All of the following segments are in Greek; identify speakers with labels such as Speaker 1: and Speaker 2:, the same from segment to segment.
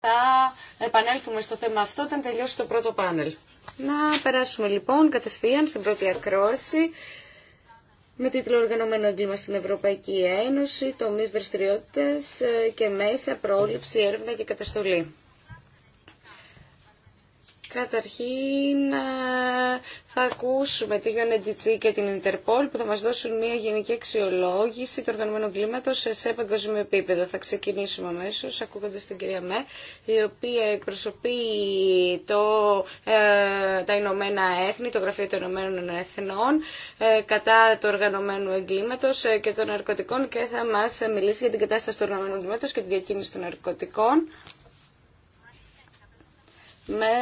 Speaker 1: Θα επανέλθουμε στο θέμα αυτό όταν τελειώσει το πρώτο πάνελ. Να περάσουμε λοιπόν κατευθείαν στην πρώτη ακρόαση με τίτλο Οργανωμένο έγκλημα στην Ευρωπαϊκή Ένωση, τομεί δραστηριότητες ε, και μέσα πρόληψη, έρευνα και καταστολή. Καταρχήν ε, θα ακούσουμε τη UNDC και την Interpol που θα μας δώσουν μια γενική αξιολόγηση του οργανωμένου κλίματος σε παγκόσμιο Θα ξεκινήσουμε αμέσω ακούγοντας την κυρία Με, η οποία εκπροσωπεί το, ε, τα Ηνωμένα Έθνη, το Γραφείο των Ηνωμένων Εθνών ε, κατά του οργανωμένου εγκλήματος ε, και των ναρκωτικών και θα μας μιλήσει για την κατάσταση του οργανωμένου εγκλήματος και τη διακίνηση των ναρκωτικών με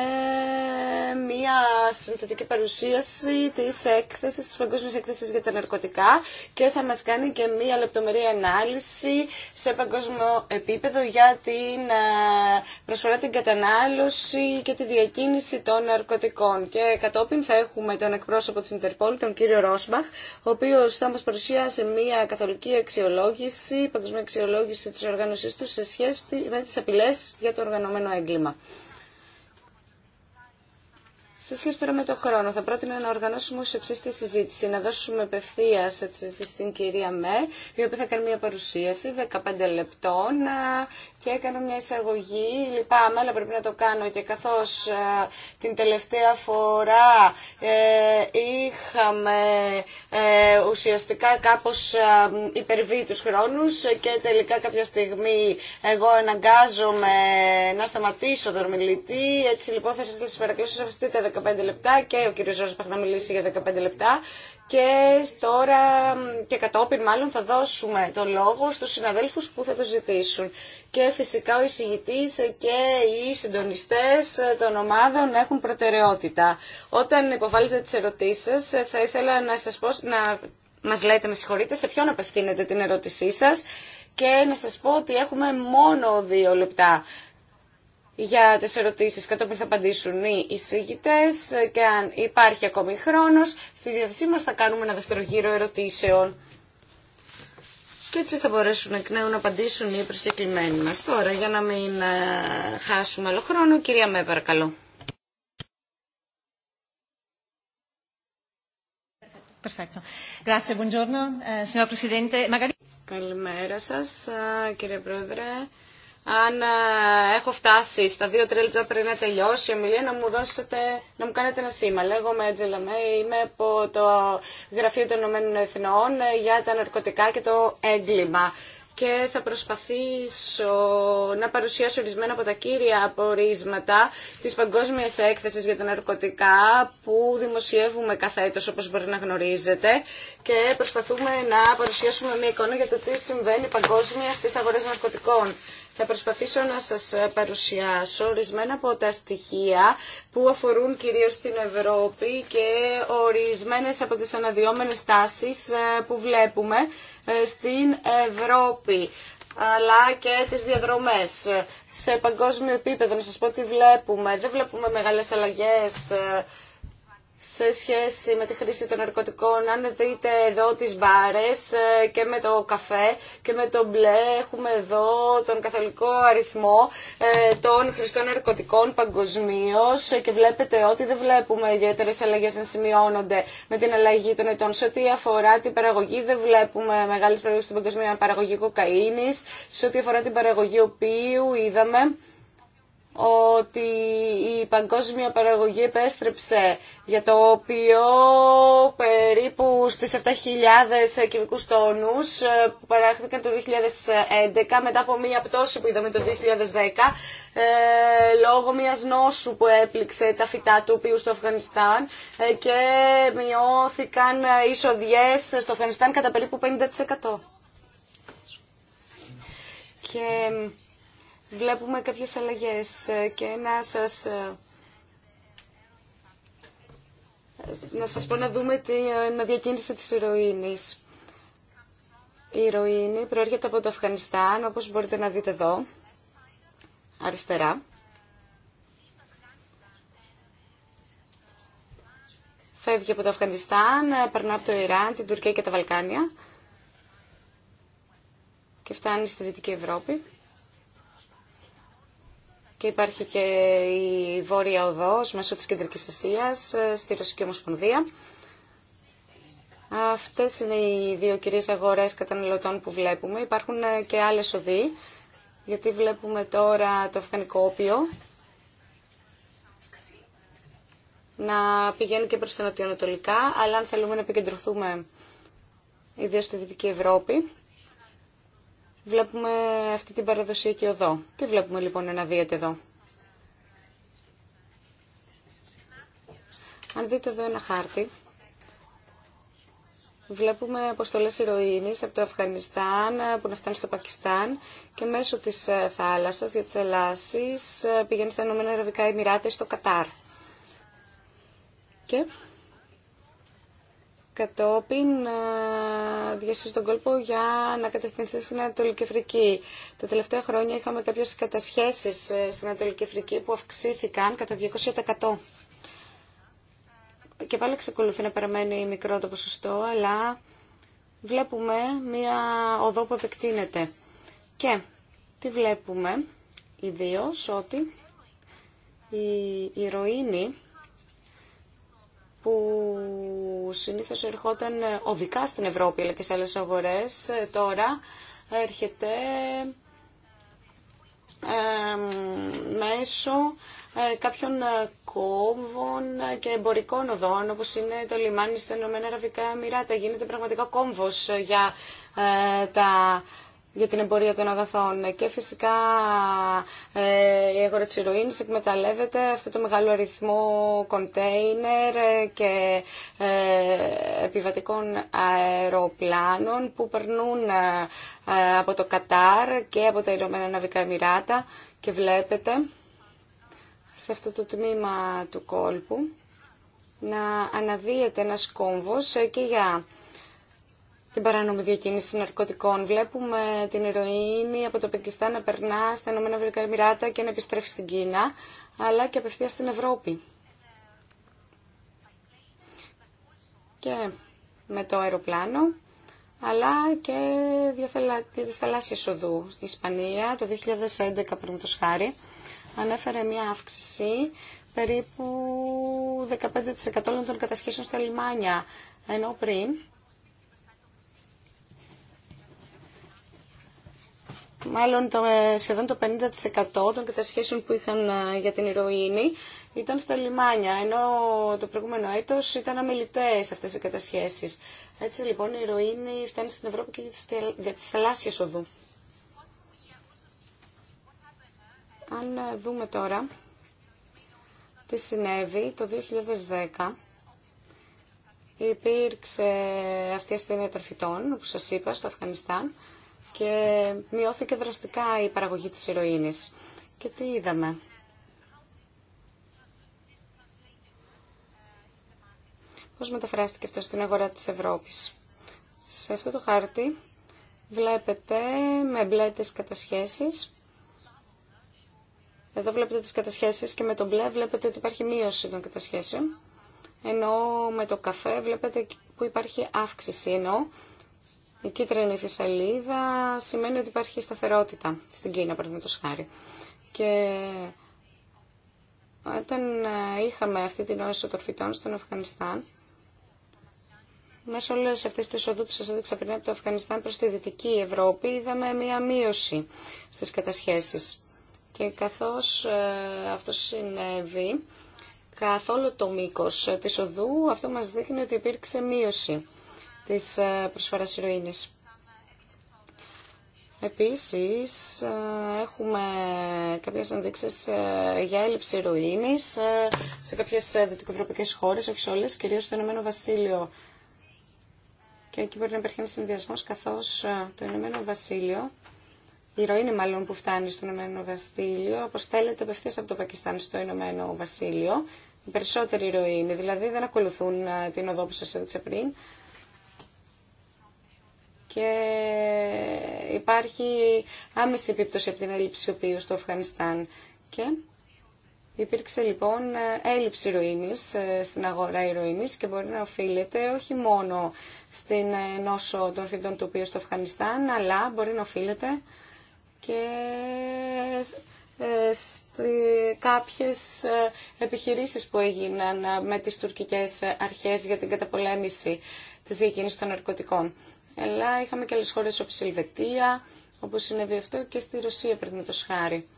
Speaker 1: μια συνθετική παρουσίαση της έκθεσης, της Παγκόσμιας Έκθεσης για τα Ναρκωτικά και θα μας κάνει και μια λεπτομερή ανάλυση σε παγκόσμιο επίπεδο για την ε, προσφορά την κατανάλωση και τη διακίνηση των ναρκωτικών. Και κατόπιν θα έχουμε τον εκπρόσωπο της Ιντερπόλ, τον κύριο Ρόσμπαχ, ο οποίος θα μας παρουσιάσει μια καθολική αξιολόγηση, παγκόσμια αξιολόγηση της οργάνωσής του σε σχέση με τις απειλές για το οργανωμένο έγκλημα. Σε σχέση τώρα με τον χρόνο, θα πρότεινα να οργανώσουμε ως εξή τη συζήτηση, να δώσουμε απευθεία στην κυρία Με, η οποία θα κάνει μια παρουσίαση 15 λεπτών και έκανα μια εισαγωγή. Λυπάμαι, αλλά πρέπει να το κάνω και καθώς την τελευταία φορά ε, είχαμε ε, ουσιαστικά κάπως υπερβεί τους χρόνους και τελικά κάποια στιγμή εγώ αναγκάζομαι να σταματήσω δορμηλητή Έτσι λοιπόν θα σας παρακαλώ να 15 λεπτά και ο κύριος Ζώσπαχ να μιλήσει για 15 λεπτά και τώρα και κατόπιν μάλλον θα δώσουμε το λόγο στους συναδέλφους που θα το ζητήσουν. Και φυσικά ο εισηγητής και οι συντονιστές των ομάδων έχουν προτεραιότητα. Όταν υποβάλλετε τις ερωτήσεις θα ήθελα να σας πω, να μας λέτε με συγχωρείτε σε ποιον απευθύνετε την ερώτησή σας και να σας πω ότι έχουμε μόνο δύο λεπτά για τις ερωτήσεις κατόπιν θα απαντήσουν οι εισηγητές και αν υπάρχει ακόμη χρόνος στη διάθεσή μας θα κάνουμε ένα δεύτερο γύρο ερωτήσεων και έτσι θα μπορέσουν εκ νέου να απαντήσουν οι προσκεκλημένοι μας. Τώρα, για να μην ε, χάσουμε άλλο χρόνο, κυρία με παρακαλώ.
Speaker 2: Eh,
Speaker 1: Καλημέρα σας, ε, κύριε Πρόεδρε αν ε, έχω φτάσει στα δύο τρία λεπτά πριν να τελειώσει η ομιλία, να μου, δώσετε, να μου κάνετε ένα σήμα. Λέγομαι Έτζελα Μέη, είμαι από το Γραφείο των Ηνωμένων Εθνών ε, για τα ναρκωτικά και το έγκλημα. Και θα προσπαθήσω να παρουσιάσω ορισμένα από τα κύρια απορίσματα της Παγκόσμιας Έκθεσης για τα Ναρκωτικά που δημοσιεύουμε κάθε έτος όπως μπορεί να γνωρίζετε και προσπαθούμε να παρουσιάσουμε μια εικόνα για το τι συμβαίνει παγκόσμια στις αγορές ναρκωτικών. Θα προσπαθήσω να σας ε, παρουσιάσω ορισμένα από τα στοιχεία που αφορούν κυρίως την Ευρώπη και ορισμένες από τις αναδυόμενες τάσεις ε, που βλέπουμε ε, στην Ευρώπη αλλά και τις διαδρομές. Σε παγκόσμιο επίπεδο, να σας πω τι βλέπουμε. Δεν βλέπουμε μεγάλες αλλαγές σε σχέση με τη χρήση των ναρκωτικών, αν δείτε εδώ τις μπάρες ε, και με το καφέ και με το μπλε, έχουμε εδώ τον καθολικό αριθμό ε, των χρηστών ναρκωτικών παγκοσμίω ε, και βλέπετε ότι δεν βλέπουμε ιδιαίτερε αλλαγές να σημειώνονται με την αλλαγή των ετών. Σε ό,τι αφορά την παραγωγή δεν βλέπουμε μεγάλες παραγωγές στην παγκοσμία παραγωγή κοκαίνης, σε ό,τι αφορά την παραγωγή οποίου είδαμε ότι η παγκόσμια παραγωγή επέστρεψε για το οποίο περίπου στις 7.000 κυβικούς τόνους ε, που παράχθηκαν το 2011 μετά από μία πτώση που είδαμε το 2010 ε, λόγω μιας νόσου που έπληξε τα φυτά του οποίου στο Αφγανιστάν ε, και μειώθηκαν οι εισοδιές στο Αφγανιστάν κατά περίπου 50%. Και βλέπουμε κάποιες αλλαγές ε, και να σας ε, να σας πω να δούμε την ε, διακίνηση της ηρωίνης. Η ηρωίνη προέρχεται από το Αφγανιστάν, όπως μπορείτε να δείτε εδώ, αριστερά. Φεύγει από το Αφγανιστάν, περνά από το Ιράν, την Τουρκία και τα Βαλκάνια και φτάνει στη Δυτική Ευρώπη και υπάρχει και η Βόρεια Οδός μέσω της Κεντρικής Ασίας ε, στη Ρωσική Ομοσπονδία. Αυτές είναι οι δύο κυρίες αγορές καταναλωτών που βλέπουμε. Υπάρχουν ε, και άλλες οδοί, γιατί βλέπουμε τώρα το αφγανικό όπιο να πηγαίνει και προς τα νοτιοανατολικά, αλλά αν θέλουμε να επικεντρωθούμε ιδίω στη Δυτική Ευρώπη, βλέπουμε αυτή την παραδοσιακή οδό. Τι βλέπουμε λοιπόν δείτε εδώ. Αν δείτε εδώ ένα χάρτη, Βλέπουμε αποστολές ηρωίνη από το Αφγανιστάν που να φτάνει στο Πακιστάν και μέσω τη ε, θάλασσα για τη ε, πηγαίνει στα Ηνωμένα Αραβικά Εμμυράτα στο Κατάρ. Και κατόπιν ε, διασύζει τον κόλπο για να κατευθυνθεί στην Ανατολική Αφρική. Τα τελευταία χρόνια είχαμε κάποιες κατασχέσεις ε, στην Ανατολική Αφρική που αυξήθηκαν κατά 200%. Και πάλι εξακολουθεί να παραμένει μικρό το ποσοστό, αλλά βλέπουμε μία οδό που επεκτείνεται. Και τι βλέπουμε, ιδίως ότι η ηρωίνη που συνήθως ερχόταν οδικά στην Ευρώπη αλλά και σε άλλες αγορές, ε, τώρα έρχεται μέσω ε, κάποιων ε, κόμβων και εμπορικών οδών, όπως είναι το λιμάνι στα Ηνωμένα Αραβικά Μοιράτα. Γίνεται πραγματικά κόμβος για τα για την εμπορία των αγαθών. Και φυσικά ε, η αγορά τη ηρωίνη εκμεταλλεύεται αυτό το μεγάλο αριθμό κοντέινερ και ε, επιβατικών αεροπλάνων που περνούν ε, από το Κατάρ και από τα Ηνωμένα Ναυικά Εμμυράτα και βλέπετε σε αυτό το τμήμα του κόλπου να αναδύεται ένας κόμβος και για την παράνομη διακίνηση ναρκωτικών. Βλέπουμε την ηρωίνη από το Πακιστάν να περνά στα Ηνωμένα Βελικά και να επιστρέφει στην Κίνα, αλλά και απευθεία στην Ευρώπη. Και με το αεροπλάνο, αλλά και τη θαλάσσια οδού. Η Ισπανία το 2011, πριν το ανέφερε μια αύξηση περίπου 15% των κατασχέσεων στα λιμάνια, ενώ πριν μάλλον το, ε, σχεδόν το 50% των κατασχέσεων που είχαν ε, για την ηρωίνη ήταν στα λιμάνια, ενώ το προηγούμενο έτος ήταν αμελητές αυτές οι κατασχέσεις. Έτσι λοιπόν η ηρωίνη φτάνει στην Ευρώπη και για τις θαλάσσιες οδού. Αν ε, δούμε τώρα τι συνέβη το 2010, υπήρξε αυτή η ασθένεια των φυτών, όπως σας είπα, στο Αφγανιστάν, και μειώθηκε δραστικά η παραγωγή της ηρωίνης. Και τι είδαμε. Πώς μεταφράστηκε αυτό στην αγορά της Ευρώπης. Σε αυτό το χάρτη βλέπετε με μπλε τις κατασχέσεις. Εδώ βλέπετε τις κατασχέσεις και με το μπλε βλέπετε ότι υπάρχει μείωση των κατασχέσεων. Ενώ με το καφέ βλέπετε που υπάρχει αύξηση. Ενώ η κίτρινη φυσαλίδα σημαίνει ότι υπάρχει σταθερότητα στην Κίνα, παραδείγματο χάρη. Και όταν ε, είχαμε αυτή την νόηση των φυτών στον Αφγανιστάν, μέσω όλες αυτές τις οδού που σα έδειξα πριν από το Αφγανιστάν προ τη Δυτική Ευρώπη, είδαμε μία μείωση στι κατασχέσει. Και καθώ ε, αυτό συνέβη, καθ' όλο το μήκο τη οδού, αυτό μα δείχνει ότι υπήρξε μείωση της ε, προσφοράς ηρωίνης. Επίσης, ε, έχουμε κάποιες ενδείξεις ε, για έλλειψη ηρωίνης σε κάποιες δυτικοευρωπαϊκές χώρες, όχι σε όλες, κυρίως στο Ηνωμένο Βασίλειο. Και εκεί μπορεί να υπάρχει ένα συνδυασμό καθώς το Ηνωμένο Βασίλειο, η ηρωίνη μάλλον που φτάνει στο Ηνωμένο Βασίλειο, αποστέλλεται απευθεία από το Πακιστάν στο Ηνωμένο Βασίλειο. Οι περισσότεροι ηρωίνοι δηλαδή δεν ακολουθούν την οδό που σας έδειξα πριν, και υπάρχει άμεση επίπτωση από την έλλειψη οποίου στο Αφγανιστάν. Και υπήρξε λοιπόν έλλειψη ηρωίνης ε, στην αγορά ηρωίνης και μπορεί να οφείλεται όχι μόνο στην ε, νόσο των φυτών του οποίου στο Αφγανιστάν, αλλά μπορεί να οφείλεται και ε, κάποιες επιχειρήσεις που έγιναν με τις τουρκικές αρχές για την καταπολέμηση της διακίνησης των ναρκωτικών αλλά είχαμε και άλλες χώρες όπως η Ελβετία, όπως συνέβη αυτό και στη Ρωσία πριν να το σχάρι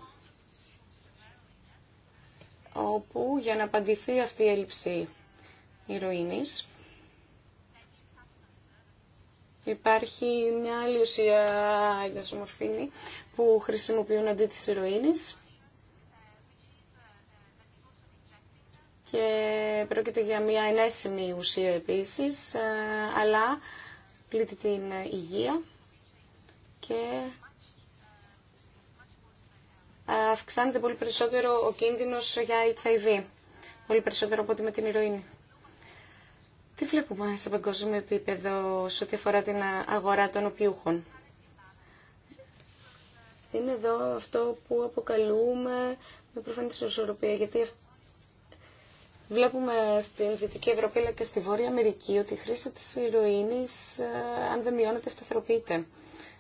Speaker 1: όπου για να απαντηθεί αυτή η έλλειψη ηρωίνης υπάρχει μια άλλη ουσία η που χρησιμοποιούν αντί της ηρωίνης και πρόκειται για μια ενέσιμη ουσία επίσης ε, αλλά πλήττει την υγεία και αυξάνεται πολύ περισσότερο ο κίνδυνος για HIV. Πολύ περισσότερο από ό,τι με την ηρωίνη. Τι βλέπουμε σε παγκόσμιο επίπεδο σε ό,τι αφορά την αγορά των οπιούχων. Είναι εδώ αυτό που αποκαλούμε με προφανή ισορροπία, γιατί αυτό Βλέπουμε στην Δυτική Ευρωπή και στη Βόρεια Αμερική ότι η χρήση της ηρωίνης, ε, αν δεν μειώνεται, σταθεροποιείται.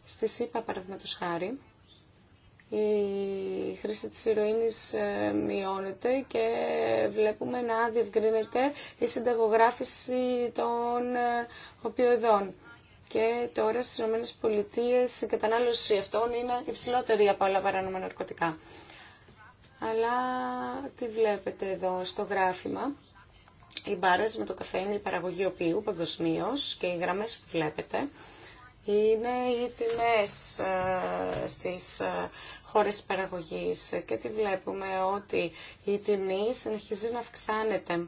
Speaker 1: Στη ΣΥΠΑ, παραδείγματος χάρη, η χρήση της ηρωίνης ε, μειώνεται και βλέπουμε να διευκρίνεται η συνταγογράφηση των ε, οπιοειδών. Και τώρα στις ΗΠΑ η κατανάλωση αυτών είναι υψηλότερη από άλλα παράνομα ναρκωτικά αλλά τι βλέπετε εδώ στο γράφημα. Οι μπάρες με το καφέ είναι η παραγωγή οποίου παγκοσμίω και οι γραμμές που βλέπετε είναι οι τιμές ε, στις ε, χώρες παραγωγής και τι βλέπουμε ότι η τιμή συνεχίζει να αυξάνεται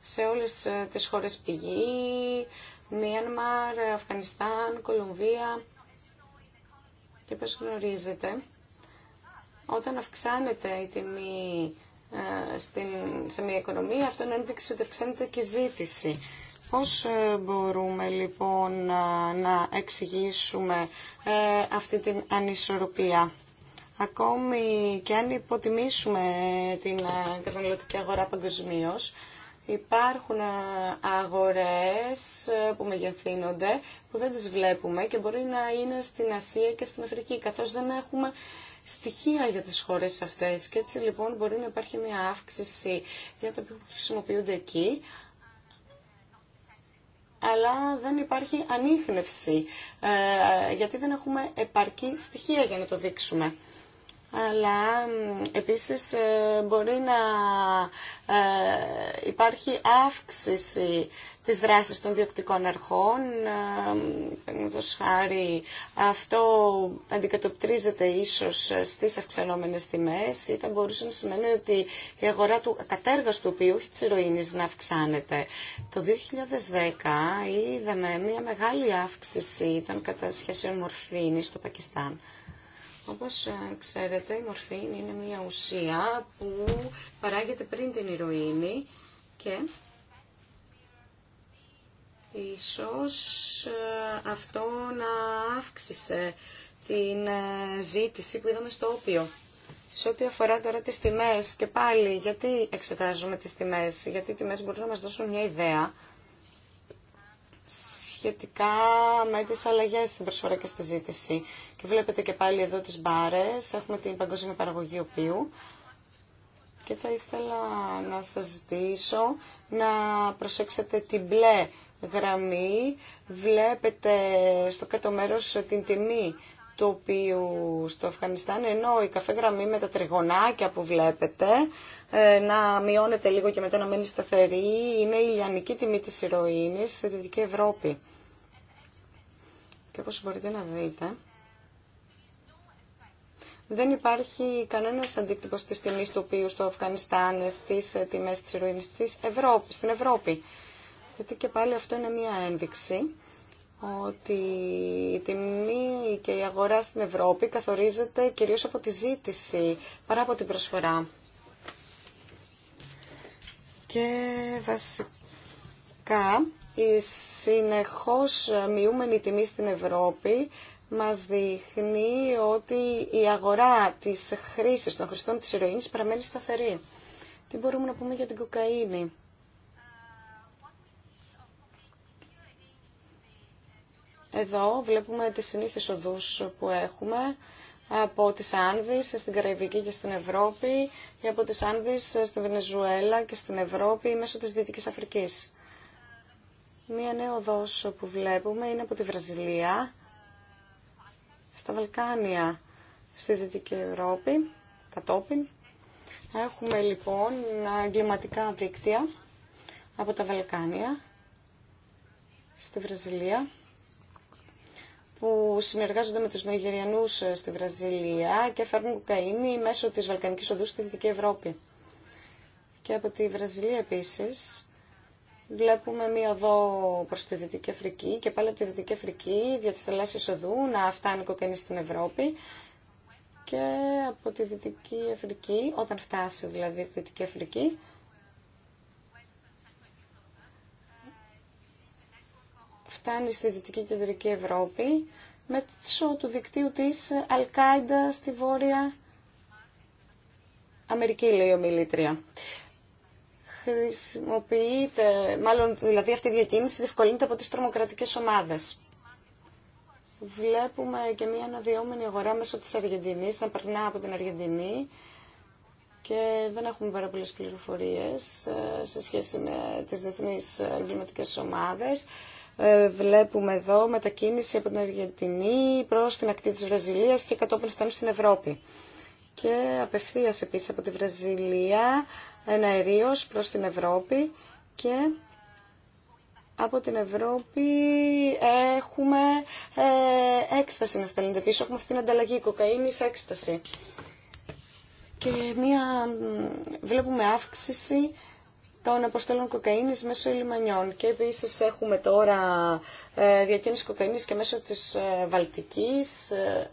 Speaker 1: σε όλες ε, τις χώρες πηγή, Μιανμάρ, Αφγανιστάν, Κολομβία και πώς γνωρίζετε όταν αυξάνεται η τιμή ε, στην, σε μια οικονομία, αυτό είναι ένδειξη ότι αυξάνεται και η ζήτηση. Πώς ε, μπορούμε λοιπόν να εξηγήσουμε ε, αυτή την ανισορροπία. Ακόμη και αν υποτιμήσουμε την καταναλωτική αγορά παγκοσμίω, υπάρχουν αγορές που μεγεθύνονται, που δεν τις βλέπουμε και μπορεί να είναι στην Ασία και στην Αφρική, καθώς δεν έχουμε στοιχεία για τις χώρες αυτές και έτσι λοιπόν μπορεί να υπάρχει μια αύξηση για τα οποία χρησιμοποιούνται εκεί αλλά δεν υπάρχει ανείχνευση, ε, γιατί δεν έχουμε επαρκή στοιχεία για να το δείξουμε αλλά επίσης ε, μπορεί να ε, υπάρχει αύξηση της δράσης των διοκτικών αρχών. Ε, το χάρη αυτό αντικατοπτρίζεται ίσως στις αυξανόμενες τιμές ή θα μπορούσε να σημαίνει ότι η αγορά του κατέργαστου οποίου έχει της ηρωίνης να αυξάνεται. Το 2010 είδαμε μια μεγάλη αύξηση των κατασχέσεων μορφήνης στο Πακιστάν. Όπως ε, ξέρετε, η μορφή είναι μια ουσία που παράγεται πριν την ηρωίνη και ίσως ε, αυτό να αύξησε την ε, ζήτηση που είδαμε στο όπιο. Σε ό,τι αφορά τώρα τις τιμές και πάλι, γιατί εξετάζουμε τις τιμές, γιατί οι τιμές μπορούν να μας δώσουν μια ιδέα σχετικά με τις αλλαγές στην προσφορά και στη ζήτηση βλέπετε και πάλι εδώ τις μπάρες, έχουμε την παγκόσμια παραγωγή οπίου Και θα ήθελα να σας ζητήσω να προσέξετε την μπλε γραμμή. Βλέπετε στο κάτω μέρος την τιμή του οποίου στο Αφγανιστάν, ενώ η καφέ γραμμή με τα τριγωνάκια που βλέπετε, ε, να μειώνεται λίγο και μετά να μένει σταθερή, είναι η λιανική τιμή της ηρωίνης στη Δυτική Ευρώπη. Και όπως μπορείτε να δείτε, δεν υπάρχει κανένας αντίκτυπο τη τιμή του οποίου στο Αφγανιστάν, στις ε, τιμέ τη ηρωίνη στην Ευρώπη. Γιατί και πάλι αυτό είναι μία ένδειξη ότι η τιμή και η αγορά στην Ευρώπη καθορίζεται κυρίως από τη ζήτηση παρά από την προσφορά. Και βασικά η συνεχώς μειούμενη τιμή στην Ευρώπη μας δείχνει ότι η αγορά της χρήσης των χρηστών της ηρωίνης παραμένει σταθερή. Τι μπορούμε να πούμε για την κοκαίνη. Εδώ βλέπουμε τις συνήθεις οδούς που έχουμε από τις Άνδης στην Καραϊβική και στην Ευρώπη ή από τις Άνδης στην Βενεζουέλα και στην Ευρώπη μέσω της Δυτικής Αφρικής. Μία νέα οδός που βλέπουμε είναι από τη Βραζιλία στα Βαλκάνια, στη Δυτική Ευρώπη, κατόπιν. Έχουμε λοιπόν εγκληματικά δίκτυα από τα Βαλκάνια, στη Βραζιλία, που συνεργάζονται με τους Νιγηριανούς ε, στη Βραζιλία και φέρνουν κοκαίνη μέσω της Βαλκανικής Οδού στη Δυτική Ευρώπη. Και από τη Βραζιλία επίσης Βλέπουμε μία οδό προ τη Δυτική Αφρική και πάλι από τη Δυτική Αφρική δια της οδού να φτάνει κοκκινή στην Ευρώπη και από τη Δυτική Αφρική, όταν φτάσει δηλαδή στη Δυτική Αφρική, φτάνει στη Δυτική Κεντρική Ευρώπη μέσω του δικτύου της Αλκάιντα στη Βόρεια Αμερική, λέει ο Μιλήτρια χρησιμοποιείται, μάλλον δηλαδή αυτή η διακίνηση διευκολύνεται από τις τρομοκρατικές ομάδες. Βλέπουμε και μια αναδυόμενη αγορά μέσω της Αργεντινής, να περνά από την Αργεντινή και δεν έχουμε πάρα πολλές πληροφορίες ε, σε σχέση με τις διεθνείς εγκληματικές ομάδες. Ε, βλέπουμε εδώ μετακίνηση από την Αργεντινή προς την ακτή της Βραζιλίας και κατόπιν φτάνουν στην Ευρώπη. Και απευθείας επίσης από τη Βραζιλία ένα αερίος προς την Ευρώπη και από την Ευρώπη έχουμε ε, έκσταση να στέλνεται πίσω. Έχουμε αυτή την ανταλλαγή κοκαίνης έκσταση. Και μια, βλέπουμε αύξηση των αποστολών κοκαίνης μέσω λιμανιών. Και επίσης έχουμε τώρα ε, διακίνηση κοκαίνης και μέσω της ε, Βαλτικής. Ε,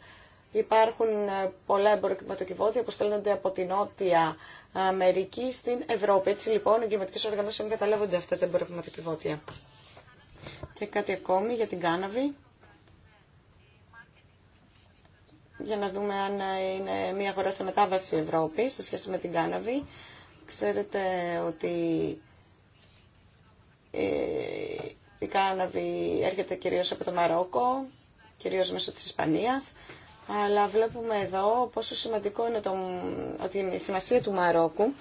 Speaker 1: Υπάρχουν ε, πολλά εμπορικηματοκιβώτια που στέλνονται από την Νότια Αμερική στην Ευρώπη. Έτσι λοιπόν οι εγκληματικέ οργανώσει καταλάβονται αυτά τα εμπορικηματοκιβώτια. Και κάτι ακόμη για την κάναβη. Για να δούμε αν είναι μια αγορά σε μετάβαση Ευρώπη σε σχέση με την κάναβη. Ξέρετε ότι ε, η κάναβη έρχεται κυρίως από το Μαρόκο, κυρίως μέσω της Ισπανίας αλλά βλέπουμε εδώ πόσο σημαντικό είναι το, ότι η σημασία του Μαρόκου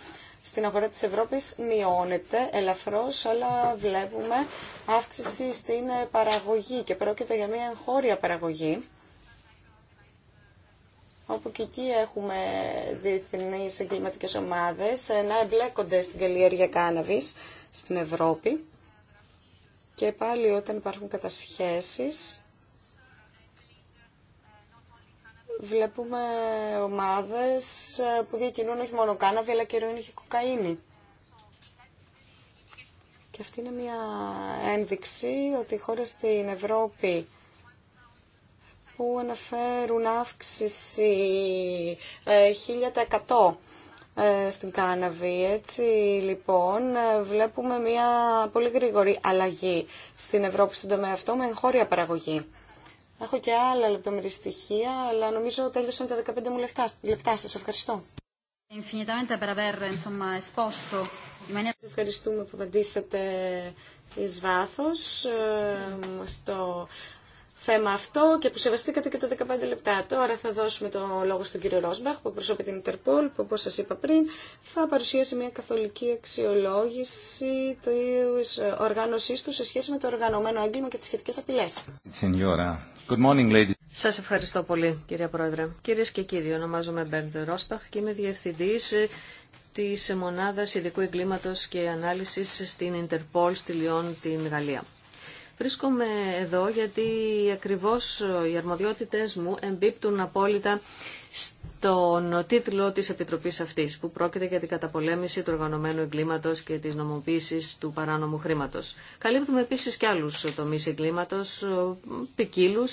Speaker 1: στην αγορά της Ευρώπης μειώνεται ελαφρώς, αλλά βλέπουμε αύξηση στην παραγωγή και πρόκειται για μια εγχώρια παραγωγή όπου και εκεί έχουμε διεθνείς εγκληματικές ομάδες να εμπλέκονται στην καλλιέργεια κάναβης στην Ευρώπη. Και πάλι όταν υπάρχουν κατασχέσεις, βλέπουμε ομάδες ε, που διακινούν όχι μόνο κάναβη αλλά και ροήνη και κοκαίνη. Και αυτή είναι μια ένδειξη ότι οι χώρες στην Ευρώπη που αναφέρουν αύξηση 1100 ε, ε, στην κάναβη. Έτσι λοιπόν βλέπουμε μια πολύ γρήγορη αλλαγή στην Ευρώπη στον τομέα αυτό με εγχώρια παραγωγή. Έχω και άλλα λεπτομερή στοιχεία, αλλά νομίζω τέλειωσαν τα 15 μου λεπτά. Σα σας ευχαριστώ. Ευχαριστούμε που απαντήσατε βάθο βάθος στο ε, θέμα αυτό και που σεβαστήκατε και τα 15 λεπτά. Τώρα θα δώσουμε το λόγο στον κύριο Ρόσμπαχ που εκπροσωπεί την Ιντερπόλ που όπως σας είπα πριν θα παρουσίασει μια καθολική αξιολόγηση της οργάνωσής του σε σχέση με το οργανωμένο έγκλημα και τις σχετικές απειλές.
Speaker 2: Σα ευχαριστώ πολύ κυρία Πρόεδρε. Κυρίε και κύριοι, ονομάζομαι Μπέρντ Ρόσπαχ και είμαι διευθυντή τη μονάδα Ειδικού εγκλήματο και ανάλυση στην Ιντερπόλ στη Λιόν, την Γαλλία. Βρίσκομαι εδώ γιατί ακριβώς οι αρμοδιότητες μου εμπίπτουν απόλυτα στον τίτλο της Επιτροπής αυτής, που πρόκειται για την καταπολέμηση του οργανωμένου εγκλήματος και της νομοποίησης του παράνομου χρήματος. Καλύπτουμε επίσης και άλλους τομείς εγκλήματος, ποικίλου.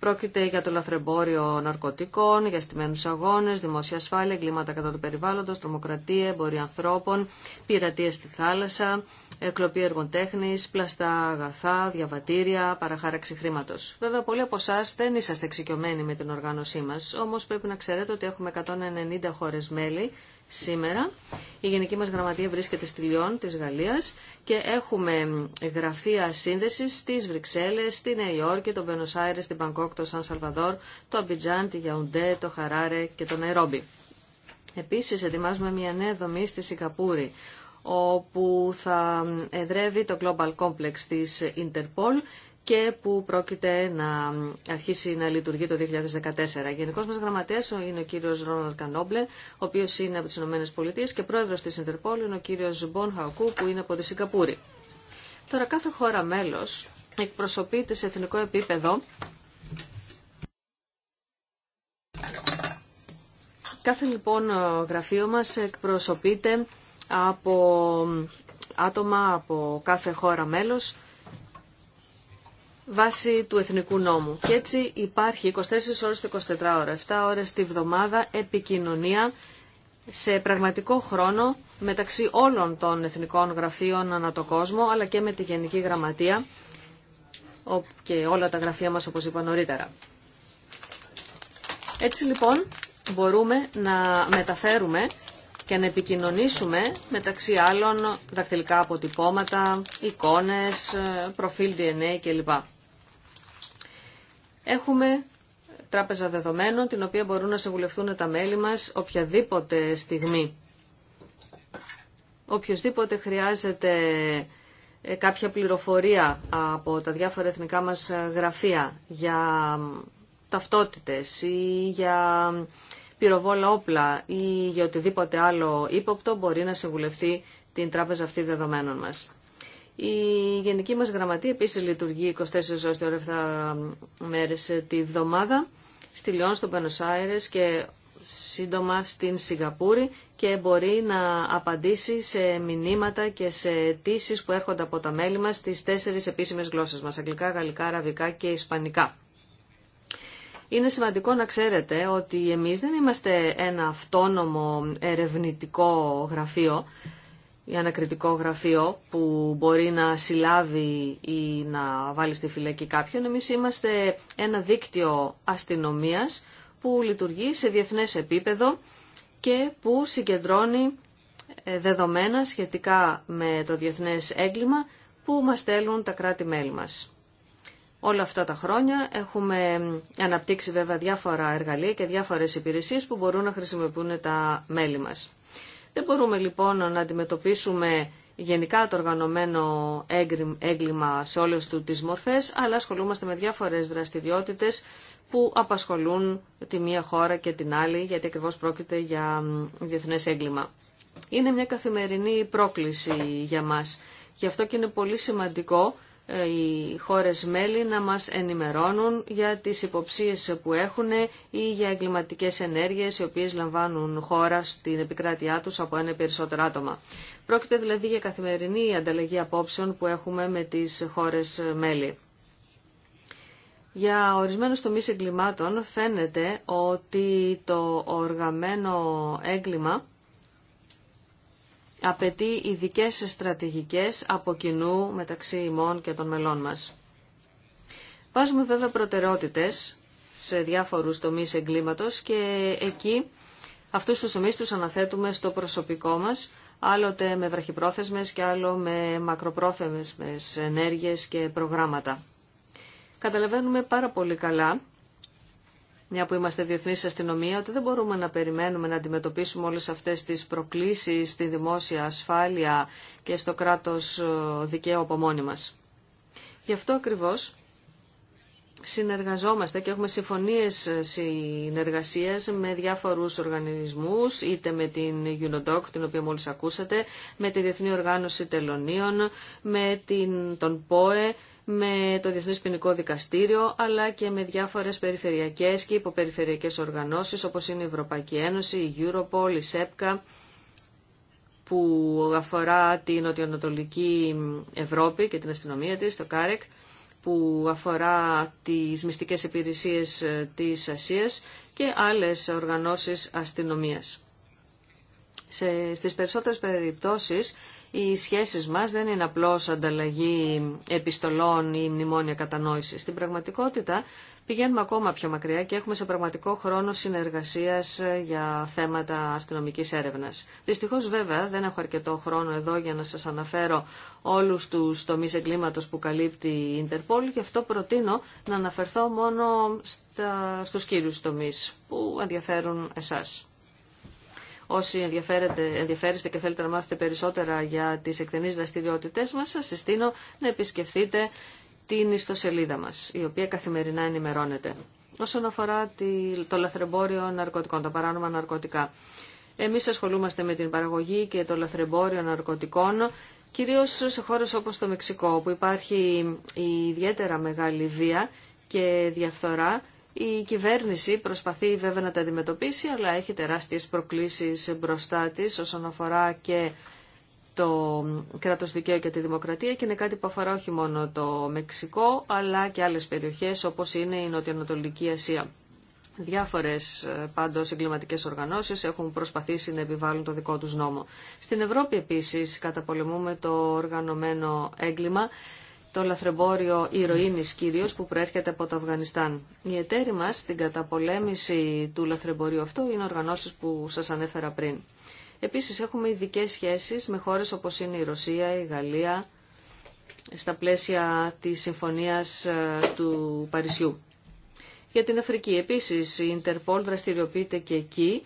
Speaker 2: Πρόκειται για το λαθρεμπόριο ναρκωτικών, για στιμένου αγώνες, δημόσια ασφάλεια, εγκλήματα κατά του περιβάλλοντο, τρομοκρατία, εμπορία ανθρώπων, πειρατεία στη θάλασσα, εκλοπή έργων πλαστά αγαθά, διαβατήρια, παραχάραξη χρήματο. Βέβαια, πολλοί από εσά δεν είσαστε εξοικειωμένοι με την οργάνωσή μα. Όμω πρέπει να ξέρετε ότι έχουμε 190 χώρε μέλη σήμερα. Η Γενική μα Γραμματεία βρίσκεται στη Λιόν της Γαλλίας και έχουμε γραφεία σύνδεση στι Βρυξέλλες, στη Νέα Υόρκη, τον Μπένος την Πανκόκ, το Σαν Σαλβαδόρ, το Αμπιτζάν, τη Γιαουντέ, το Χαράρε και το Ναϊρόμπι. Επίσης ετοιμάζουμε μια νέα δομή στη Σιγκαπούρη όπου θα εδρεύει το Global Complex της Interpol και που πρόκειται να αρχίσει να λειτουργεί το 2014. Γενικό μα γραμματέα είναι ο κύριο Ρόναλτ Κανόμπλε, ο οποίο είναι από τι ΗΠΑ και πρόεδρο τη Ιντερπόλ είναι ο κύριο Ζουμπόν Χαουκού, που είναι από τη Σιγκαπούρη. Τώρα, κάθε χώρα μέλο εκπροσωπείται σε εθνικό επίπεδο. Κάθε λοιπόν ε, γραφείο μας εκπροσωπείται από άτομα από κάθε χώρα μέλος βάσει του εθνικού νόμου. Και έτσι υπάρχει 24 ώρες 24 ώρες 7 ώρες τη βδομάδα επικοινωνία σε πραγματικό χρόνο μεταξύ όλων των εθνικών γραφείων ανά το κόσμο, αλλά και με τη Γενική Γραμματεία και όλα τα γραφεία μας όπως είπα νωρίτερα. Έτσι λοιπόν μπορούμε να μεταφέρουμε και να επικοινωνήσουμε μεταξύ άλλων δακτυλικά αποτυπώματα, εικόνες, προφίλ DNA κλπ. Έχουμε τράπεζα δεδομένων την οποία μπορούν να συμβουλευτούν τα μέλη μας οποιαδήποτε στιγμή. Οποιοςδήποτε χρειάζεται ε, κάποια πληροφορία από τα διάφορα εθνικά μας γραφεία για ταυτότητες ή για πυροβόλα όπλα ή για οτιδήποτε άλλο ύποπτο μπορεί να συμβουλευτεί την τράπεζα αυτή δεδομένων μας. Η Γενική μας Γραμματεία επίσης λειτουργεί 24 ώρες τώρα 7 μέρες τη βδομάδα στη Λιόν, στο Πενοσάιρες και σύντομα στην Σιγκαπούρη και μπορεί να απαντήσει σε μηνύματα και σε αιτήσει που έρχονται από τα μέλη μας στις τέσσερις επίσημες γλώσσες μας, αγγλικά, γαλλικά, αραβικά και ισπανικά είναι σημαντικό να ξέρετε ότι εμείς δεν είμαστε ένα αυτόνομο ερευνητικό γραφείο ή ανακριτικό γραφείο που μπορεί να συλλάβει ή να βάλει στη φυλακή κάποιον. Εμείς είμαστε ένα δίκτυο αστυνομίας που λειτουργεί σε διεθνές επίπεδο και που συγκεντρώνει ε, δεδομένα σχετικά με το διεθνές έγκλημα που μας στέλνουν τα κράτη-μέλη μας. Όλα αυτά τα χρόνια έχουμε αναπτύξει βέβαια διάφορα εργαλεία και διάφορες υπηρεσίες που μπορούν να χρησιμοποιούν τα μέλη μας. Δεν μπορούμε λοιπόν να αντιμετωπίσουμε γενικά το οργανωμένο έγκλημα σε όλες του τις μορφές, αλλά ασχολούμαστε με διάφορες δραστηριότητες που απασχολούν τη μία χώρα και την άλλη, γιατί ακριβώ πρόκειται για διεθνές έγκλημα. Είναι μια καθημερινή πρόκληση για μας. Γι' αυτό και είναι πολύ σημαντικό οι χώρες μέλη να μας ενημερώνουν για τις υποψίες που έχουν ή για εγκληματικές ενέργειες οι οποίες λαμβάνουν χώρα στην επικράτειά τους από ένα περισσότερο άτομα. Πρόκειται δηλαδή για καθημερινή ανταλλαγή απόψεων που έχουμε με τις χώρες μέλη. Για ορισμένους τομείς εγκλημάτων φαίνεται ότι το οργαμένο έγκλημα απαιτεί ειδικέ στρατηγικές από κοινού μεταξύ ημών και των μελών μας. Βάζουμε βέβαια προτεραιότητες σε διάφορους τομείς εγκλήματος και εκεί αυτούς τους τομείς τους αναθέτουμε στο προσωπικό μας, άλλοτε με βραχυπρόθεσμες και άλλο με μακροπρόθεσμες ενέργειες και προγράμματα. Καταλαβαίνουμε πάρα πολύ καλά μια που είμαστε διεθνής αστυνομία, ότι δεν μπορούμε να περιμένουμε να αντιμετωπίσουμε όλες αυτές τις προκλήσεις στη δημόσια ασφάλεια και στο κράτος ε, δικαίου από μόνοι μα. Γι' αυτό ακριβώς συνεργαζόμαστε και έχουμε συμφωνίες ε, συνεργασίας με διάφορους οργανισμούς, είτε με την UNODOC, την οποία μόλις ακούσατε, με τη Διεθνή Οργάνωση Τελωνίων, με την, τον ΠΟΕ, με το Διεθνές Ποινικό Δικαστήριο, αλλά και με διάφορες περιφερειακές και υποπεριφερειακές οργανώσεις, όπως είναι η Ευρωπαϊκή Ένωση, η Europol, η ΣΕΠΚΑ, που αφορά την νοτιοανατολική Ευρώπη και την αστυνομία της, το ΚΑΡΕΚ, που αφορά τις μυστικές υπηρεσίες της Ασίας και άλλες οργανώσεις αστυνομίας. Σε, στις περισσότερες περιπτώσεις οι σχέσεις μας δεν είναι απλώς ανταλλαγή επιστολών ή μνημόνια κατανόησης. Στην πραγματικότητα πηγαίνουμε ακόμα πιο μακριά και έχουμε σε πραγματικό χρόνο συνεργασίας ε, για θέματα αστυνομικής έρευνας. Δυστυχώς βέβαια δεν έχω αρκετό χρόνο εδώ για να σας αναφέρω όλους τους τομείς εγκλήματος που καλύπτει η Ιντερπόλ και αυτό προτείνω να αναφερθώ μόνο στα, στους κύριους τομείς που ενδιαφέρουν εσάς. Όσοι ενδιαφέρεστε και θέλετε να μάθετε περισσότερα για τις εκτενείς δραστηριότητε μας, σας συστήνω να επισκεφθείτε την ιστοσελίδα μας, η οποία καθημερινά ενημερώνεται. Όσον αφορά το λαθρεμπόριο ναρκωτικών, τα παράνομα ναρκωτικά. Εμείς ασχολούμαστε με την παραγωγή και το λαθρεμπόριο ναρκωτικών, κυρίως σε χώρες όπως το Μεξικό, όπου υπάρχει ιδιαίτερα μεγάλη βία και διαφθορά η κυβέρνηση προσπαθεί βέβαια να τα αντιμετωπίσει, αλλά έχει τεράστιες προκλήσεις μπροστά της όσον αφορά και το κράτος δικαίου και τη δημοκρατία και είναι κάτι που αφορά όχι μόνο το Μεξικό, αλλά και άλλες περιοχές όπως είναι η Νοτιοανατολική Ασία. Διάφορες ε, πάντως εγκληματικές οργανώσεις έχουν προσπαθήσει να επιβάλλουν το δικό τους νόμο. Στην Ευρώπη επίσης καταπολεμούμε το οργανωμένο έγκλημα το λαθρεμπόριο ηρωίνη κυρίω που προέρχεται από το Αφγανιστάν. Η εταίροι μας στην καταπολέμηση του λαθρεμπορίου αυτού είναι οργανώσει που σας ανέφερα πριν. Επίσης έχουμε ειδικέ σχέσεις με χώρες όπως είναι η Ρωσία, η Γαλλία, στα πλαίσια της Συμφωνίας ε, του Παρισιού. Για την Αφρική επίσης η Ιντερπόλ δραστηριοποιείται και εκεί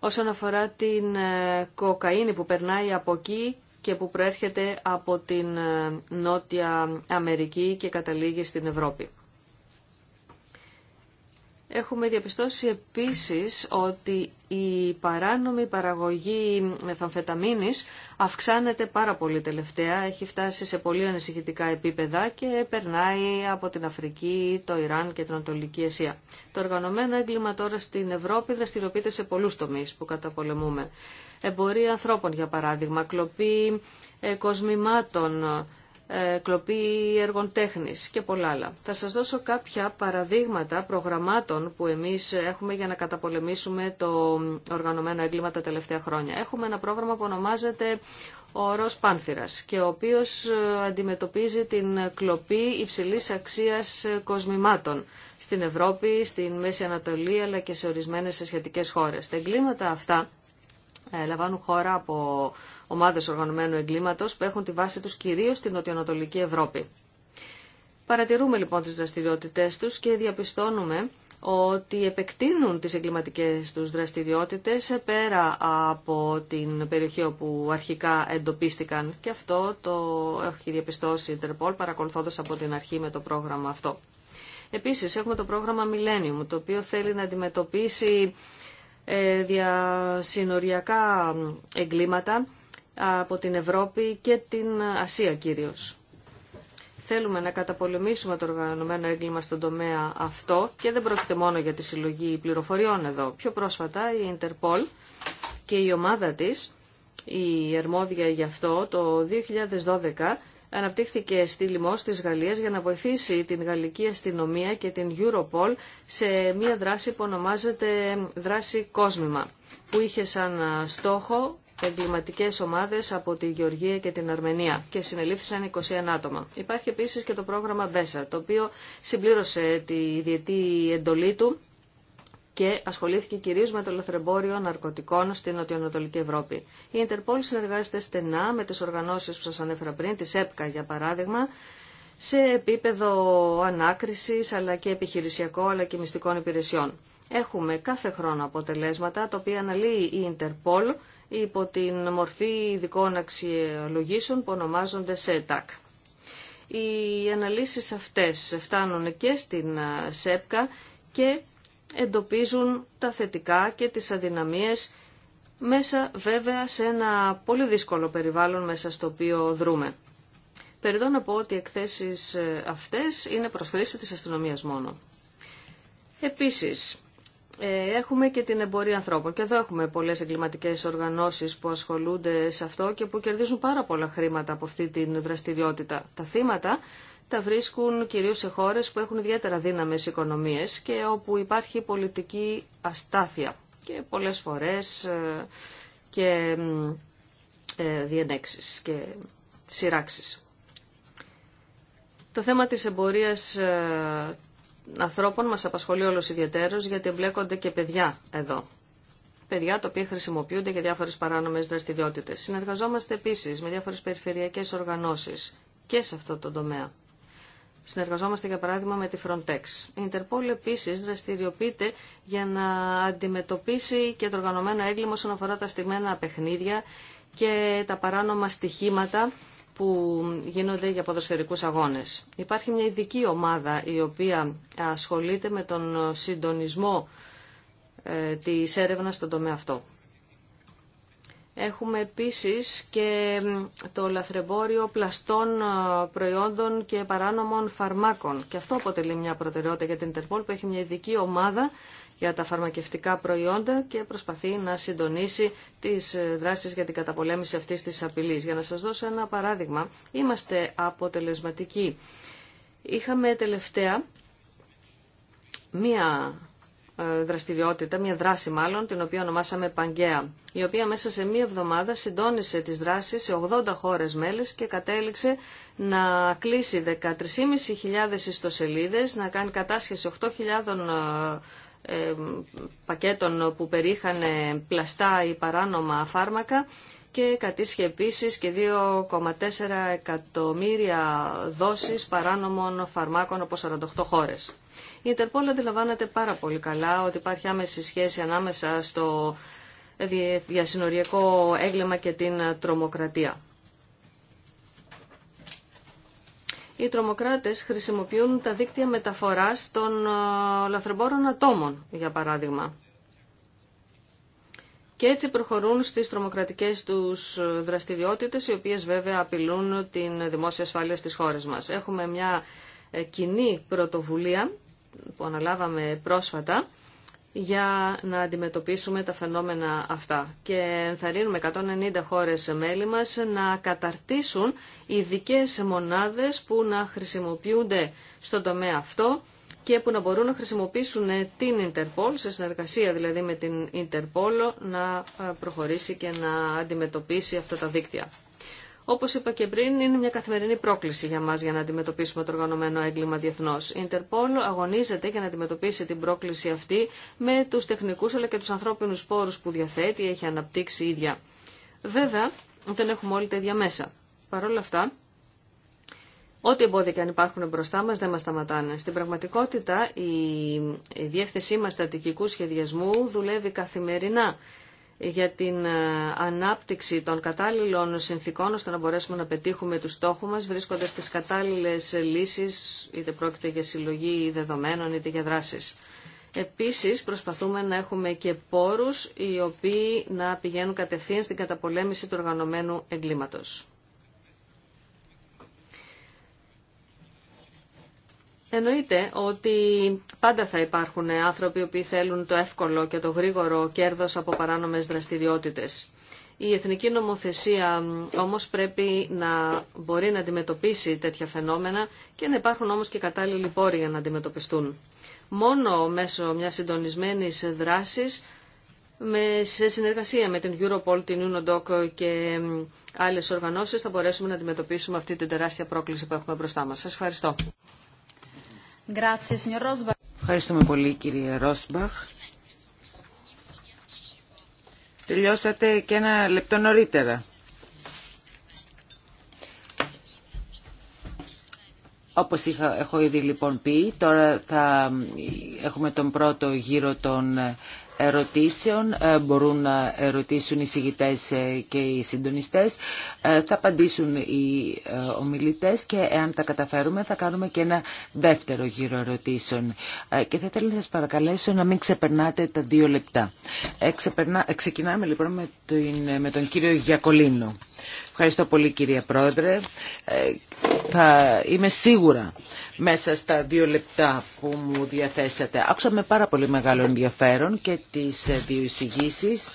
Speaker 2: όσον αφορά την ε, κοκαίνη που περνάει από εκεί και που προέρχεται από την ε, Νότια Αμερική και καταλήγει στην Ευρώπη. Έχουμε διαπιστώσει επίσης ότι η παράνομη παραγωγή μεθαμφεταμίνης αυξάνεται πάρα πολύ τελευταία. Έχει φτάσει σε πολύ ανησυχητικά επίπεδα και περνάει από την Αφρική, το Ιράν και την Ανατολική Ασία. Το οργανωμένο έγκλημα τώρα στην Ευρώπη δραστηριοποιείται σε πολλούς τομείς που καταπολεμούμε εμπορία ανθρώπων για παράδειγμα, κλοπή ε, κοσμημάτων, ε, κλοπή έργων τέχνης και πολλά άλλα. Θα σας δώσω κάποια παραδείγματα προγραμμάτων που εμείς έχουμε για να καταπολεμήσουμε το οργανωμένο έγκλημα τα τελευταία χρόνια. Έχουμε ένα πρόγραμμα που ονομάζεται όρος Πάνθυρας και ο οποίος ε, αντιμετωπίζει την κλοπή υψηλής αξίας κοσμημάτων στην Ευρώπη, στην Μέση Ανατολή αλλά και σε ορισμένες σχετικές χώρες. Τα αυτά ε, λαμβάνουν χώρα από ομάδες οργανωμένου εγκλήματος που έχουν τη βάση τους κυρίως στην νοτιοανατολική Ευρώπη. Παρατηρούμε λοιπόν τις δραστηριότητές τους και διαπιστώνουμε ότι επεκτείνουν τις εγκληματικές τους δραστηριότητες πέρα από την περιοχή όπου αρχικά εντοπίστηκαν. Και αυτό το έχει διαπιστώσει η Interpol παρακολουθώντας από την αρχή με το πρόγραμμα αυτό. Επίσης έχουμε το πρόγραμμα Millennium, το οποίο θέλει να αντιμετωπίσει ε, διασυνοριακά εγκλήματα από την Ευρώπη και την Ασία κυρίως. Θέλουμε να καταπολεμήσουμε το οργανωμένο έγκλημα στον τομέα αυτό και δεν πρόκειται μόνο για τη συλλογή πληροφοριών εδώ. Πιο πρόσφατα η Ιντερπολ και η ομάδα της, η Ερμόδια για αυτό, το 2012 αναπτύχθηκε στη Λιμός της Γαλλίας για να βοηθήσει την γαλλική αστυνομία και την Europol σε μια δράση που ονομάζεται δράση κόσμημα, που είχε σαν στόχο εγκληματικέ ομάδε από τη Γεωργία και την Αρμενία και συνελήφθησαν 21 άτομα. Υπάρχει επίση και το πρόγραμμα BESA, το οποίο συμπλήρωσε τη διετή εντολή του και ασχολήθηκε κυρίω με το λαθρεμπόριο ναρκωτικών στην Νοτιοανατολική Ευρώπη. Η Ιντερπόλ συνεργάζεται στενά με τι οργανώσει που σα ανέφερα πριν, τη ΕΠΚΑ για παράδειγμα, σε επίπεδο ανάκριση αλλά και επιχειρησιακό αλλά και μυστικών υπηρεσιών. Έχουμε κάθε χρόνο αποτελέσματα τα οποία αναλύει η Ιντερπόλ υπό την μορφή ειδικών αξιολογήσεων που ονομάζονται ΣΕΤΑΚ. Οι αναλύσεις αυτές φτάνουν και στην ΣΕΠΚΑ και εντοπίζουν τα θετικά και τις αδυναμίες μέσα βέβαια σε ένα πολύ δύσκολο περιβάλλον μέσα στο οποίο δρούμε. Περιτώ να πω ότι οι εκθέσεις ε, αυτές είναι χρήση της αστυνομίας μόνο. Επίσης, ε, έχουμε και την εμπορία ανθρώπων. Και εδώ έχουμε πολλές εγκληματικές οργανώσεις που ασχολούνται σε αυτό και που κερδίζουν πάρα πολλά χρήματα από αυτή την δραστηριότητα. Τα θύματα τα βρίσκουν κυρίως σε χώρες που έχουν ιδιαίτερα δύναμες οικονομίες και όπου υπάρχει πολιτική αστάθεια και πολλές φορές ε, και ε, διενέξεις και σειράξεις. Το θέμα της εμπορίας ε, ανθρώπων μας απασχολεί όλος ιδιαίτερος γιατί εμπλέκονται και παιδιά εδώ. Παιδιά τα οποία χρησιμοποιούνται για διάφορες παράνομες δραστηριότητες. Συνεργαζόμαστε επίσης με διάφορες περιφερειακές οργανώσεις και σε αυτό το τομέα. Συνεργαζόμαστε για παράδειγμα με τη Frontex. Η Interpol επίσης δραστηριοποιείται για να αντιμετωπίσει και το οργανωμένο έγκλημα όσον αφορά τα στιγμένα παιχνίδια και τα παράνομα στοιχήματα που γίνονται για ποδοσφαιρικούς αγώνες. Υπάρχει μια ειδική ομάδα η οποία ασχολείται με τον συντονισμό ε, της έρευνας στον τομέα αυτό. Έχουμε επίσης και το λαθρεμπόριο πλαστών ε, προϊόντων και παράνομων φαρμάκων. Και αυτό αποτελεί μια προτεραιότητα για την Ιντερπόλ που έχει μια ειδική ομάδα για τα φαρμακευτικά προϊόντα και προσπαθεί να συντονίσει τις ε, δράσεις για την καταπολέμηση αυτής της απειλής. Για να σας δώσω ένα παράδειγμα, είμαστε αποτελεσματικοί. Είχαμε τελευταία μία ε, δραστηριότητα, μια δράση μάλλον, την οποία ονομάσαμε Παγκαία, η οποία μέσα σε μία εβδομάδα συντόνισε τις δράσεις σε 80 χώρες μέλες και κατέληξε να κλείσει 13.500 ιστοσελίδες, να κάνει κατάσχεση 8.000 ε, ε, πακέτων που περίχανε πλαστά ή παράνομα φάρμακα και κατήσχε επίσης και 2,4 εκατομμύρια δόσεις παράνομων φαρμάκων από 48 χώρες. Η Ιντερπόλ αντιλαμβάνεται πάρα πολύ καλά ότι υπάρχει άμεση σχέση ανάμεσα στο διασυνοριακό έγκλημα και την τρομοκρατία. Οι τρομοκράτες χρησιμοποιούν τα δίκτυα μεταφοράς των λαθρεμπόρων ατόμων, για παράδειγμα. Και έτσι προχωρούν στις τρομοκρατικές τους δραστηριότητες, οι οποίες βέβαια απειλούν την δημόσια ασφάλεια στις χώρες μας. Έχουμε μια ε, κοινή πρωτοβουλία που αναλάβαμε πρόσφατα για να αντιμετωπίσουμε τα φαινόμενα αυτά. Και ενθαρρύνουμε 190 χώρες μέλη μας να καταρτήσουν ειδικέ μονάδες που να χρησιμοποιούνται στον τομέα αυτό και που να μπορούν να χρησιμοποιήσουν την Ιντερπόλ, σε συνεργασία δηλαδή με την Interpol, να προχωρήσει και να αντιμετωπίσει αυτά τα δίκτυα. Όπω είπα και πριν, είναι μια καθημερινή πρόκληση για μα για να αντιμετωπίσουμε το οργανωμένο έγκλημα διεθνώ. Η Interpol αγωνίζεται για να αντιμετωπίσει την πρόκληση αυτή με του τεχνικού αλλά και του ανθρώπινου πόρου που διαθέτει, έχει αναπτύξει ίδια. Βέβαια, δεν έχουμε όλοι τα ίδια μέσα. Παρ' όλα αυτά, Ό,τι εμπόδια και αν υπάρχουν μπροστά μα δεν μας σταματάνε. Στην πραγματικότητα η διεύθεσή μα στατικικού σχεδιασμού δουλεύει καθημερινά για την ε, ανάπτυξη των κατάλληλων συνθήκων ώστε να μπορέσουμε να πετύχουμε τους στόχους μας βρίσκοντας τις κατάλληλες λύσεις είτε πρόκειται για συλλογή δεδομένων είτε για δράσεις. Επίσης προσπαθούμε να έχουμε και πόρους οι οποίοι να πηγαίνουν κατευθείαν στην καταπολέμηση του οργανωμένου εγκλήματος. Εννοείται ότι πάντα θα υπάρχουν άνθρωποι που θέλουν το εύκολο και το γρήγορο κέρδος από παράνομες δραστηριότητες. Η εθνική νομοθεσία όμως πρέπει να μπορεί να αντιμετωπίσει τέτοια φαινόμενα και να υπάρχουν όμως και κατάλληλοι πόροι για να αντιμετωπιστούν. Μόνο μέσω μιας συντονισμένης δράσης σε συνεργασία με την Europol, την UNODOC και άλλες οργανώσεις θα μπορέσουμε να αντιμετωπίσουμε αυτή την τεράστια πρόκληση που έχουμε μπροστά μας. Σας ευχαριστώ. Ευχαριστούμε
Speaker 3: πολύ κύριε Ρόσμπαχ. Τελειώσατε και ένα λεπτό νωρίτερα. Όπως είχα, έχω ήδη λοιπόν πει, τώρα θα έχουμε τον πρώτο γύρο των ερωτήσεων. Ε, μπορούν να ερωτήσουν οι συγητές ε, και οι συντονιστές. Ε, θα απαντήσουν οι ομιλητές και εάν τα καταφέρουμε θα κάνουμε και ένα δεύτερο γύρο ερωτήσεων. Και θα ήθελα να σας παρακαλέσω να μην ξεπερνάτε τα δύο λεπτά. Ξεκινάμε λοιπόν με τον κύριο Γιακολίνο. Ευχαριστώ πολύ κυρία Πρόεδρε. Ε, θα είμαι σίγουρα μέσα στα δύο λεπτά που μου διαθέσατε. Άκουσα με πάρα πολύ μεγάλο ενδιαφέρον και τις ε, δύο εισηγήσεις.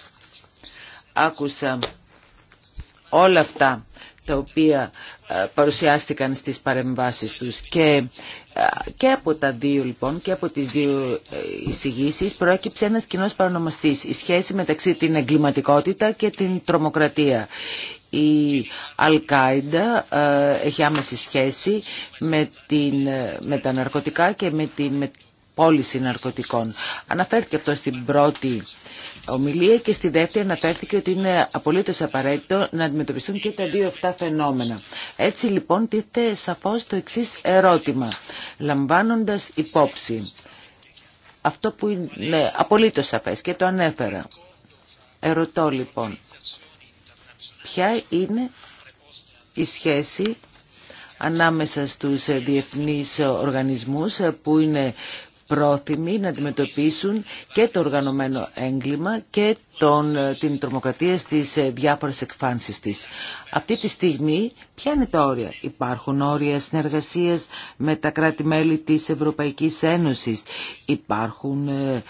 Speaker 3: Άκουσα όλα αυτά τα οποία ε, παρουσιάστηκαν στις παρεμβάσεις τους και, και από τα δύο λοιπόν και από τις δύο εισηγήσεις προέκυψε ένας κοινός παρονομαστής η σχέση μεταξύ την εγκληματικότητα και την τρομοκρατία η Αλκάιντα ε, έχει άμεση σχέση με, την, ε, με τα ναρκωτικά και με την με πώληση ναρκωτικών. Αναφέρθηκε αυτό στην πρώτη ομιλία και στη δεύτερη αναφέρθηκε ότι είναι απολύτως απαραίτητο να αντιμετωπιστούν και τα δύο αυτά φαινόμενα. Έτσι λοιπόν τίθεται σαφώς το εξής ερώτημα, λαμβάνοντας υπόψη αυτό που είναι απολύτως σαφές και το ανέφερα. Ερωτώ λοιπόν, ποια είναι η σχέση ανάμεσα στους διεθνείς οργανισμούς που είναι πρόθυμοι να αντιμετωπίσουν και το οργανωμένο έγκλημα και τον, ε, την τρομοκρατία στις ε, διάφορες εκφάνσεις της. Αυτή τη στιγμή ποια είναι τα όρια. Υπάρχουν όρια συνεργασίας με τα κράτη-μέλη της Ευρωπαϊκής Ένωσης. Υπάρχουν ε, ε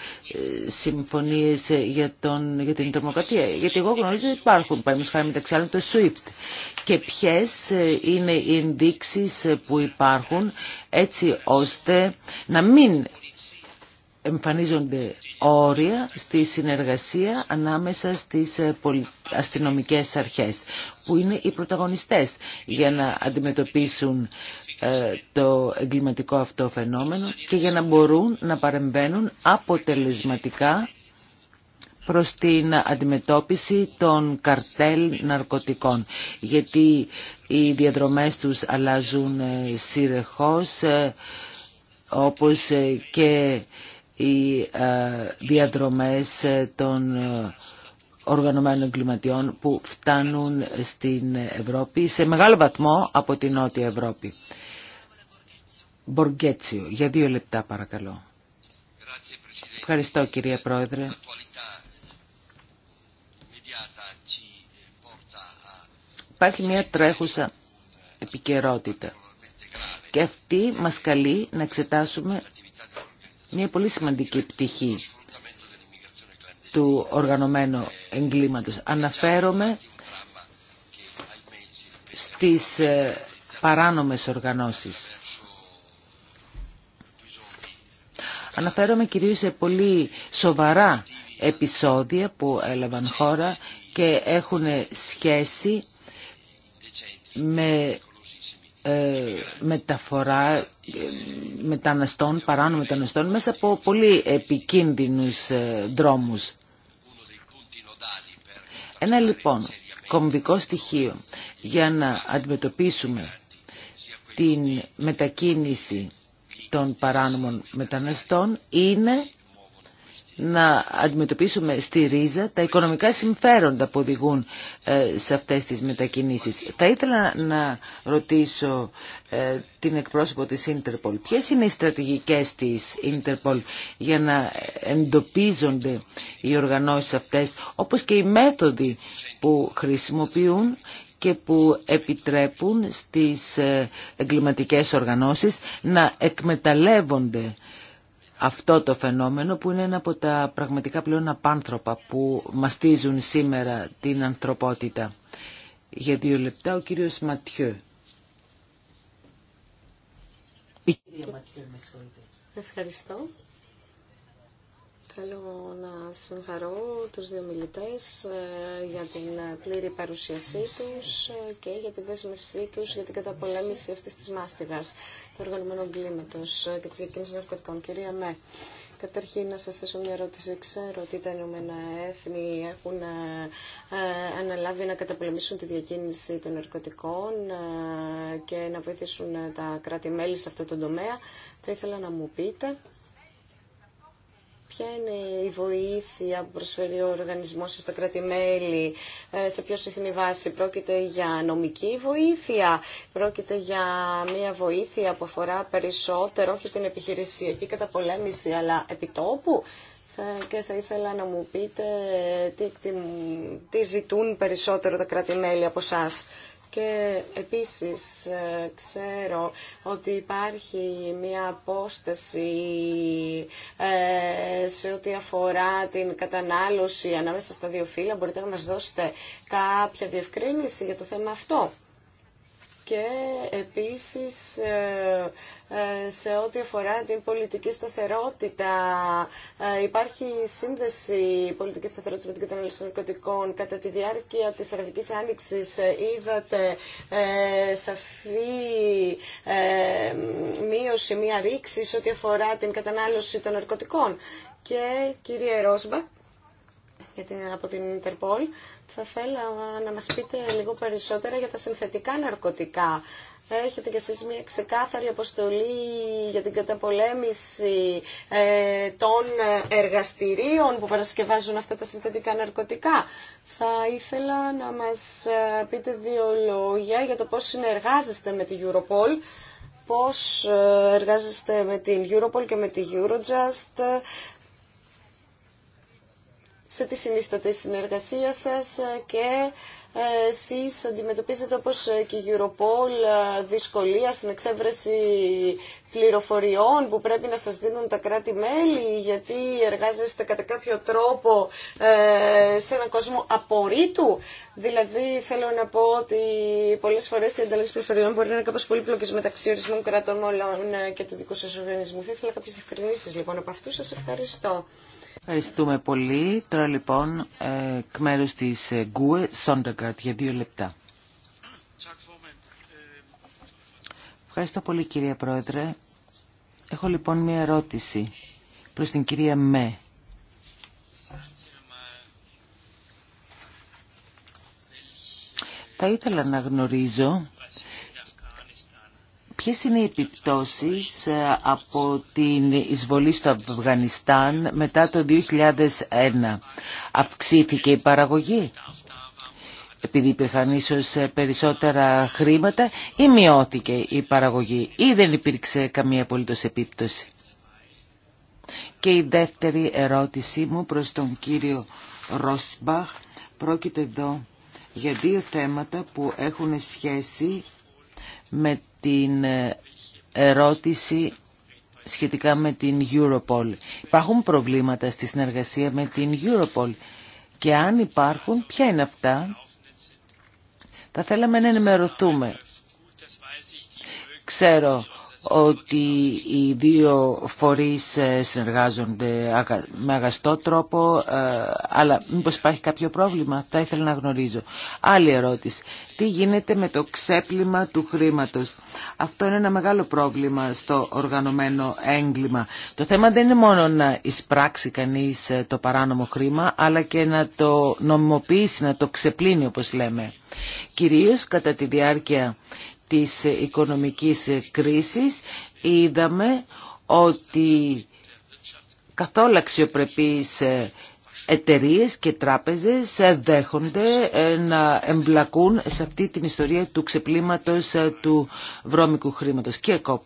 Speaker 3: συμφωνίες για, τον, για την τρομοκρατία. Γιατί εγώ γνωρίζω ότι υπάρχουν, χάρη μεταξύ άλλων το SWIFT. Και ποιες είναι οι ενδείξεις που υπάρχουν έτσι ώστε να μην εμφανίζονται όρια στη συνεργασία ανάμεσα στις ε, αστυνομικές αρχές που είναι οι πρωταγωνιστές για να αντιμετωπίσουν ε, το εγκληματικό αυτό φαινόμενο και για να μπορούν να παρεμβαίνουν αποτελεσματικά προς την αντιμετώπιση των καρτέλ ναρκωτικών. Γιατί οι διαδρομές τους αλλάζουν ε, σύρεχώς, όπως και οι ε, διαδρομές ε, των ε, οργανωμένων κλιματιών που φτάνουν στην Ευρώπη σε μεγάλο βαθμό από την Νότια Ευρώπη. Μποργκέτσιο, για δύο λεπτά παρακαλώ. Ευχαριστώ κυρία Πρόεδρε. Υπάρχει μια τρέχουσα επικαιρότητα και αυτή μας καλεί να εξετάσουμε μια πολύ σημαντική πτυχή του οργανωμένου εγκλήματος. Αναφέρομαι στις ε, παράνομες οργανώσεις. Αναφέρομαι κυρίως σε πολύ σοβαρά επεισόδια που έλαβαν χώρα και έχουν σχέση με ε, μεταφορά ε, μεταναστών, παράνομων μεταναστών μέσα από πολύ επικίνδυνους ε, δρόμους. Ένα λοιπόν κομβικό στοιχείο για να αντιμετωπίσουμε την μετακίνηση των παράνομων μεταναστών είναι να αντιμετωπίσουμε στη ρίζα τα οικονομικά συμφέροντα που οδηγούν ε, σε αυτές τις μετακινήσεις. Θα ήθελα να ρωτήσω ε, την εκπρόσωπο της Ίντερπολ. Ποιες είναι οι στρατηγικές της Ίντερπολ για να εντοπίζονται οι οργανώσεις αυτές, όπως και οι μέθοδοι που χρησιμοποιούν και που επιτρέπουν στις ε, εγκληματικές οργανώσεις να εκμεταλλεύονται αυτό το φαινόμενο που είναι ένα από τα πραγματικά πλέον απάνθρωπα που μαστίζουν σήμερα την ανθρωπότητα. Για δύο λεπτά ο κύριος Ματιέ.
Speaker 1: Ευχαριστώ. Θέλω να συγχαρώ τους δύο μιλητές ε, για την πλήρη παρουσίασή τους ε, και για τη δέσμευσή τους για την καταπολέμηση αυτής της μάστιγας του οργανωμένου κλίματος ε, και της διακίνησης ναρκωτικών. Κυρία Μέ, Καταρχήν να σας θέσω μια ερώτηση. Ξέρω ότι τα Ηνωμένα Έθνη έχουν αναλάβει να καταπολεμήσουν τη διακίνηση των ναρκωτικών και να βοηθήσουν τα κράτη-μέλη σε αυτό το τομέα. Θα ήθελα να μου πείτε Ποια είναι η βοήθεια που προσφέρει ο οργανισμός στα κρατημέλη, ε, σε ποιο συχνή βάση πρόκειται για νομική βοήθεια, πρόκειται για μια βοήθεια που αφορά περισσότερο όχι την επιχειρησιακή καταπολέμηση αλλά επιτόπου και θα ήθελα να μου πείτε τι, τι, τι ζητούν περισσότερο τα κρατη από εσά και επίσης ε, ξέρω ότι υπάρχει μια απόσταση ε, σε ό,τι αφορά την κατανάλωση ανάμεσα στα δύο φύλλα. Μπορείτε να μας δώσετε κάποια διευκρίνηση για το θέμα αυτό και επίσης ε, ε, σε ό,τι αφορά την πολιτική σταθερότητα ε, υπάρχει σύνδεση πολιτικής σταθερότητας με την κατανάλωση ναρκωτικών κατά τη διάρκεια της Αραβικής Άνοιξης είδατε σαφή μείωση, μία ρήξη σε ό,τι αφορά την κατανάλωση των ναρκωτικών και κύριε Ρόσμπακ από την Ιντερπολ. Θα θέλα να μας πείτε λίγο περισσότερα για τα συνθετικά ναρκωτικά. Έχετε κι εσείς μια ξεκάθαρη αποστολή για την καταπολέμηση ε, των εργαστηρίων που παρασκευάζουν αυτά τα συνθετικά ναρκωτικά. Θα ήθελα να μας ε, πείτε δύο λόγια για το πώς συνεργάζεστε με την Europol πώς ε, εργάζεστε με την Europol και με την Eurojust σε τι συνίσταται η συνεργασία σας και ε, εσείς αντιμετωπίζετε όπως και η Europol ε, δυσκολία στην εξέβρεση πληροφοριών που πρέπει να σας δίνουν τα κράτη-μέλη γιατί εργάζεστε κατά κάποιο τρόπο ε, σε έναν κόσμο απορρίτου. Δηλαδή θέλω να πω ότι πολλές φορές οι ανταλλαγές πληροφοριών μπορεί να είναι κάπως πολύπλοκες μεταξύ ορισμών κρατών όλων και του δικού σας οργανισμού. Θα ήθελα κάποιες διευκρινήσεις λοιπόν από αυτού. Σας ευχαριστώ.
Speaker 3: Ευχαριστούμε πολύ. Τώρα λοιπόν, ε, εκ μέρους της ε, Γκουε, Σόντεγκαρτ για δύο λεπτά. Ευχαριστώ πολύ κυρία Πρόεδρε. Έχω λοιπόν μία ερώτηση προς την κυρία Με. Θα ήθελα να γνωρίζω Ποιες είναι οι επιπτώσεις ε, από την εισβολή στο Αφγανιστάν μετά το 2001. Αυξήθηκε η παραγωγή επειδή υπήρχαν ίσως ε, περισσότερα χρήματα ή μειώθηκε η παραγωγή ή δεν υπήρξε καμία απολύτως επίπτωση. Και η δεύτερη ερώτησή μου προς τον κύριο Ρόσμπαχ πρόκειται εδώ για δύο θέματα που έχουν σχέση με την ε, ερώτηση σχετικά με την Europol. Υπάρχουν προβλήματα στη συνεργασία με την Europol και αν υπάρχουν, ποια είναι αυτά, θα θέλαμε να ενημερωθούμε. Ξέρω ότι οι δύο φορείς ε, συνεργάζονται με αγαστό τρόπο, ε, αλλά μήπως υπάρχει κάποιο πρόβλημα, θα ήθελα να γνωρίζω. Άλλη ερώτηση. Τι γίνεται με το ξέπλυμα του χρήματος. Αυτό είναι ένα μεγάλο πρόβλημα στο οργανωμένο έγκλημα. Το θέμα δεν είναι μόνο να εισπράξει κανείς ε, το παράνομο χρήμα, αλλά και να το νομιμοποιήσει, να το ξεπλύνει όπως λέμε. Κυρίως κατά τη διάρκεια της οικονομικής κρίσης είδαμε ότι καθόλου αξιοπρεπείς εταιρείες και τράπεζες δέχονται να εμπλακούν σε αυτή την ιστορία του ξεπλήματος του βρώμικου χρήματος. Κύριε Κόπ,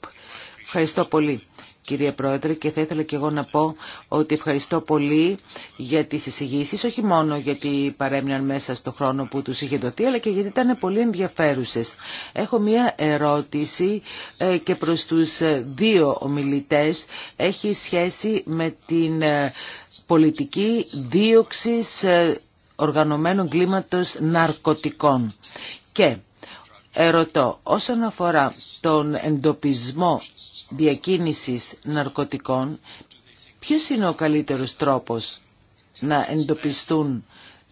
Speaker 3: ευχαριστώ πολύ κυρία Πρόεδρε και θα ήθελα και εγώ να πω ότι ευχαριστώ πολύ για τις εισηγήσεις, όχι μόνο γιατί παρέμειναν μέσα στο χρόνο που τους είχε δοθεί, αλλά και γιατί ήταν πολύ ενδιαφέρουσες. Έχω μία ερώτηση ε, και προς τους ε, δύο ομιλητές. Έχει σχέση με την ε, πολιτική δίωξη οργανωμένων κλίματος ναρκωτικών. Και Ερωτώ, όσον αφορά τον εντοπισμό διακίνησης ναρκωτικών, ποιος είναι ο καλύτερος τρόπος να εντοπιστούν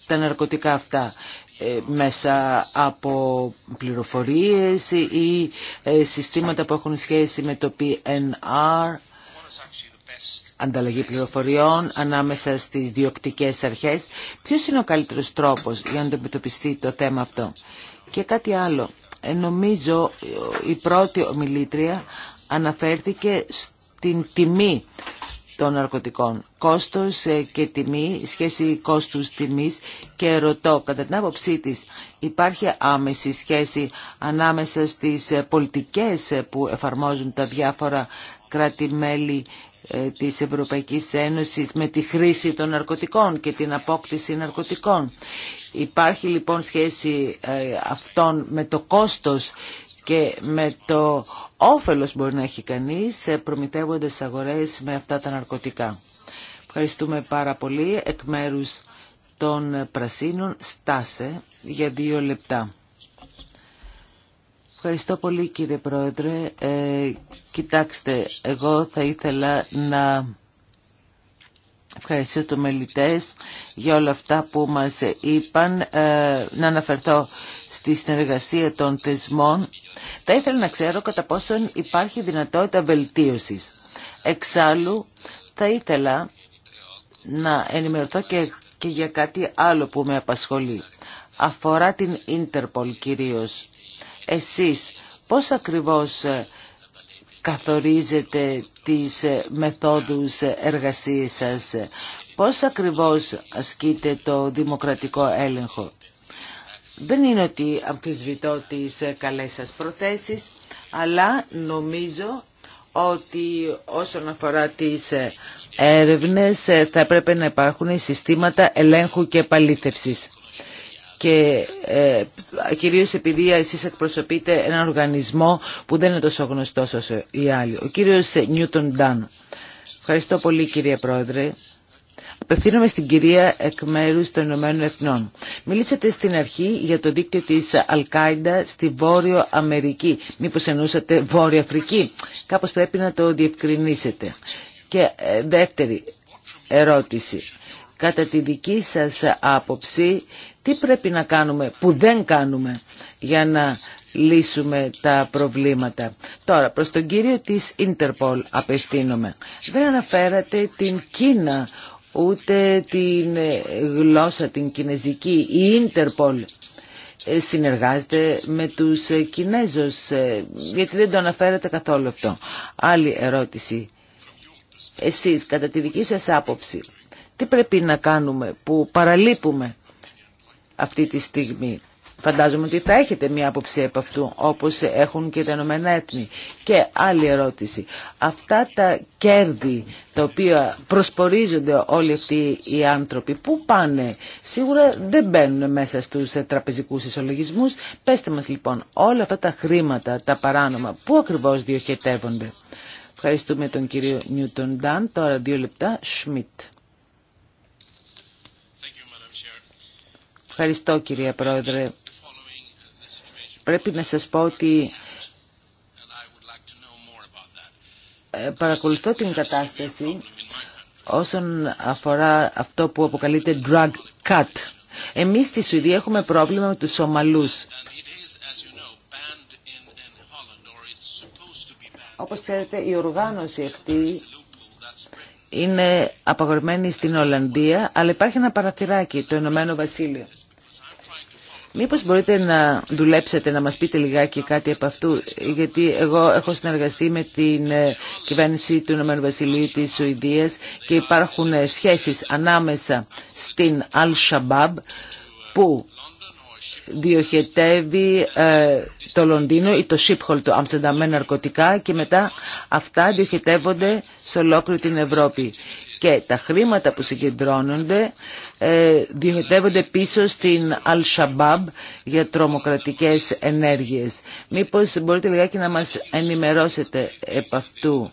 Speaker 3: τα ναρκωτικά αυτά ε, μέσα από πληροφορίες ή ε, συστήματα που έχουν σχέση με το PNR, ανταλλαγή πληροφοριών ανάμεσα στις διοκτικές αρχές. Ποιος είναι ο καλύτερος τρόπος για να εντοπιστεί το θέμα αυτό. Και κάτι άλλο. Ε, νομίζω η πρώτη ομιλήτρια αναφέρθηκε στην τιμή των ναρκωτικών. Κόστος ε, και τιμή, σχέση κόστους τιμής και ρωτώ, κατά την άποψή της υπάρχει άμεση σχέση ανάμεσα στις ε, πολιτικές ε, που εφαρμόζουν τα διάφορα κράτη-μέλη της Ευρωπαϊκής Ένωσης με τη χρήση των ναρκωτικών και την απόκτηση ναρκωτικών. Υπάρχει λοιπόν σχέση αυτών με το κόστος και με το όφελος μπορεί να έχει κανείς ε, προμητεύοντα αγορές με αυτά τα ναρκωτικά. Ευχαριστούμε πάρα πολύ εκ μέρους των Πρασίνων. Στάσε για δύο λεπτά. Ευχαριστώ πολύ κύριε Πρόεδρε. Ε, κοιτάξτε, εγώ θα ήθελα να Ευχαριστώ του μελητές για όλα αυτά που μας είπαν. Ε, να αναφερθώ στη συνεργασία των θεσμών. Θα ήθελα να ξέρω κατά πόσον υπάρχει δυνατότητα βελτίωσης. Εξάλλου, θα ήθελα να ενημερωθώ και, και για κάτι άλλο που με απασχολεί. Αφορά την Ίντερπολ κυρίως. Εσείς πώς ακριβώς καθορίζετε τις ε, μεθόδους εργασίας σας. Πώς ακριβώς ασκείτε το δημοκρατικό έλεγχο. Δεν είναι ότι αμφισβητώ τις ε, καλές σας προθέσεις, αλλά νομίζω ότι όσον αφορά τις ε, έρευνες θα πρέπει να υπάρχουν συστήματα ελέγχου και επαλήθευσης και ε, κυρίως επειδή εσείς εκπροσωπείτε έναν οργανισμό που δεν είναι τόσο γνωστός όσο οι άλλοι. Ο κύριος Νιούτον Ντάν. Ευχαριστώ πολύ κύριε Πρόεδρε. Απευθύνομαι στην κυρία εκ μέρου των Ηνωμένων Εθνών. Μιλήσατε στην αρχή για το δίκτυο τη Αλκάιντα στη Βόρειο Αμερική. Μήπω εννοούσατε Βόρειο Αφρική. Κάπω πρέπει να το διευκρινίσετε. Και ε, δεύτερη ερώτηση. Κατά τη δική σας άποψη, τι πρέπει να κάνουμε που δεν κάνουμε για να λύσουμε τα προβλήματα. Τώρα, προς τον κύριο της Ιντερπολ απευθύνομαι. Δεν αναφέρατε την Κίνα, ούτε την ε, γλώσσα, την κινέζικη. Η Ιντερπολ ε, συνεργάζεται με τους ε, Κινέζους, γιατί δεν το αναφέρατε καθόλου αυτό. Άλλη ερώτηση. Εσείς, κατά τη δική σας άποψη, τι πρέπει να κάνουμε που παραλείπουμε αυτή τη στιγμή. Φαντάζομαι ότι θα έχετε μια άποψη από αυτού, όπως έχουν και τα Ηνωμένα Έθνη. Και άλλη ερώτηση. Αυτά τα κέρδη τα οποία προσπορίζονται όλοι αυτοί οι άνθρωποι, πού πάνε. Σίγουρα δεν μπαίνουν μέσα στους τραπεζικούς ισολογισμούς. Πέστε μας λοιπόν, όλα αυτά τα χρήματα, τα παράνομα, πού ακριβώς διοχετεύονται. Ευχαριστούμε τον κύριο Νιούτον Ντάν. Τώρα δύο λεπτά, Σμιτ. Ευχαριστώ κύριε Πρόεδρε. Πρέπει να σας πω ότι ε, παρακολουθώ την κατάσταση όσον αφορά αυτό που αποκαλείται drug cut. Εμείς στη Σουηδία έχουμε πρόβλημα με τους Σομαλούς. Όπως ξέρετε η οργάνωση αυτή είναι απαγορευμένη στην Ολλανδία, αλλά υπάρχει ένα παραθυράκι, το Ηνωμένο Βασίλειο. Μήπως μπορείτε να δουλέψετε, να μας πείτε λιγάκι κάτι από αυτού, γιατί εγώ έχω συνεργαστεί με την ε, κυβέρνηση του Ηνωμένου Βασιλείου της Σουηδίας και υπάρχουν ε, σχέσεις ανάμεσα στην Al-Shabaab που διοχετεύει ε, το Λονδίνο ή το Σίπχολ του Αμστερνταμ ναρκωτικά και μετά αυτά διοχετεύονται σε ολόκληρη την Ευρώπη και τα χρήματα που συγκεντρώνονται ε, διοχετεύονται πίσω στην Al-Shabaab για τρομοκρατικές ενέργειες. Μήπως μπορείτε λιγάκι να μας ενημερώσετε επ' αυτού.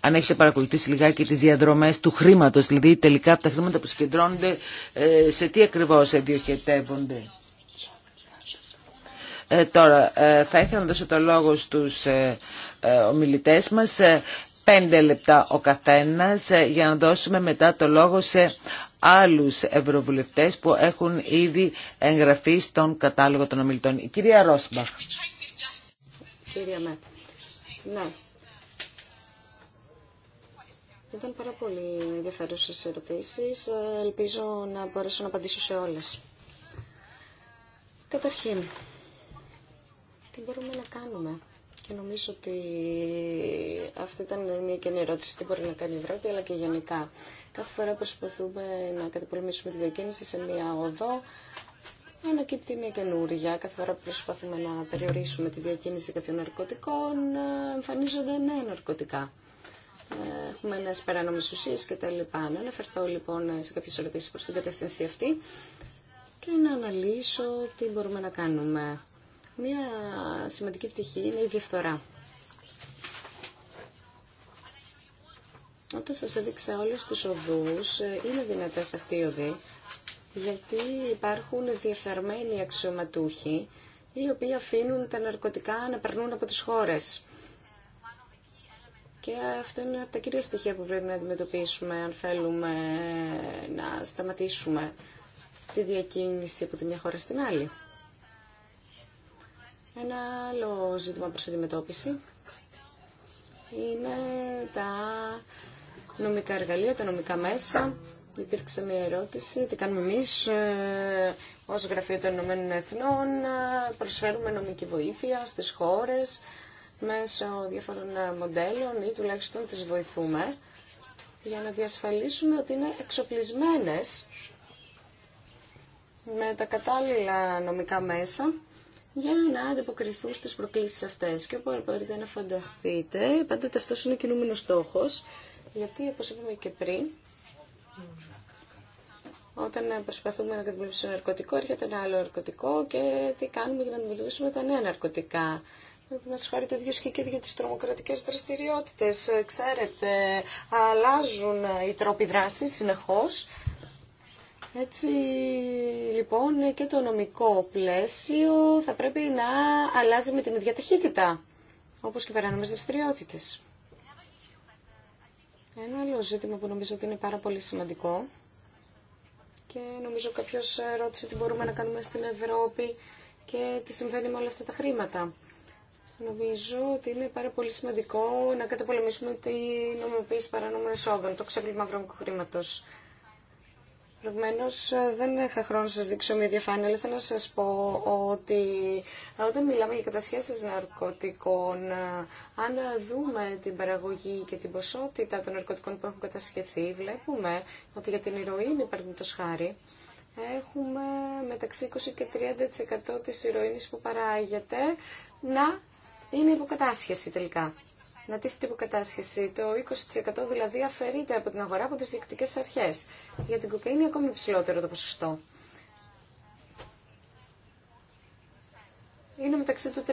Speaker 3: Αν έχετε παρακολουθήσει λιγάκι τις διαδρομές του χρήματος, δηλαδή τελικά από τα χρήματα που συγκεντρώνονται, ε, σε τι ακριβώς διοχετεύονται. Ε, τώρα, θα ήθελα να δώσω το λόγο στους ομιλητές μας πέντε λεπτά ο καθένας ε, για να δώσουμε μετά το λόγο σε άλλους ευρωβουλευτές που έχουν ήδη εγγραφεί στον κατάλογο των ομιλητών. Η κυρία Ρόσμπαχ.
Speaker 1: Κυρία Μέτ. Ναι. Ήταν πάρα πολύ ενδιαφέρουσε ερωτήσεις. Ε, ελπίζω να μπορέσω να απαντήσω σε όλες. Καταρχήν, τι μπορούμε να κάνουμε και νομίζω ότι αυτή ήταν μια καινή ερώτηση. Τι μπορεί να κάνει η Ευρώπη, αλλά και γενικά. Κάθε φορά προσπαθούμε να καταπολεμήσουμε τη διακίνηση σε μια οδό, ανακύπτει μια καινούργια. Κάθε φορά που προσπαθούμε να περιορίσουμε τη διακίνηση κάποιων ναρκωτικών, εμφανίζονται νέα ναρκωτικά. Έχουμε νέε παράνομε ουσίε κτλ. Να αναφερθώ λοιπόν σε κάποιε ερωτήσει προ την κατεύθυνση αυτή και να αναλύσω τι μπορούμε να κάνουμε. Μία σημαντική πτυχή είναι η διαφθορά. Όταν σας έδειξα όλους τους οδούς, ε, είναι δυνατές αυτή η οδή, γιατί υπάρχουν διεφθαρμένοι αξιωματούχοι, οι οποίοι αφήνουν τα ναρκωτικά να περνούν από τις χώρες. Και αυτό είναι από τα κυρία στοιχεία που πρέπει να αντιμετωπίσουμε αν θέλουμε ε, να σταματήσουμε τη διακίνηση από τη μια χώρα στην άλλη. Ένα άλλο ζήτημα προς αντιμετώπιση είναι τα νομικά εργαλεία, τα νομικά μέσα. Υπήρξε μια ερώτηση, τι κάνουμε εμείς ε, ως Γραφείο των Ηνωμένων Εθνών, ε, προσφέρουμε νομική βοήθεια στις χώρες μέσω διάφορων ε, μοντέλων ή τουλάχιστον τις βοηθούμε για να διασφαλίσουμε ότι είναι εξοπλισμένες με τα κατάλληλα νομικά μέσα για να ανταποκριθούν στις προκλήσεις αυτές. Και όπως μπορείτε να φανταστείτε, πάντοτε αυτός είναι ο κινούμενος στόχος, γιατί όπως είπαμε και πριν, όταν προσπαθούμε να αντιμετωπίσουμε ένα ναρκωτικό, έρχεται ένα άλλο ναρκωτικό και τι κάνουμε για να αντιμετωπίσουμε τα νέα ναρκωτικά. Να σα χάρη το ίδιο για τι τρομοκρατικέ δραστηριότητε, Ξέρετε, αλλάζουν οι τρόποι δράση συνεχώ. Έτσι λοιπόν και το νομικό πλαίσιο θα πρέπει να αλλάζει με την ίδια ταχύτητα, όπως και περάνομες δραστηριότητε. Ένα άλλο ζήτημα που νομίζω ότι είναι πάρα πολύ σημαντικό και νομίζω κάποιος ρώτησε τι μπορούμε να κάνουμε στην Ευρώπη και τι συμβαίνει με όλα αυτά τα χρήματα. Νομίζω ότι είναι πάρα πολύ σημαντικό να καταπολεμήσουμε τη νομιμοποίηση παράνομων εσόδων, το ξέπλυμα βρώμικου χρήματο. Προηγουμένω ε, δεν είχα χρόνο να σα δείξω μια διαφάνεια, αλλά θέλω να σα πω ότι ε, όταν μιλάμε για κατασχέσει ναρκωτικών, ε, αν δούμε την παραγωγή και την ποσότητα των ναρκωτικών που έχουν κατασχεθεί, βλέπουμε ότι για την ηρωίνη, παραδείγματο χάρη, έχουμε μεταξύ 20 και 30% της ηρωίνης που παράγεται να είναι υποκατάσχεση τελικά να τίθεται υποκατάσχεση. Το 20% δηλαδή αφαιρείται από την αγορά από τις διοικητικές αρχές. Για την κοκαίνη είναι ακόμη ψηλότερο το ποσοστό. Είναι μεταξύ του 30-40-50%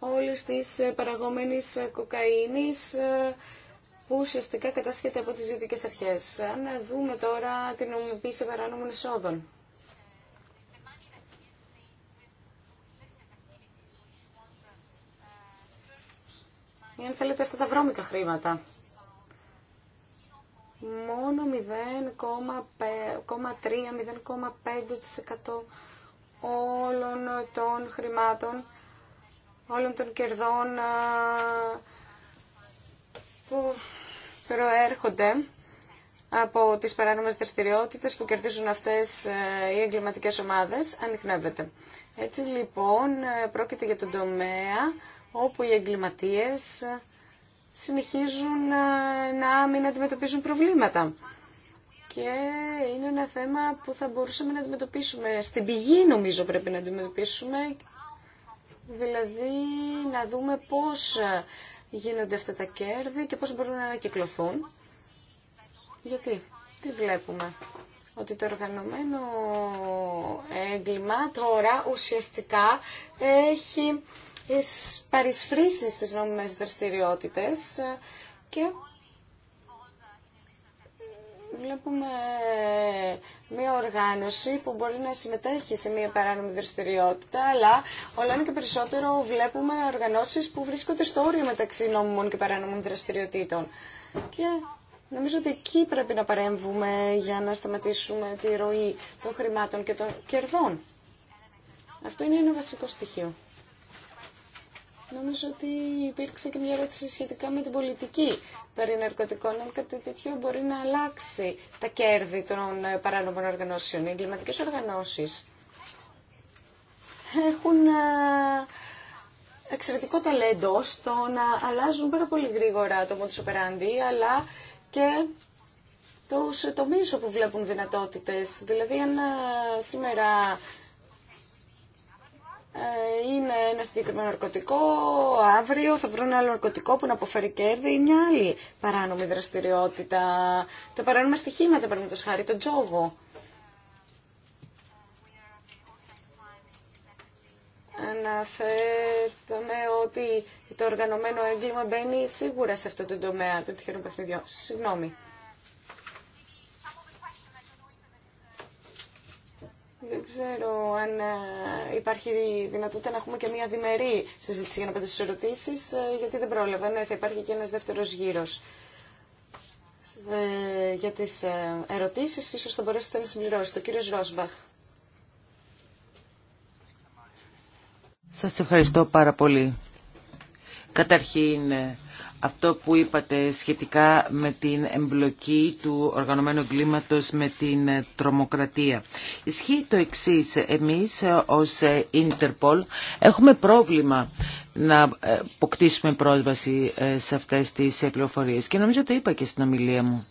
Speaker 1: όλης της ε, ε, κοκαίνη ε, που ουσιαστικά κατάσχεται από τις ιδιωτικές αρχές. Αν δούμε τώρα την νομιμοποίηση παράνομων εσόδων. ή αν θέλετε αυτά τα βρώμικα χρήματα. Μόνο 0,3-0,5% όλων των χρημάτων, όλων των κερδών που προέρχονται από τις παράνομες δραστηριότητε που κερδίζουν αυτές ε, οι εγκληματικές ομάδες ανοιχνεύεται. Έτσι λοιπόν ε, πρόκειται για τον τομέα όπου οι εγκληματίες συνεχίζουν να μην αντιμετωπίζουν προβλήματα. Και είναι ένα θέμα που θα μπορούσαμε να αντιμετωπίσουμε. Στην πηγή νομίζω πρέπει να αντιμετωπίσουμε, δηλαδή να δούμε πώς γίνονται αυτά τα κέρδη και πώς μπορούν να ανακυκλωθούν. Γιατί, τι βλέπουμε, ότι το οργανωμένο έγκλημα τώρα ουσιαστικά έχει τις παρισφρήσεις στις νόμιμες δραστηριότητες και βλέπουμε μια οργάνωση που μπορεί να συμμετέχει σε μια παράνομη δραστηριότητα, αλλά όλα είναι και περισσότερο βλέπουμε οργανώσεις που βρίσκονται στο όριο μεταξύ νόμιμων και παράνομων δραστηριοτήτων. Και νομίζω ότι εκεί πρέπει να παρέμβουμε για να σταματήσουμε τη ροή των χρημάτων και των κερδών. Αυτό είναι ένα βασικό στοιχείο. Νομίζω ότι υπήρξε και μια ερώτηση σχετικά με την πολιτική περί ναρκωτικών. Αν κάτι τέτοιο μπορεί να αλλάξει τα κέρδη των ε, παράνομων οργανώσεων. Οι εγκληματικές οργανώσεις έχουν ε, εξαιρετικό ταλέντο στο να αλλάζουν πάρα πολύ γρήγορα το modus αλλά και το τομείς που βλέπουν δυνατότητες. Δηλαδή, αν ε, σήμερα ε, είναι ένα συγκεκριμένο ναρκωτικό, αύριο θα βρουν άλλο ναρκωτικό που να αποφέρει κέρδη ή μια άλλη παράνομη δραστηριότητα. Τα παράνομα στοιχήματα, παραδείγματο χάρη, τον τζόγο. Αναφέρομαι ότι το οργανωμένο έγκλημα μπαίνει σίγουρα σε αυτό το τομέα των τυχερών παιχνιδιών. Συγγνώμη. Δεν ξέρω αν ε, υπάρχει δυνατότητα να έχουμε και μια διμερή συζήτηση για να πέντε στις ερωτήσεις, ε, γιατί δεν πρόλαβα. Ναι, θα υπάρχει και ένας δεύτερος γύρος. για τις ε, ερωτήσεις, ίσως θα μπορέσετε να συμπληρώσετε. Ο κύριος
Speaker 3: Ρόσμπαχ. Σας ευχαριστώ πάρα πολύ. Καταρχήν, αυτό που είπατε σχετικά με την εμπλοκή του οργανωμένου εγκλήματος με την ε, τρομοκρατία. Ισχύει το εξής, εμείς ε, ως Interpol ε, έχουμε πρόβλημα να αποκτήσουμε πρόσβαση σε αυτές τις πληροφορίες και νομίζω το είπα και στην ομιλία μου.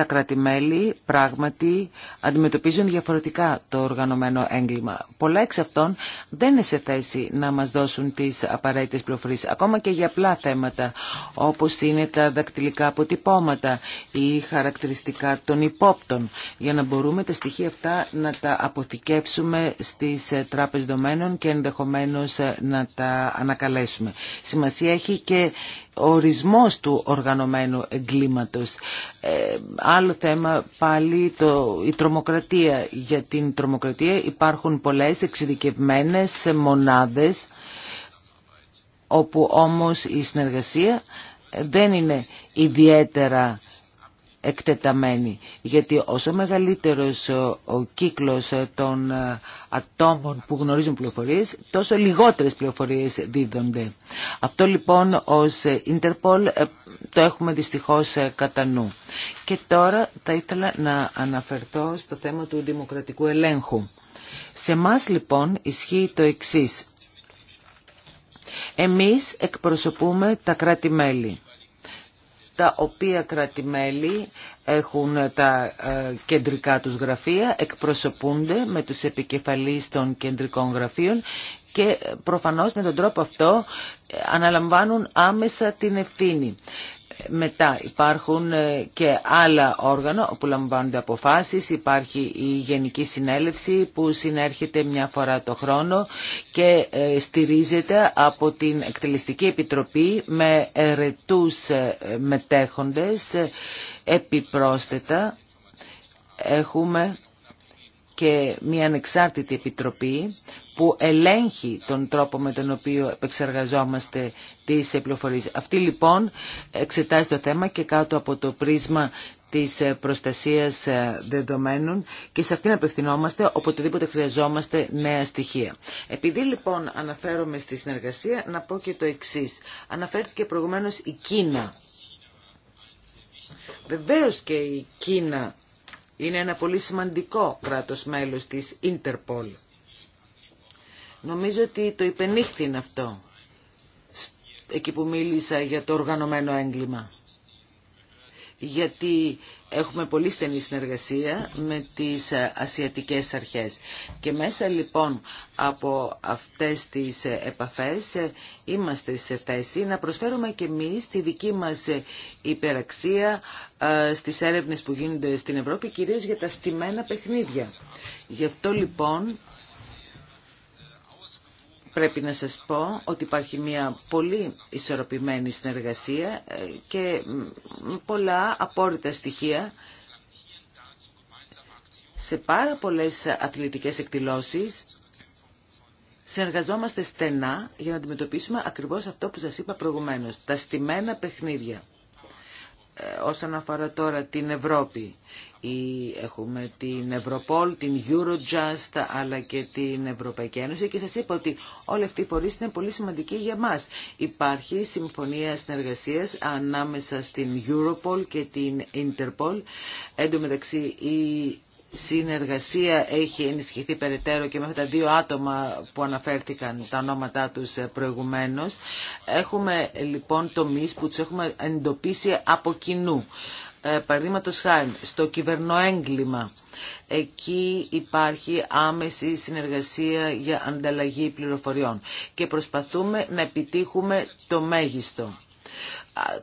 Speaker 3: τα κράτη-μέλη πράγματι αντιμετωπίζουν διαφορετικά το οργανωμένο έγκλημα. Πολλά εξ αυτών δεν είναι σε θέση να μας δώσουν τις απαραίτητες πληροφορίες, ακόμα και για απλά θέματα, όπως είναι τα δακτυλικά αποτυπώματα ή χαρακτηριστικά των υπόπτων, για να μπορούμε τα στοιχεία αυτά να τα αποθηκεύσουμε στις τράπεζες δομένων και ενδεχομένως να τα ανακαλέσουμε. Σημασία έχει και ορισμός του οργανωμένου εγκλήματος. Ε, άλλο θέμα πάλι το, η τρομοκρατία. Για την τρομοκρατία υπάρχουν πολλές εξειδικευμένες μονάδες όπου όμως η συνεργασία δεν είναι ιδιαίτερα εκτεταμένη γιατί όσο μεγαλύτερος ο κύκλος ε, των ε, ατόμων που γνωρίζουν πληροφορίες τόσο λιγότερες πληροφορίες δίδονται. Αυτό λοιπόν ως Interpol ε, το έχουμε δυστυχώς κατά νου. Και τώρα θα ήθελα να αναφερθώ στο θέμα του δημοκρατικού ελέγχου. Σε μας λοιπόν ισχύει το εξής. Εμείς εκπροσωπούμε τα κράτη-μέλη τα οποία κρατημέλη έχουν τα ε, κεντρικά τους γραφεία, εκπροσωπούνται με τους επικεφαλείς των κεντρικών γραφείων και προφανώς με τον τρόπο αυτό ε, αναλαμβάνουν άμεσα την ευθύνη. Μετά υπάρχουν ε, και άλλα όργανα όπου λαμβάνονται αποφάσεις. Υπάρχει η Γενική Συνέλευση που συνέρχεται μια φορά το χρόνο και ε, στηρίζεται από την Εκτελεστική Επιτροπή με ερετούς ε, μετέχοντες επιπρόσθετα. Έχουμε και μια ανεξάρτητη επιτροπή που ελέγχει τον τρόπο με τον οποίο επεξεργαζόμαστε τις πληροφορίες. Αυτή λοιπόν εξετάζει το θέμα και κάτω από το πρίσμα της ε, προστασίας ε, δεδομένων και σε αυτήν απευθυνόμαστε οποτεδήποτε χρειαζόμαστε νέα στοιχεία. Επειδή λοιπόν αναφέρομαι στη συνεργασία, να πω και το εξής. Αναφέρθηκε προηγουμένως η Κίνα. Βεβαίως και η Κίνα είναι ένα πολύ σημαντικό κράτος μέλος της Interpol. Νομίζω ότι το υπενήχθη αυτό, εκεί που μίλησα για το οργανωμένο έγκλημα γιατί έχουμε πολύ στενή συνεργασία με τις ε, ασιατικές αρχές. Και μέσα λοιπόν από αυτές τις ε, επαφές ε, είμαστε σε θέση να προσφέρουμε και εμείς τη δική μας υπεραξία στις έρευνες που γίνονται στην Ευρώπη, κυρίως για τα στημένα παιχνίδια. Γι' αυτό λοιπόν πρέπει να σας πω ότι υπάρχει μια πολύ ισορροπημένη συνεργασία ε, και πολλά απόρριτα στοιχεία σε πάρα πολλές αθλητικές εκδηλώσεις συνεργαζόμαστε στενά για να αντιμετωπίσουμε ακριβώς αυτό που σας είπα προηγουμένως, τα στημένα παιχνίδια. Ε, όσον αφορά τώρα την Ευρώπη. Ή έχουμε την Ευρωπόλ, την Eurojust αλλά και την Ευρωπαϊκή Ένωση και σας είπα ότι όλοι αυτοί οι φορείς είναι πολύ σημαντικοί για μας. Υπάρχει συμφωνία συνεργασίας ανάμεσα στην Europol και την Interpol. Εν τω μεταξύ η συνεργασία έχει ενισχυθεί περαιτέρω και με αυτά τα δύο άτομα που αναφέρθηκαν τα ονόματά τους ε, προηγουμένως. Έχουμε λοιπόν τομείς που τους έχουμε εντοπίσει από κοινού. Ε, χάρη, στο κυβερνοέγκλημα, εκεί υπάρχει άμεση συνεργασία για ανταλλαγή πληροφοριών και προσπαθούμε να επιτύχουμε το μέγιστο.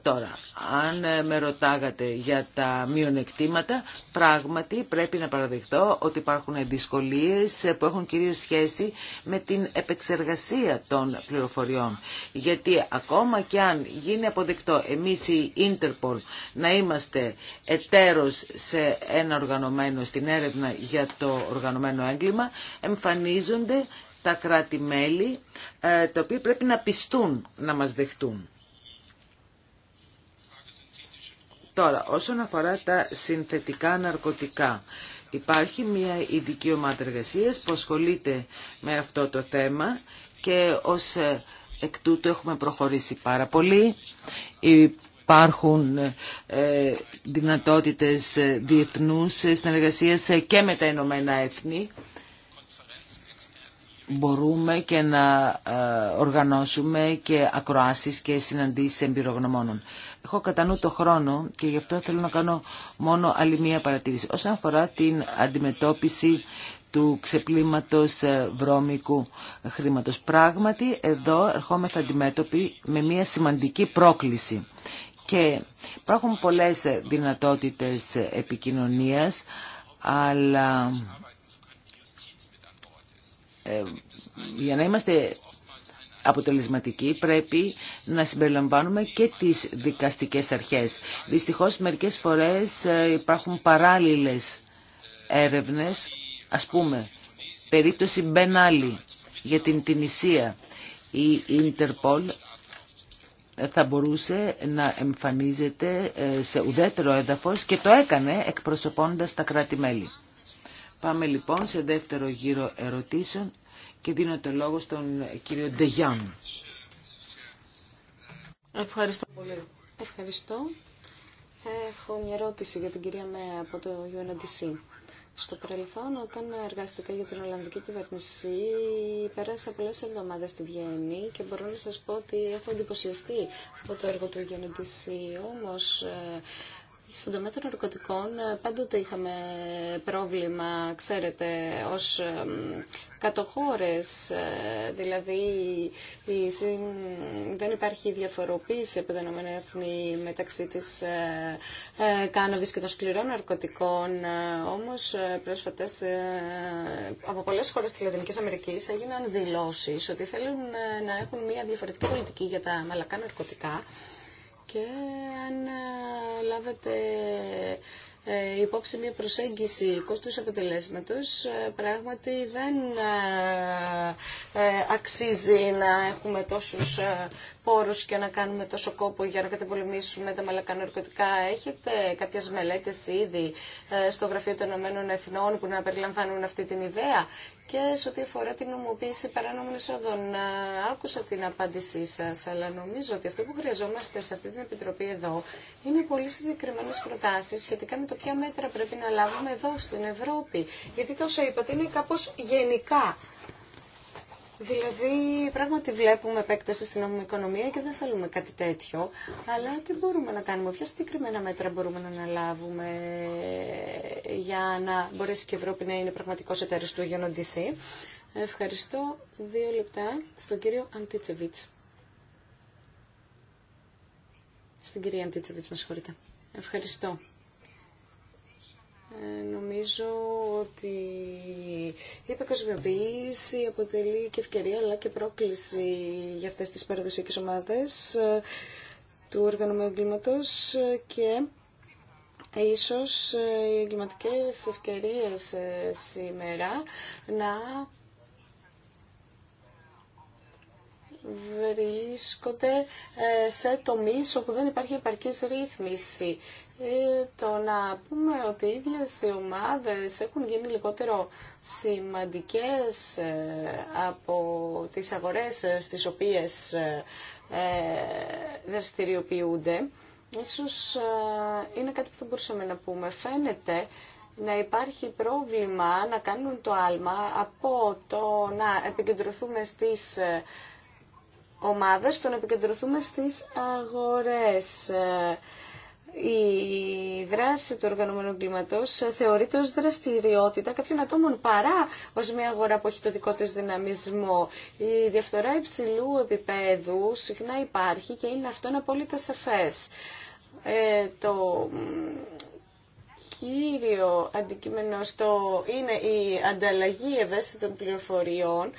Speaker 3: Τώρα, αν ε, με ρωτάγατε για τα μειονεκτήματα, πράγματι πρέπει να παραδεχτώ ότι υπάρχουν δυσκολίες ε, που έχουν κυρίως σχέση με την επεξεργασία των πληροφοριών. Γιατί ακόμα και αν γίνει αποδεκτό εμείς η Interpol να είμαστε εταίρος σε ένα οργανωμένο στην έρευνα για το οργανωμένο έγκλημα, εμφανίζονται τα κράτη-μέλη ε, τα οποία πρέπει να πιστούν να μας δεχτούν. Τώρα, όσον αφορά τα συνθετικά ναρκωτικά, υπάρχει μια ειδική ομάδα εργασία που ασχολείται με αυτό το θέμα και ως ε, εκ τούτου έχουμε προχωρήσει πάρα πολύ. Υπάρχουν ε, δυνατότητες ε, διεθνούς συνεργασίας ε, και με τα Ηνωμένα Έθνη. Μπορούμε και να οργανώσουμε και ακροάσεις και συναντήσεις εμπειρογνωμόνων. Έχω κατά νου το χρόνο και γι' αυτό θέλω να κάνω μόνο άλλη μία παρατήρηση. Όσον αφορά την αντιμετώπιση του ξεπλήματος ε, βρώμικου χρήματος. Πράγματι, εδώ ερχόμεθα αντιμέτωποι με μία σημαντική πρόκληση. Και υπάρχουν πολλές δυνατότητες επικοινωνίας, αλλά ε, για να είμαστε Αποτελεσματική πρέπει να συμπεριλαμβάνουμε και τις δικαστικές αρχές. Δυστυχώς μερικές φορές ε, υπάρχουν παράλληλες έρευνες, ας πούμε, περίπτωση Μπενάλη για την Τινησία. Η Ιντερπολ ε, θα μπορούσε να εμφανίζεται ε, σε ουδέτερο έδαφος και το έκανε εκπροσωπώντας τα κράτη-μέλη. Πάμε λοιπόν σε δεύτερο γύρο ερωτήσεων και δίνω το λόγο στον κύριο Ντεγιάν.
Speaker 1: Ευχαριστώ πολύ. Ευχαριστώ. Έχω μια ερώτηση για την κυρία Μέα από το UNDC. Στο παρελθόν, όταν εργάστηκα για την Ολλανδική κυβέρνηση, πέρασα πολλέ εβδομάδε στη Βιέννη και μπορώ να σα πω ότι έχω εντυπωσιαστεί από το έργο του UNDC. Όμω, ε, στον τομέα των ναρκωτικών ε, πάντοτε είχαμε πρόβλημα, ξέρετε, ως ε, κατοχώρες, ε, δηλαδή δεν υπάρχει διαφοροποίηση από τα ΗΕ μεταξύ της κάναβης και των σκληρών ναρκωτικών, όμως πρόσφατες από πολλές χώρες της Λατινικής Αμερικής έγιναν δηλώσεις ότι θέλουν να έχουν μια διαφορετική πολιτική για τα μαλακά ναρκωτικά και αν ε, λάβετε ε, υπόψη μια προσέγγιση κόστους αποτελέσματος ε, πράγματι δεν αξίζει να έχουμε τόσους πόρους και να κάνουμε τόσο κόπο για να καταπολεμήσουμε τα μαλακά Έχετε κάποιες μελέτες ήδη ε, στο Γραφείο των Ηνωμένων Εθνών που να περιλαμβάνουν αυτή την ιδέα. Και σε ό,τι αφορά την νομοποίηση παράνομων εισόδων, άκουσα την απάντησή σα, αλλά νομίζω ότι αυτό που χρειαζόμαστε σε αυτή την επιτροπή εδώ είναι πολύ συγκεκριμένε προτάσει σχετικά με το ποια μέτρα πρέπει να λάβουμε εδώ στην Ευρώπη. Γιατί τόσο είπατε είναι κάπω γενικά. Δηλαδή, πράγματι βλέπουμε επέκταση στην οικονομία και δεν θέλουμε κάτι τέτοιο. Αλλά τι μπορούμε να κάνουμε, ποια συγκεκριμένα μέτρα μπορούμε να αναλάβουμε για να μπορέσει και η Ευρώπη να είναι πραγματικό εταίρος του Αιγαιών Ευχαριστώ. Δύο λεπτά στον κύριο Αντίτσεβιτς. Στην κυρία Αντίτσεβιτς, με συγχωρείτε. Ευχαριστώ. Ε, νομίζω ότι η υπεκοσμιοποίηση αποτελεί και ευκαιρία αλλά και πρόκληση για αυτές τις παραδοσιακές ομάδες ε, του οργανωμένου εγκλήματος και ίσως ε, οι εγκληματικές ευκαιρίες σήμερα να βρίσκονται σε τομείς όπου δεν υπάρχει επαρκής ρύθμιση ε, το να πούμε ότι οι ίδιες οι ομάδες έχουν γίνει λιγότερο σημαντικές ε, από τις αγορές ε, στις οποίες δραστηριοποιούνται, ίσως είναι κάτι που θα μπορούσαμε να πούμε. Φαίνεται να υπάρχει πρόβλημα να κάνουν το άλμα από το να επικεντρωθούμε στις ομάδες, το να επικεντρωθούμε στις αγορές η δράση του οργανωμένου κλίματος θεωρείται ω δραστηριότητα κάποιων ατόμων παρά ω μια αγορά που έχει το δικό τη δυναμισμό. Η διαφθορά υψηλού επίπεδου συχνά υπάρχει και είναι αυτό ένα απόλυτα σαφέ. Ε, το κύριο αντικείμενο στο είναι η ανταλλαγή ευαίσθητων πληροφοριών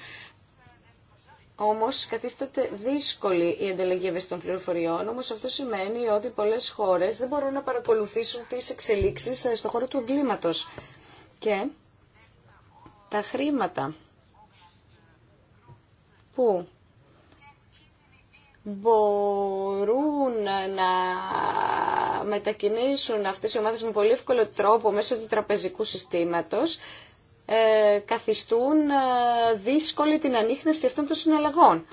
Speaker 1: όμως καθίσταται δύσκολη η ανταλλαγή των πληροφοριών, όμως αυτό σημαίνει ότι πολλές χώρες δεν μπορούν να παρακολουθήσουν τις εξελίξεις ε, στον χώρο του εγκλήματος. Και τα χρήματα που μπορούν να μετακινήσουν αυτές οι ομάδες με πολύ εύκολο τρόπο μέσω του τραπεζικού συστήματος, ε, καθιστούν ε, δύσκολη την ανείχνευση αυτών των συναλλαγών.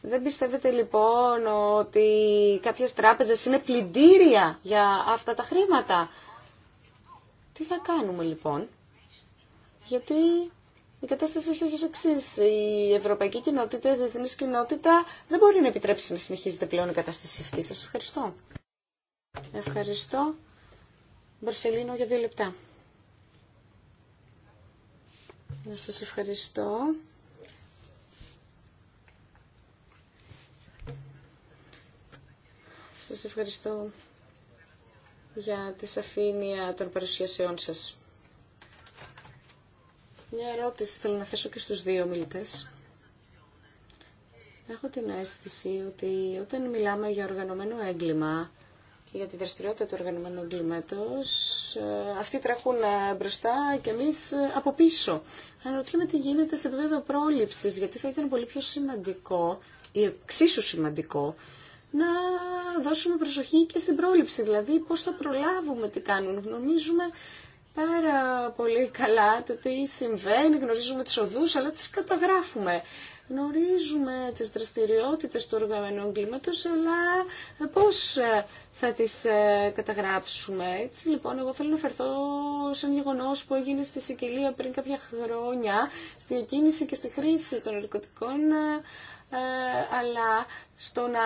Speaker 1: Δεν πιστεύετε λοιπόν ότι κάποιες τράπεζες είναι πλυντήρια για αυτά τα χρήματα. Τι θα κάνουμε λοιπόν, γιατί η κατάσταση έχει όχι εξή. Η ευρωπαϊκή κοινότητα, η διεθνή κοινότητα δεν μπορεί να επιτρέψει να συνεχίζεται πλέον η κατάσταση αυτή. Σας ευχαριστώ. Ευχαριστώ. Μπορσελίνο για δύο λεπτά. Να σας ευχαριστώ. Σας ευχαριστώ για τη σαφήνεια των παρουσιασεών σας. Μια ερώτηση θέλω να θέσω και στους δύο μιλητές. Έχω την αίσθηση ότι όταν μιλάμε για οργανωμένο έγκλημα, και για τη δραστηριότητα του οργανωμένου εγκλήματος, ε, αυτοί τρέχουν ε, μπροστά και εμείς ε, από πίσω. Αναρωτιέμαι τι γίνεται σε επίπεδο πρόληψης, γιατί θα ήταν πολύ πιο σημαντικό ή εξίσου σημαντικό να δώσουμε προσοχή και στην πρόληψη, δηλαδή πώς θα προλάβουμε τι κάνουν. Γνωρίζουμε πάρα πολύ καλά το τι συμβαίνει, γνωρίζουμε τις οδούς, αλλά τις καταγράφουμε. Γνωρίζουμε τις δραστηριότητες του οργανωμένου εγκλήματος, αλλά πώς ε, θα τις ε, καταγράψουμε. Έτσι λοιπόν, εγώ θέλω να φερθώ σε ένα γεγονό που έγινε στη Σικελία πριν κάποια χρόνια, στη διακίνηση και στη χρήση των ναρκωτικών, ε, αλλά στο να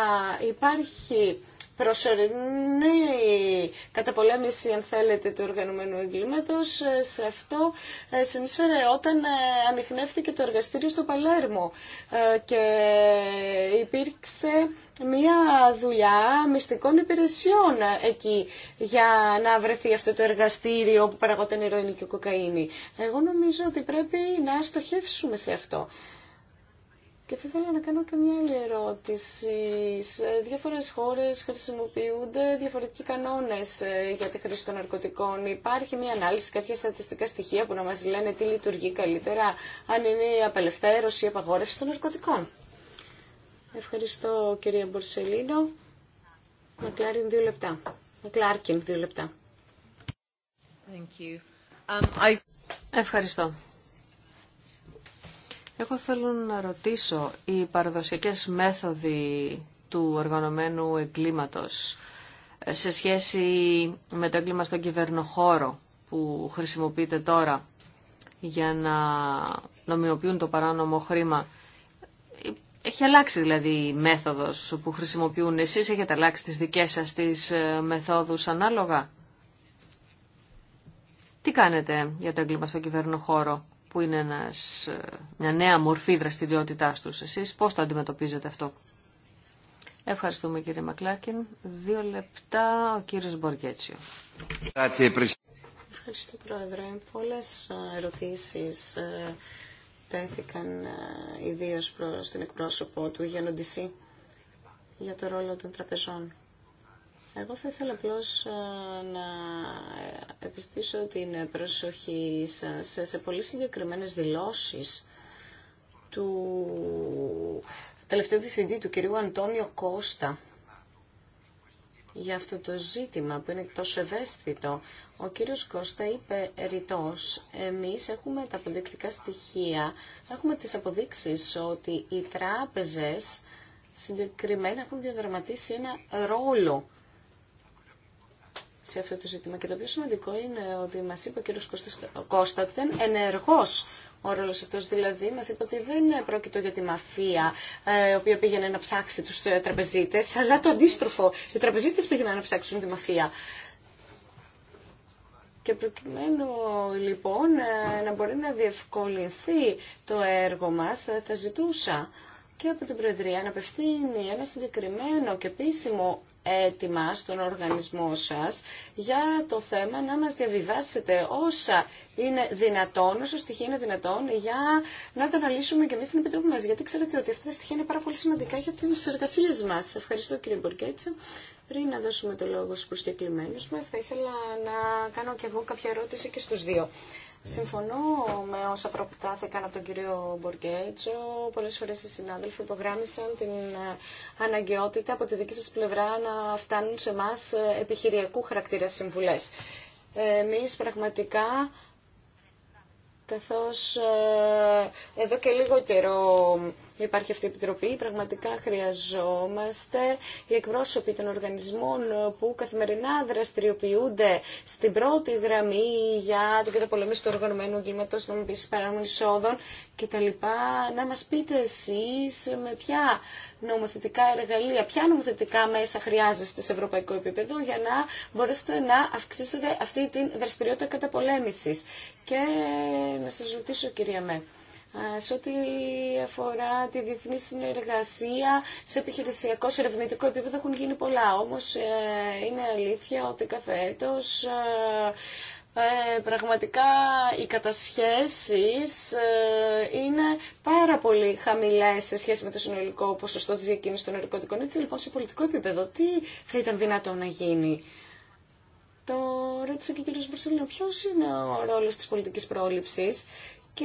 Speaker 1: υπάρχει προσωρινή καταπολέμηση, αν θέλετε, του οργανωμένου εγκλήματος. Ε, σε αυτό ε, συνεισφέρε όταν ε, ανοιχνεύτηκε το εργαστήριο στο Παλέρμο και υπήρξε μια δουλειά μυστικών υπηρεσιών εκεί για να βρεθεί αυτό το εργαστήριο που παραγόταν ηρωίνη και κοκαίνη. Εγώ νομίζω ότι πρέπει να στοχεύσουμε σε αυτό. Και θα ήθελα να κάνω και μια άλλη ερώτηση. Σε διάφορες χώρες χρησιμοποιούνται διαφορετικοί κανόνες ε, για τη χρήση των ναρκωτικών. Υπάρχει μια ανάλυση, κάποια στατιστικά στοιχεία που να μας λένε τι λειτουργεί καλύτερα, αν είναι η απελευθέρωση ή η απαγόρευση των ναρκωτικών. Ευχαριστώ κυρία Μπορσελίνο. Μακλάριν δύο λεπτά. Μακλάρκιν δύο λεπτά.
Speaker 2: Um, Ευχαριστώ. Εγώ θέλω να ρωτήσω, οι παραδοσιακές μέθοδοι του οργανωμένου εγκλήματος ε, σε σχέση με το έγκλημα στον κυβερνοχώρο που χρησιμοποιείται τώρα για να νομιμοποιούν το παράνομο χρήμα. Έχει αλλάξει δηλαδή η μέθοδος που χρησιμοποιούν εσείς, έχετε αλλάξει τις δικές σας τις ε, μεθόδους ανάλογα. Τι κάνετε για το έγκλημα στον κυβερνοχώρο που είναι ένας, μια νέα μορφή δραστηριότητάς τους. Εσείς πώς το αντιμετωπίζετε αυτό. Ευχαριστούμε κύριε Μακλάρκιν.
Speaker 1: Δύο λεπτά ο κύριος Μποργέτσιο. Ευχαριστώ πρόεδρε. Πολλές ε, ερωτήσεις ε, τέθηκαν ε, ιδίως προς την εκπρόσωπο του Γιάννου για το ρόλο των τραπεζών. Εγώ θα ήθελα απλώ ε, να επιστήσω την προσοχή σας σε πολύ συγκεκριμένες δηλώσεις του τελευταίου διευθυντή του κυρίου Αντώνιο Κώστα για αυτό το ζήτημα που είναι τόσο ευαίσθητο. Ο κύριος Κώστα είπε ρητός, εμείς έχουμε τα αποδεικτικά στοιχεία, έχουμε τις αποδείξεις ότι οι τράπεζες συγκεκριμένα έχουν διαδραματίσει ένα ρόλο σε αυτό το ζήτημα. Και το πιο σημαντικό είναι ότι μας είπε ο κ. Κώστα ότι ενεργός ο ρόλος αυτός. Δηλαδή μας είπε ότι δεν πρόκειται για τη μαφία, ε, η οποία πήγαινε να ψάξει τους ε, τραπεζίτε, αλλά το αντίστροφο. Οι τραπεζίτες πήγαιναν να ψάξουν τη μαφία. Και προκειμένου λοιπόν ε, να μπορεί να διευκολυνθεί το έργο μας, θα ζητούσα και από την Προεδρία να απευθύνει ένα συγκεκριμένο και επίσημο έτοιμα στον οργανισμό σας για το θέμα να μας διαβιβάσετε όσα είναι δυνατόν, όσα στοιχεία είναι δυνατόν, για να τα αναλύσουμε και εμείς την Επιτροπή μας. Γιατί ξέρετε ότι αυτά τα στοιχεία είναι πάρα πολύ σημαντικά για τις εργασίες μας. Ευχαριστώ κύριε Μπορκέτσα. Πριν να δώσουμε το λόγο στους προσκεκλημένους μας, θα ήθελα να κάνω και εγώ κάποια ερώτηση και στους δύο. Συμφωνώ με όσα προπτάθηκαν από τον κύριο Μπορκέτσο. Πολλές φορές οι συνάδελφοι υπογράμμισαν την αναγκαιότητα από τη δική σας πλευρά να φτάνουν σε εμά ε, επιχειριακού χαρακτήρα συμβουλές. Εμείς πραγματικά καθώς ε, εδώ και λίγο καιρό υπάρχει αυτή η επιτροπή. Πραγματικά χρειαζόμαστε οι εκπρόσωποι των οργανισμών που καθημερινά δραστηριοποιούνται στην πρώτη γραμμή για την καταπολέμηση του οργανωμένου εγκλήματος, νομιμοποίησης παράνομων εισόδων κτλ. Να μας πείτε εσείς με ποια νομοθετικά εργαλεία, ποια νομοθετικά μέσα χρειάζεστε σε ευρωπαϊκό επίπεδο για να μπορέσετε να αυξήσετε αυτή την δραστηριότητα καταπολέμησης. Και να σας ρωτήσω κυρία Με, ε, σε ό,τι αφορά τη διεθνή συνεργασία σε επιχειρησιακό, σε ερευνητικό επίπεδο έχουν γίνει πολλά. Όμως ε, είναι αλήθεια ότι κάθε έτος ε, ε πραγματικά οι κατασχέσεις είναι πάρα πολύ χαμηλές σε σχέση με το συνολικό ποσοστό της διακίνησης των ερωτικών. Έτσι λοιπόν σε πολιτικό επίπεδο τι θα ήταν δυνατό να γίνει. Το ρώτησε και ο κ. Μπρουσέλινο, ποιος είναι ο ρόλος της πολιτικής πρόληψης και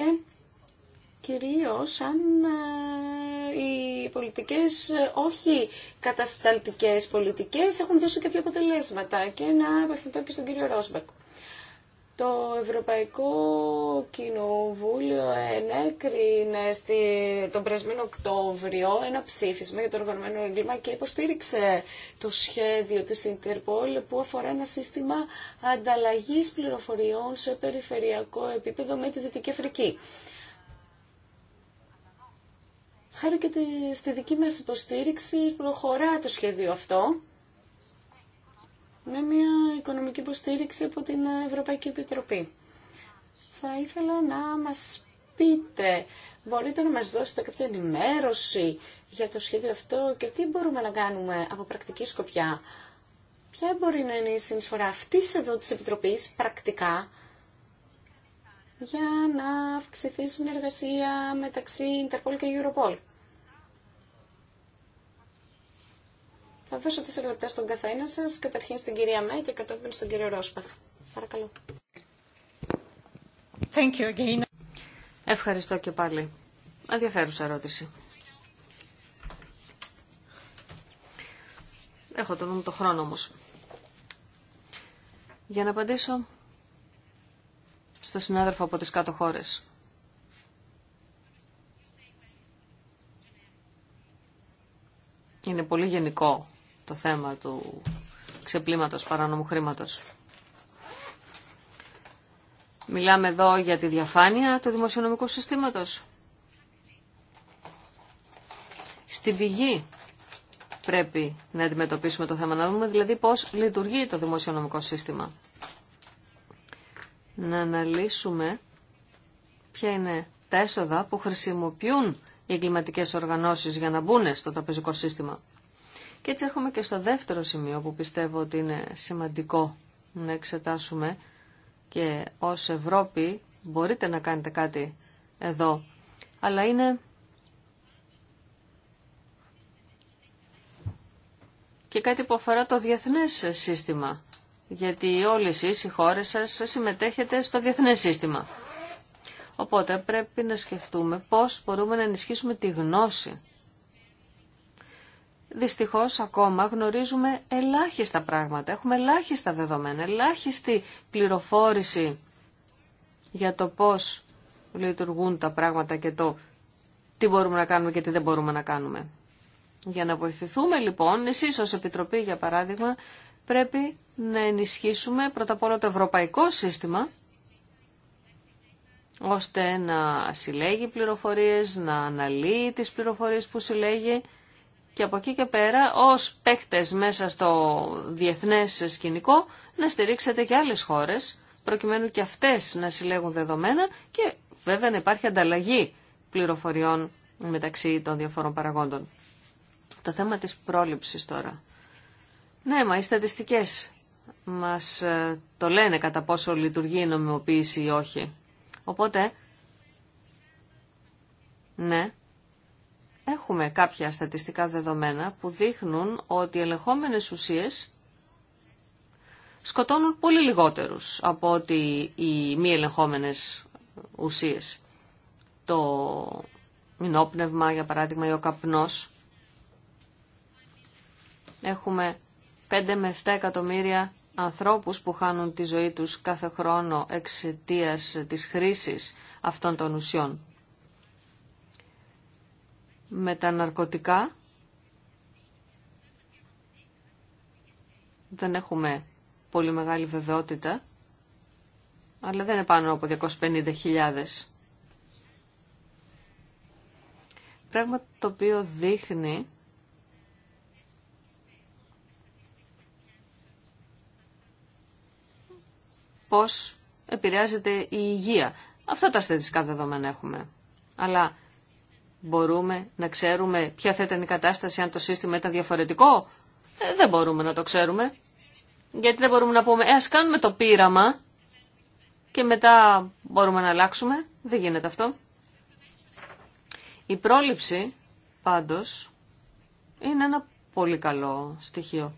Speaker 1: κυρίως αν ε, οι πολιτικές, όχι κατασταλτικές πολιτικές, έχουν δώσει κάποια αποτελέσματα. Και να απευθυνθώ και στον κύριο Ρόσμπεκ. Το Ευρωπαϊκό Κοινοβούλιο ενέκρινε στη, τον πρεσμένο Οκτώβριο ένα ψήφισμα για το οργανωμένο έγκλημα και υποστήριξε το σχέδιο της Ιντερπόλ που αφορά ένα σύστημα ανταλλαγής πληροφοριών σε περιφερειακό επίπεδο με τη Δυτική Αφρική. Χάρη και στη δική μας υποστήριξη προχωρά το σχέδιο αυτό με μια οικονομική υποστήριξη από την Ευρωπαϊκή Επιτροπή. Θα ήθελα να μας πείτε, μπορείτε να μας δώσετε κάποια ενημέρωση για το σχέδιο αυτό και τι μπορούμε να κάνουμε από πρακτική σκοπιά. Ποια μπορεί να είναι η συνεισφορά αυτής εδώ της Επιτροπής πρακτικά για να αυξηθεί η συνεργασία μεταξύ Interpol και Europol. Θα δώσω τις εκλεπτά στον καθένα σας, καταρχήν στην κυρία Μέ και κατόπιν στον κύριο Ρόσπαχ. Παρακαλώ.
Speaker 2: Thank you again. Ευχαριστώ και πάλι. Αδιαφέρουσα ερώτηση. Έχω τον νου το χρόνο όμως. Για να απαντήσω στο συνάδελφο από τις κάτω χώρες. Είναι πολύ γενικό το θέμα του ξεπλήματος παράνομου χρήματος. Μιλάμε εδώ για τη διαφάνεια του δημοσιονομικού συστήματος. Στην πηγή πρέπει να αντιμετωπίσουμε το θέμα, να δούμε δηλαδή πώς λειτουργεί το δημοσιονομικό σύστημα να αναλύσουμε ποια είναι τα έσοδα που χρησιμοποιούν οι εγκληματικέ οργανώσεις για να μπουν στο τραπεζικό σύστημα. Και έτσι έρχομαι και στο δεύτερο σημείο που πιστεύω ότι είναι σημαντικό να εξετάσουμε και ως Ευρώπη μπορείτε να κάνετε κάτι εδώ. Αλλά είναι και κάτι που αφορά το διεθνές σύστημα γιατί όλοι εσείς, οι χώρες σας, συμμετέχετε στο διεθνές σύστημα. Οπότε πρέπει να σκεφτούμε πώς μπορούμε να ενισχύσουμε τη γνώση. Δυστυχώς ακόμα γνωρίζουμε ελάχιστα πράγματα, έχουμε ελάχιστα δεδομένα, ελάχιστη πληροφόρηση για το πώς λειτουργούν τα πράγματα και το τι μπορούμε να κάνουμε και τι δεν μπορούμε να κάνουμε. Για να βοηθηθούμε λοιπόν, εσείς ως Επιτροπή για παράδειγμα, πρέπει να ενισχύσουμε πρώτα απ' όλα το ευρωπαϊκό σύστημα, ώστε να συλλέγει πληροφορίες, να αναλύει τις πληροφορίες που συλλέγει και από εκεί και πέρα ως παίχτες μέσα στο διεθνές σκηνικό να στηρίξετε και άλλες χώρες προκειμένου και αυτές να συλλέγουν δεδομένα και βέβαια να υπάρχει ανταλλαγή πληροφοριών μεταξύ των διαφόρων παραγόντων. Το θέμα της πρόληψης τώρα. Ναι, μα οι στατιστικές μας ε, το λένε κατά πόσο λειτουργεί η νομιμοποίηση ή όχι. Οπότε, ναι, έχουμε κάποια στατιστικά δεδομένα που δείχνουν ότι οι ελεγχόμενες ουσίες σκοτώνουν πολύ λιγότερους από ότι οι μη ελεγχόμενες ουσίες. Το μηνόπνευμα, για παράδειγμα, ή ο καπνός. Έχουμε 5 με 7 εκατομμύρια ανθρώπους που χάνουν τη ζωή τους κάθε χρόνο εξαιτίας της χρήσης αυτών των ουσιών. Με τα ναρκωτικά δεν έχουμε πολύ μεγάλη βεβαιότητα, αλλά δεν είναι πάνω από 250.000. Πράγμα το οποίο δείχνει πώς επηρεάζεται η υγεία. Αυτά τα στατιστικά δεδομένα έχουμε. Αλλά μπορούμε να ξέρουμε ποια θα ήταν η κατάσταση αν το σύστημα ήταν διαφορετικό. Ε, δεν μπορούμε να το ξέρουμε. Γιατί δεν μπορούμε να πούμε, ε, ας κάνουμε το πείραμα και μετά μπορούμε να αλλάξουμε. Δεν γίνεται αυτό. Η πρόληψη, πάντως, είναι ένα πολύ καλό στοιχείο.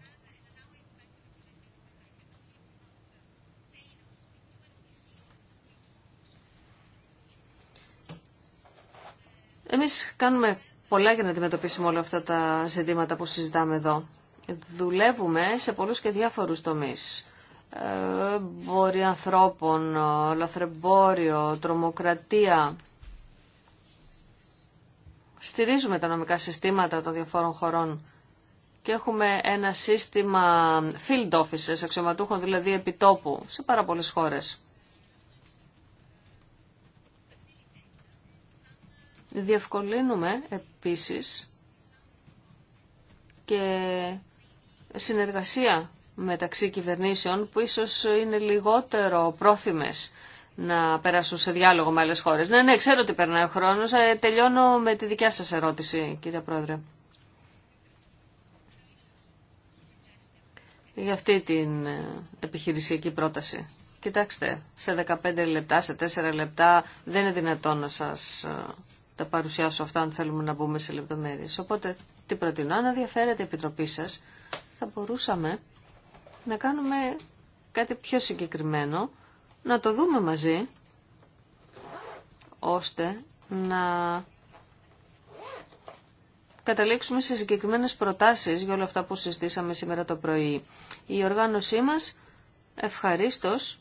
Speaker 2: Εμεί κάνουμε πολλά για να αντιμετωπίσουμε όλα αυτά τα ζητήματα που συζητάμε εδώ. Δουλεύουμε σε πολλού και διάφορους τομείς. Ε, Μπορεί ανθρώπων, λαθρεμπόριο, τρομοκρατία. Στηρίζουμε τα νομικά συστήματα των διαφόρων χωρών και έχουμε ένα σύστημα field offices, αξιωματούχων δηλαδή επιτόπου, σε πάρα πολλές χώρες. Διευκολύνουμε επίσης και συνεργασία μεταξύ κυβερνήσεων που ίσως είναι λιγότερο πρόθυμες να περάσουν σε διάλογο με άλλες χώρες. Ναι, ναι, ξέρω ότι περνάει ο χρόνος. Ε, τελειώνω με τη δικιά σας ερώτηση, κύριε Πρόεδρε. Για αυτή την ε, επιχειρησιακή πρόταση. Κοιτάξτε, σε 15 λεπτά, σε 4 λεπτά δεν είναι δυνατόν να σας ε, τα παρουσιάσω αυτά αν θέλουμε να μπούμε σε λεπτομέρειες. Οπότε τι προτείνω, αν ενδιαφέρεται η Επιτροπή σας, θα μπορούσαμε να κάνουμε κάτι πιο συγκεκριμένο, να το δούμε μαζί, ώστε να καταλήξουμε σε συγκεκριμένες προτάσεις για όλα αυτά που συζητήσαμε σήμερα το πρωί. Η οργάνωσή μας ευχαρίστως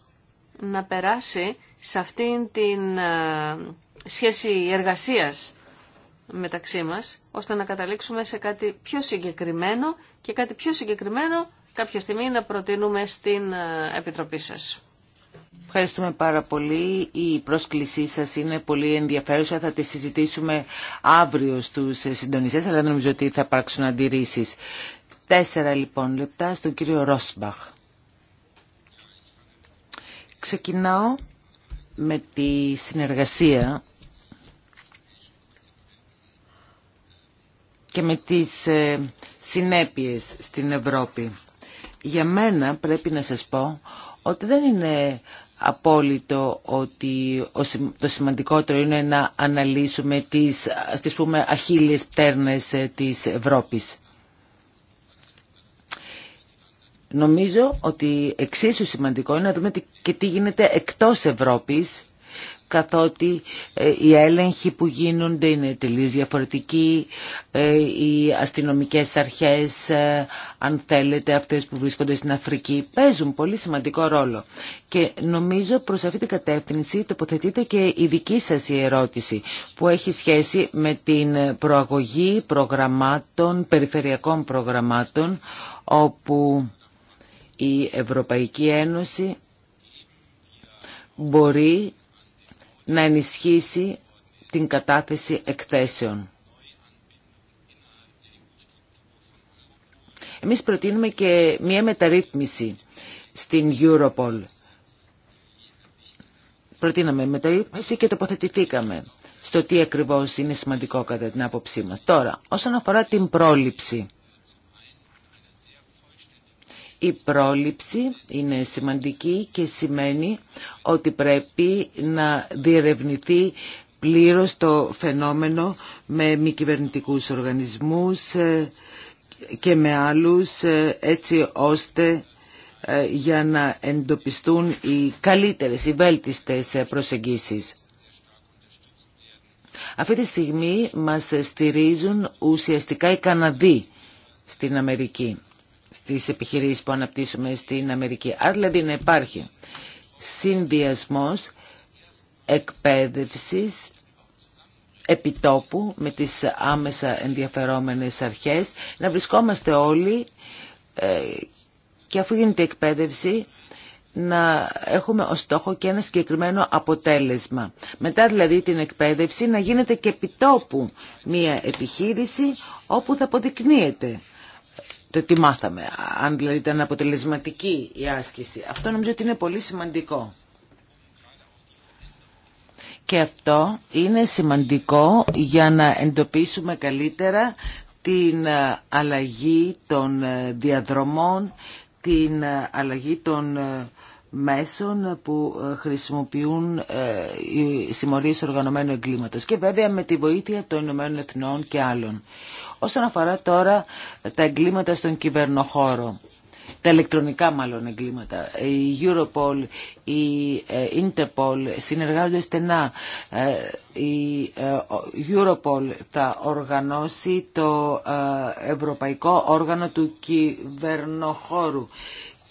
Speaker 2: να περάσει σε αυτήν την ε, σχέση εργασίας μεταξύ μας, ώστε να καταλήξουμε σε κάτι πιο συγκεκριμένο και κάτι πιο συγκεκριμένο κάποια στιγμή να προτείνουμε στην ε, Επιτροπή σας.
Speaker 3: Ευχαριστούμε πάρα πολύ. Η πρόσκλησή σας είναι πολύ ενδιαφέρουσα. Θα τη συζητήσουμε αύριο στους συντονιστές, αλλά νομίζω ότι θα υπάρξουν αντιρρήσεις. Τέσσερα λοιπόν λεπτά στον κύριο Ρόσμπαχ. Ξεκινάω με τη συνεργασία και με τις ε, συνέπειες στην Ευρώπη. Για μένα πρέπει να σας πω ότι δεν είναι απόλυτο ότι το σημαντικότερο είναι να αναλύσουμε τις, τις πούμε, αχίλιες πτέρνες ε, της Ευρώπης. Νομίζω ότι εξίσου σημαντικό είναι να δούμε και τι γίνεται εκτός Ευρώπης καθότι ε, οι έλεγχοι που γίνονται είναι τελείως διαφορετικοί, ε, οι αστυνομικές αρχές, ε, αν θέλετε, αυτές που βρίσκονται στην Αφρική, παίζουν πολύ σημαντικό ρόλο. Και νομίζω προς αυτή την κατεύθυνση τοποθετείται και η δική σας η ερώτηση, που έχει σχέση με την προαγωγή προγραμμάτων, περιφερειακών προγραμμάτων, όπου η Ευρωπαϊκή Ένωση μπορεί να ενισχύσει την κατάθεση εκθέσεων. Εμείς προτείνουμε και μία μεταρρύθμιση στην Europol. Προτείναμε μεταρρύθμιση και τοποθετηθήκαμε στο τι ακριβώς είναι σημαντικό κατά την άποψή μας. Τώρα, όσον αφορά την πρόληψη, η πρόληψη είναι σημαντική και σημαίνει ότι πρέπει να διερευνηθεί πλήρως το φαινόμενο με μη κυβερνητικού οργανισμούς ε, και με άλλους ε, έτσι ώστε ε, για να εντοπιστούν οι καλύτερες, οι βέλτιστες προσεγγίσεις. Αυτή τη στιγμή μας στηρίζουν ουσιαστικά οι Καναδοί στην Αμερική στις επιχειρήσεις που αναπτύσσουμε στην Αμερική. Άρα δηλαδή να υπάρχει συνδυασμός εκπαίδευσης επιτόπου με τις άμεσα ενδιαφερόμενες αρχές, να βρισκόμαστε όλοι ε, και αφού γίνεται εκπαίδευση να έχουμε ως στόχο και ένα συγκεκριμένο αποτέλεσμα. Μετά δηλαδή την εκπαίδευση να γίνεται και επιτόπου μια επιχείρηση όπου θα αποδεικνύεται το τι μάθαμε, αν δηλαδή ήταν αποτελεσματική η άσκηση. Αυτό νομίζω ότι είναι πολύ σημαντικό. Και αυτό είναι σημαντικό για να εντοπίσουμε καλύτερα την αλλαγή των διαδρομών, την αλλαγή των ε, μέσων που ε, χρησιμοποιούν ε, οι συμμορίες οργανωμένου εγκλήματος και βέβαια με τη βοήθεια των Ηνωμένων Εθνών και άλλων. Όσον αφορά τώρα τα εγκλήματα στον κυβερνοχώρο, τα ηλεκτρονικά μάλλον εγκλήματα. Η Europol, η ε, Interpol συνεργάζονται στενά. Η Europol θα οργανώσει το Ευρωπαϊκό Όργανο του Κυβερνοχώρου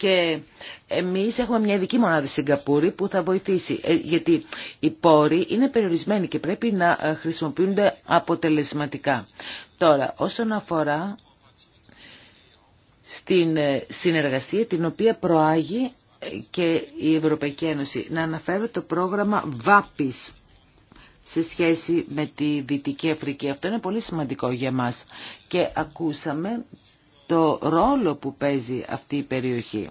Speaker 3: και εμείς έχουμε μια ειδική μονάδα στη Σιγκαπούρη που θα βοηθήσει, ε, γιατί οι πόροι είναι περιορισμένοι και πρέπει να ε, χρησιμοποιούνται αποτελεσματικά. Τώρα, όσον αφορά στην ε, συνεργασία την οποία προάγει και η Ευρωπαϊκή Ένωση. Να αναφέρω το πρόγραμμα ΒΑΠΙΣ σε σχέση με τη Δυτική Αφρική. Αυτό είναι πολύ σημαντικό για μας. Και ακούσαμε το ρόλο που παίζει αυτή η περιοχή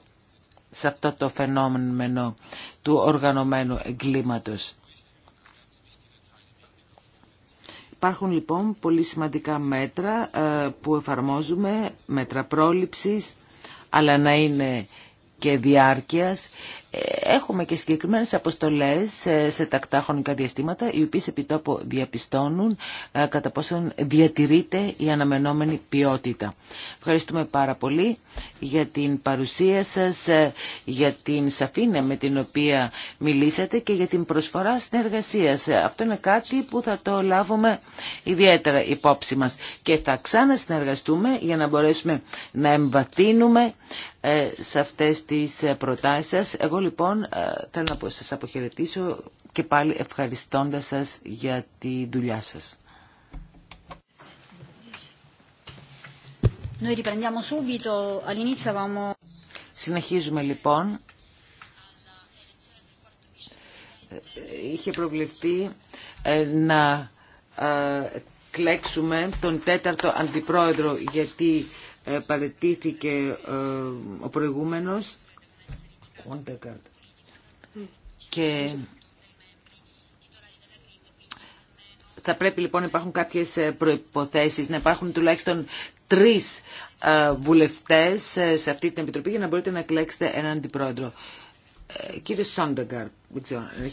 Speaker 3: σε αυτό το φαινόμενο του οργανωμένου εγκλήματος. Υπάρχουν λοιπόν πολύ σημαντικά μέτρα ε, που εφαρμόζουμε, μέτρα πρόληψης, αλλά να είναι και διάρκειας Έχουμε και συγκεκριμένες αποστολές σε, τακτά χρονικά διαστήματα, οι οποίες επιτόπου διαπιστώνουν ε, κατά πόσον διατηρείται η αναμενόμενη ποιότητα. Ευχαριστούμε πάρα πολύ για την παρουσία σας, ε, για την σαφήνεια με την οποία μιλήσατε και για την προσφορά συνεργασίας. Ε, αυτό είναι κάτι που θα το λάβουμε ιδιαίτερα υπόψη μας και θα ξανασυνεργαστούμε για να μπορέσουμε να εμβαθύνουμε σε αυτές τις προτάσεις λοιπόν ε, θέλω να σας αποχαιρετήσω και πάλι ευχαριστώντας σας για τη δουλειά σας. Συνεχίζουμε λοιπόν. Είχε προβληθεί ε, να ε, κλέξουμε τον τέταρτο αντιπρόεδρο γιατί παρετήθηκε ο προηγούμενος Mm. Και θα πρέπει λοιπόν να υπάρχουν κάποιες ε, προϋποθέσεις, να υπάρχουν τουλάχιστον τρεις ε, βουλευτές ε, σε αυτή την επιτροπή για να μπορείτε να εκλέξετε έναν αντιπρόεδρο. Κύριε Σόντεργαρτ δεν ξέρω αν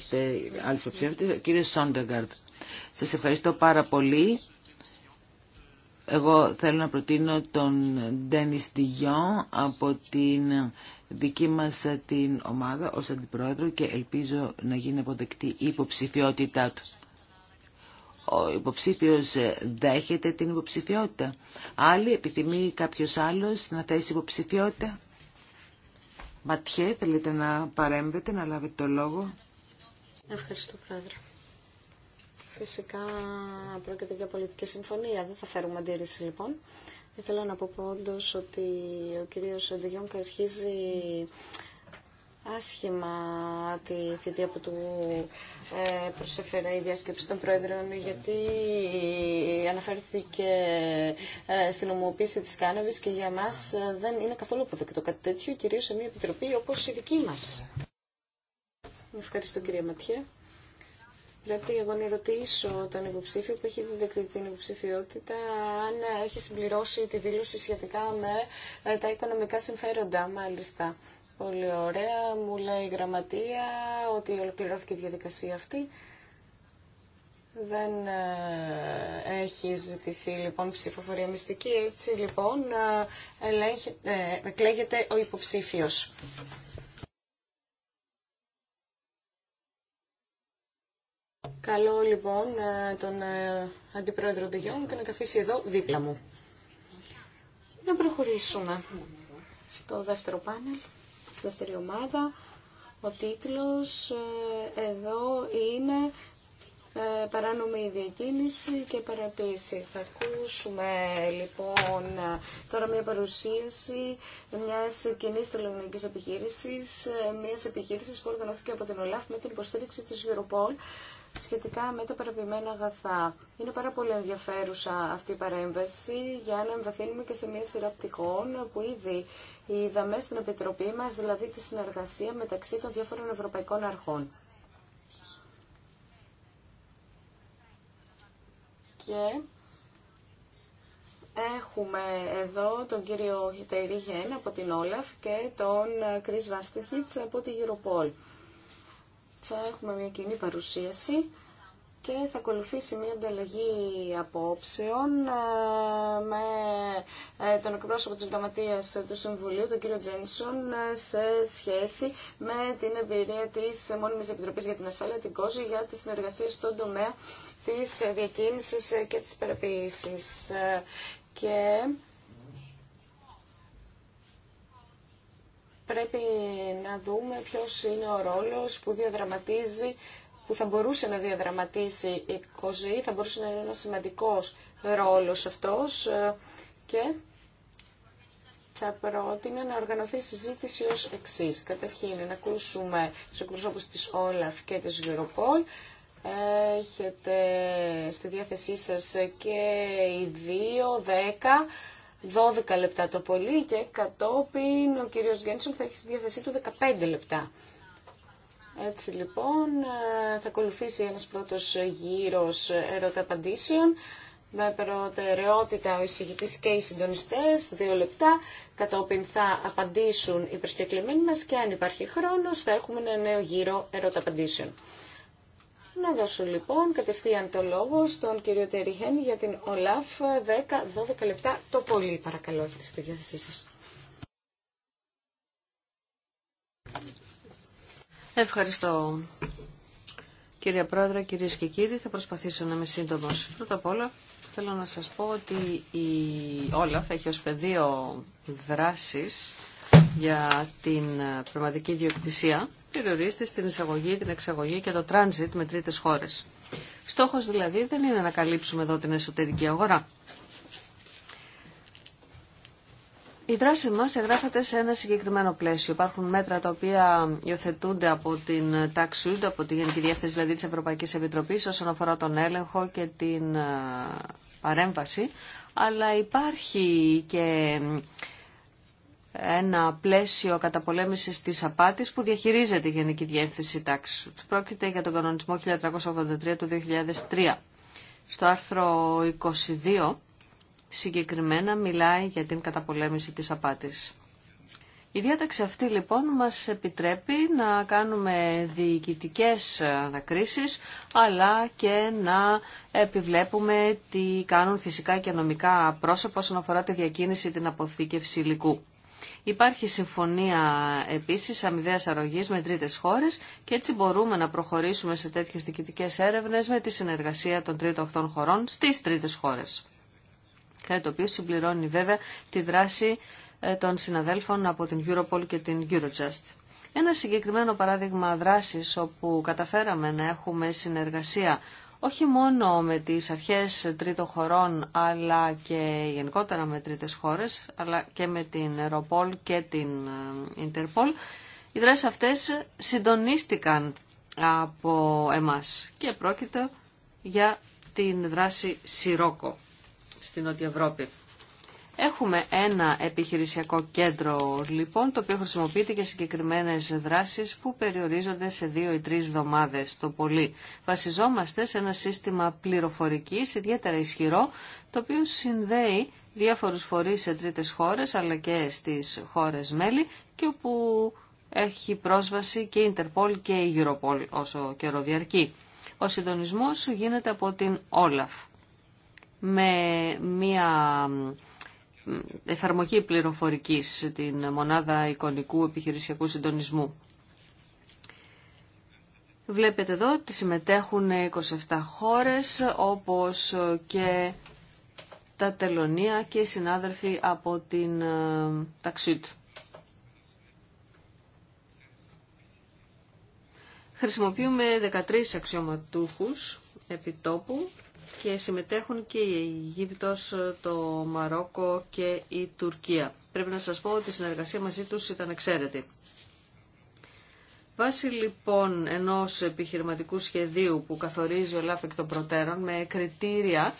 Speaker 3: έχετε Κύριε Σόντεγκαρτ, σας ευχαριστώ πάρα πολύ. Εγώ θέλω να προτείνω τον Ντένις Τιγιόν από την δική μας την ομάδα ως αντιπρόεδρο και ελπίζω να γίνει αποδεκτή η υποψηφιότητά του. Ο υποψήφιος δέχεται την υποψηφιότητα. Άλλοι επιθυμεί κάποιος άλλος να θέσει υποψηφιότητα. Ματιέ, θέλετε να παρέμβετε, να λάβετε το λόγο.
Speaker 1: Ευχαριστώ, Πρόεδρε. Φυσικά πρόκειται για πολιτική συμφωνία, δεν θα φέρουμε αντίρρηση λοιπόν. Ήθελα να πω όντως ότι ο κύριος Ντεγιόνκ αρχίζει άσχημα τη θητεία που του ε, προσέφερε η διάσκεψη των Πρόεδρων γιατί αναφέρθηκε ε, στην ομοποίηση της κάναβης και για μας ε, δεν είναι καθόλου αποδεκτό κάτι τέτοιο, κυρίως σε μια επιτροπή όπως η δική μας. Ευχαριστώ κυρία Ματιέ. Πρέπει εγώ να ρωτήσω τον υποψήφιο που έχει διδεκτεί την υποψηφιότητα αν έχει συμπληρώσει τη δήλωση σχετικά με ε, τα οικονομικά συμφέροντα, μάλιστα. Πολύ ωραία. Μου λέει η γραμματεία ότι ολοκληρώθηκε η διαδικασία αυτή. Δεν ε, έχει ζητηθεί λοιπόν ψηφοφορία μυστική. Έτσι λοιπόν ε, εκλέγεται ο υποψήφιος. Καλό λοιπόν ε, τον ε, Αντιπρόεδρο Ντεγιόν και να καθίσει εδώ δίπλα μου. Να προχωρήσουμε στο δεύτερο πάνελ, στη δεύτερη ομάδα. Ο τίτλος ε, εδώ είναι παράνομη διακίνηση και παραποίηση. Θα ακούσουμε λοιπόν τώρα μια παρουσίαση μιας κοινή τηλεοπτικής επιχείρησης, μιας επιχείρησης που οργανώθηκε από την ΟΛΑΦ με την υποστήριξη της Europol σχετικά με τα παραποιημένα αγαθά. Είναι πάρα πολύ ενδιαφέρουσα αυτή η παρέμβαση για να εμβαθύνουμε και σε μια σειρά πτυχών που ήδη είδαμε στην Επιτροπή μας, δηλαδή τη συνεργασία μεταξύ των διάφορων ευρωπαϊκών αρχών. Και έχουμε εδώ τον κύριο Χιτερή από την Όλαφ και τον Κρίς Βαστιχίτς από τη Γεροπόλ θα έχουμε μια κοινή παρουσίαση και θα ακολουθήσει μια ανταλλαγή απόψεων ε, με ε, τον εκπρόσωπο της Γραμματείας του Συμβουλίου, τον κύριο Τζένσον, ε, σε σχέση με την εμπειρία της Μόνιμης Επιτροπής για την Ασφάλεια, την ΚΟΖΗ, για τη συνεργασία στον τομέα της διακίνησης και της περαποίησης. Και πρέπει να δούμε ποιος είναι ο ρόλος που διαδραματίζει που θα μπορούσε να διαδραματίσει η ΚΟΖΗ, θα μπορούσε να είναι ένα σημαντικός ρόλος αυτός και θα πρότεινα να οργανωθεί συζήτηση ως εξής. Καταρχήν, να ακούσουμε στους εκπροσώπους της Όλαφ και της Europol. Έχετε στη διάθεσή σας και οι δύο, δέκα 12 λεπτά το πολύ και κατόπιν ο κύριος Γκένσον θα έχει στη διάθεσή του 15 λεπτά. Έτσι λοιπόν ε, θα ακολουθήσει ένας πρώτος γύρος ερώτα-απαντήσεων με προτεραιότητα ο εισηγητής και οι συντονιστές, δύο λεπτά, κατόπιν θα απαντήσουν οι προσκεκλημένοι μας και αν υπάρχει χρόνος θα έχουμε ένα νέο γύρο ερώτα-απαντήσεων. Να δώσω λοιπόν κατευθείαν το λόγο στον κύριο Τεριχέν για την ΟΛΑΦ 10-12 λεπτά το πολύ παρακαλώ έχετε στη διάθεσή σας.
Speaker 2: Ευχαριστώ κύριε Πρόεδρε, κύριε και κύριοι. Θα προσπαθήσω να είμαι σύντομος. Πρώτα απ' όλα θέλω να σας πω ότι η ΟΛΑΦ έχει ως πεδίο δράσης για την πνευματική διοκτησία περιορίζεται στην εισαγωγή, την εξαγωγή και το τράνζιτ με τρίτε χώρες. Στόχος δηλαδή δεν είναι να καλύψουμε εδώ την εσωτερική αγορά. Η δράση μας εγγράφεται σε ένα συγκεκριμένο πλαίσιο. Υπάρχουν μέτρα τα οποία υιοθετούνται από την TaxUD, από τη Γενική Διεύθυνση δηλαδή της Ευρωπαϊκής Επιτροπής όσον αφορά τον έλεγχο και την ε, παρέμβαση, αλλά υπάρχει και ένα πλαίσιο καταπολέμηση τη απάτης που διαχειρίζεται η Γενική Διεύθυνση τάξη. Πρόκειται για τον κανονισμό 1383 του 2003. Στο άρθρο 22 συγκεκριμένα μιλάει για την καταπολέμηση της απάτης. Η διάταξη αυτή λοιπόν μας επιτρέπει να κάνουμε διοικητικές ανακρίσεις αλλά και να επιβλέπουμε τι κάνουν φυσικά και νομικά πρόσωπα όσον αφορά τη διακίνηση την αποθήκευση υλικού. Υπάρχει συμφωνία επίσης αμοιβαία αρρωγή με τρίτες χώρες και έτσι μπορούμε να προχωρήσουμε σε τέτοιε διοικητικέ έρευνες με τη συνεργασία των τρίτων αυτών χωρών στις τρίτες χώρες. Κάτι το οποίο συμπληρώνει βέβαια τη δράση ε, των συναδέλφων από την Europol και την Eurojust. Ένα συγκεκριμένο παράδειγμα δράσης όπου καταφέραμε να έχουμε συνεργασία όχι μόνο με τις αρχές τρίτων χωρών, αλλά και γενικότερα με τρίτες χώρες, αλλά και με την Ευρωπόλ και την ε, Ιντερπόλ. οι δράσεις αυτές συντονίστηκαν από εμάς και πρόκειται για την δράση Σιρόκο στην Νότια Ευρώπη. Έχουμε ένα επιχειρησιακό κέντρο λοιπόν, το οποίο χρησιμοποιείται για συγκεκριμένες δράσεις που περιορίζονται σε δύο ή τρει εβδομάδες το πολύ. Βασιζόμαστε σε ένα σύστημα πληροφορικής ιδιαίτερα ισχυρό, το οποίο συνδέει διάφορους φορείς σε τρίτες χώρες αλλά και στις χώρες μέλη και όπου έχει πρόσβαση και η Interpol και η Europol όσο καιρό διαρκεί. Ο συντονισμός γίνεται από την Όλαφ με μία εφαρμογή πληροφορικής, την μονάδα εικονικού επιχειρησιακού συντονισμού. Βλέπετε εδώ ότι συμμετέχουν 27 χώρες όπως και τα τελωνία και οι συνάδελφοι από την ε, ταξίτ. Χρησιμοποιούμε 13 αξιωματούχους επιτόπου και συμμετέχουν και η Αιγύπτος, το Μαρόκο και η Τουρκία. Πρέπει να σας πω ότι η συνεργασία μαζί τους ήταν εξαίρετη. Βάσει λοιπόν ενός επιχειρηματικού σχεδίου που καθορίζει ο ΛΑΦΕΚ των προτέρων με κριτήρια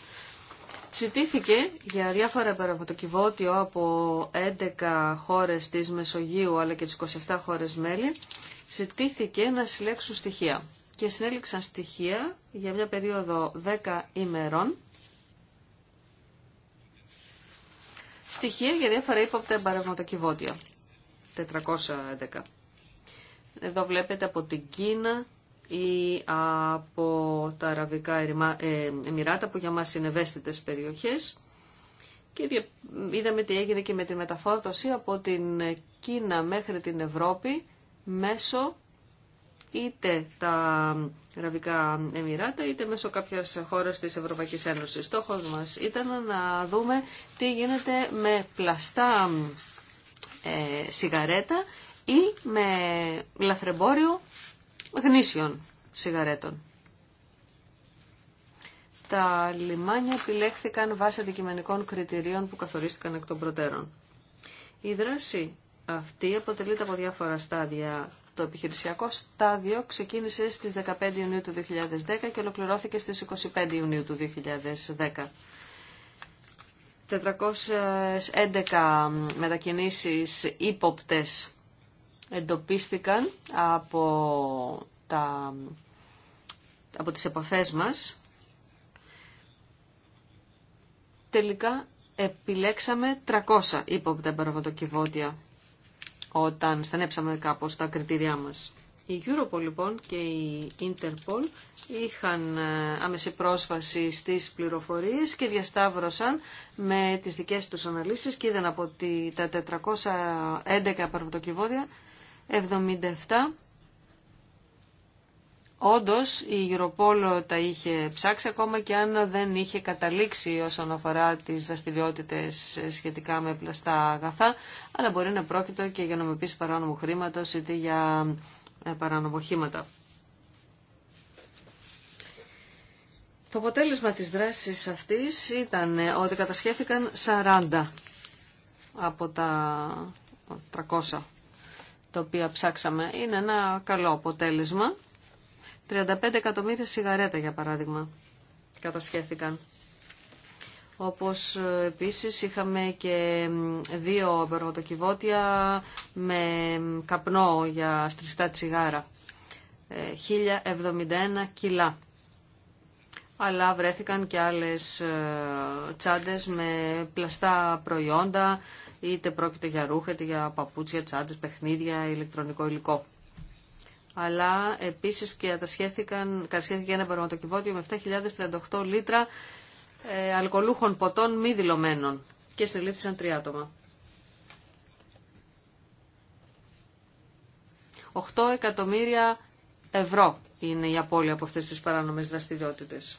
Speaker 2: Ζητήθηκε για διάφορα παραποτοκιβώτιο από 11 χώρες της Μεσογείου αλλά και τις 27 χώρες μέλη, ζητήθηκε να συλλέξουν στοιχεία και συνέληξαν στοιχεία για μια περίοδο 10 ημερών στοιχεία για διάφορα ύποπτα εμπαρευματοκιβώτια. 411. Εδώ βλέπετε από την Κίνα ή από τα Αραβικά ε, Εμμυράτα που για μας είναι ευαίσθητες περιοχές και είδαμε τι έγινε και με τη μεταφόρτωση από την Κίνα μέχρι την Ευρώπη μέσω είτε τα Ραβικά Εμμυράτα είτε μέσω κάποιας χώρας της Ευρωπαϊκή Ένωσης. Στόχος μας ήταν να δούμε τι γίνεται με πλαστά ε, σιγαρέτα ή με λαθρεμπόριο γνήσιων σιγαρέτων. Τα λιμάνια επιλέχθηκαν βάσει αντικειμενικών κριτηρίων που καθορίστηκαν εκ των προτέρων. Η δράση αυτή αποτελείται από διάφορα στάδια το επιχειρησιακό στάδιο ξεκίνησε στις 15 Ιουνίου του 2010 και ολοκληρώθηκε στις 25 Ιουνίου του 2010. 411 μετακινήσεις ύποπτες εντοπίστηκαν από, τα, από τις επαφές μας. Τελικά επιλέξαμε 300 ύποπτα παραβατοκιβώτια όταν στενέψαμε κάπως τα κριτήριά μας. Η Europol λοιπόν και η Interpol είχαν ε, άμεση πρόσφαση στις πληροφορίες και διασταύρωσαν με τις δικές τους αναλύσεις και είδαν από τα 411 παραπτωκιβώδια 77 Όντω η Γεροπόλο τα είχε ψάξει ακόμα και αν δεν είχε καταλήξει όσον αφορά τις δραστηριότητε σχετικά με πλαστά αγαθά, αλλά μπορεί να πρόκειται και για νομοποίηση παράνομου χρήματο είτε για ε, παρανομοχήματα. Το αποτέλεσμα της δράσης αυτής ήταν ε, ότι κατασχέθηκαν 40 από τα 300 τα οποία ψάξαμε. Είναι ένα καλό αποτέλεσμα 35 εκατομμύρια σιγαρέτα για παράδειγμα κατασχέθηκαν. Όπως ε, επίσης είχαμε και δύο περβατοκιβώτια με καπνό για στριχτά τσιγάρα. 1071 ε, κιλά. Αλλά βρέθηκαν και άλλες ε, τσάντες με πλαστά προϊόντα, είτε πρόκειται για ρούχα, είτε για παπούτσια, τσάντες, παιχνίδια, ηλεκτρονικό υλικό αλλά επίσης και κατασχέθηκαν, κατασχέθηκε ένα βαρματοκιβώτιο με 7.038 λίτρα ε, αλκοολούχων ποτών μη δηλωμένων και συλλήφθησαν τρία άτομα. 8 εκατομμύρια ευρώ είναι η απώλεια από αυτές τις παράνομες δραστηριότητες.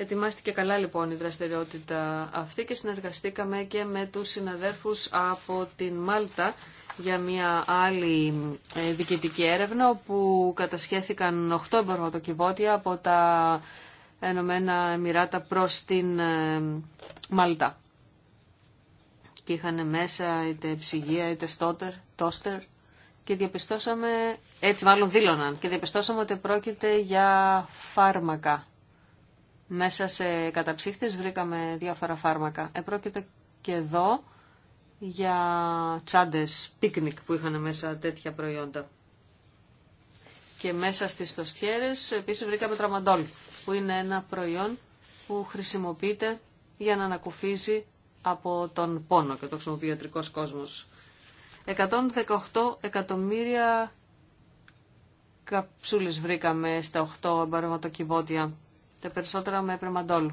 Speaker 2: Ετοιμάστηκε καλά λοιπόν η δραστηριότητα αυτή και συνεργαστήκαμε και με τους συναδέρφους από την Μάλτα για μια άλλη ε, διοικητική έρευνα όπου κατασχέθηκαν 8 εμπορματοκιβώτια από τα Ενωμένα Εμμυράτα προς την ε, Μάλτα. Και είχαν μέσα είτε ψυγεία είτε στότερ, τόστερ και διαπιστώσαμε, έτσι μάλλον δήλωναν, και διαπιστώσαμε ότι πρόκειται για φάρμακα μέσα σε καταψύχτες βρήκαμε διάφορα φάρμακα. Επρόκειτο και εδώ για τσάντες, πίκνικ που είχαν μέσα τέτοια προϊόντα. Και μέσα στις τοστιέρες επίσης βρήκαμε τραμαντόλ, που είναι ένα προϊόν που χρησιμοποιείται για να ανακουφίζει από τον πόνο και το χρησιμοποιεί ο ιατρικός κόσμος. 118 εκατομμύρια καψούλες βρήκαμε στα 8 εμπαρματοκιβώτια τα περισσότερα με πρεμαντόλ.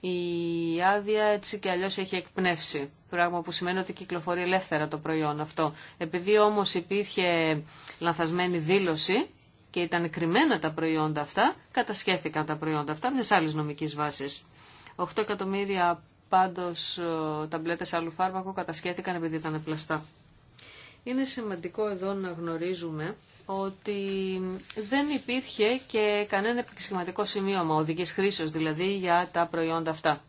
Speaker 2: Η άδεια έτσι και αλλιώς έχει εκπνεύσει, πράγμα που σημαίνει ότι κυκλοφορεί ελεύθερα το προϊόν αυτό. Επειδή όμως υπήρχε λανθασμένη δήλωση και ήταν κρυμμένα τα προϊόντα αυτά, κατασχέθηκαν τα προϊόντα αυτά με άλλης νομικής βάσης. 8 εκατομμύρια πάντως ε, ταμπλέτες άλλου φάρμακου κατασχέθηκαν επειδή ήταν πλαστά. Είναι σημαντικό εδώ να γνωρίζουμε ότι δεν υπήρχε και κανένα επεξηγηματικό σημείωμα οδικής χρήσεως δηλαδή για τα προϊόντα αυτά.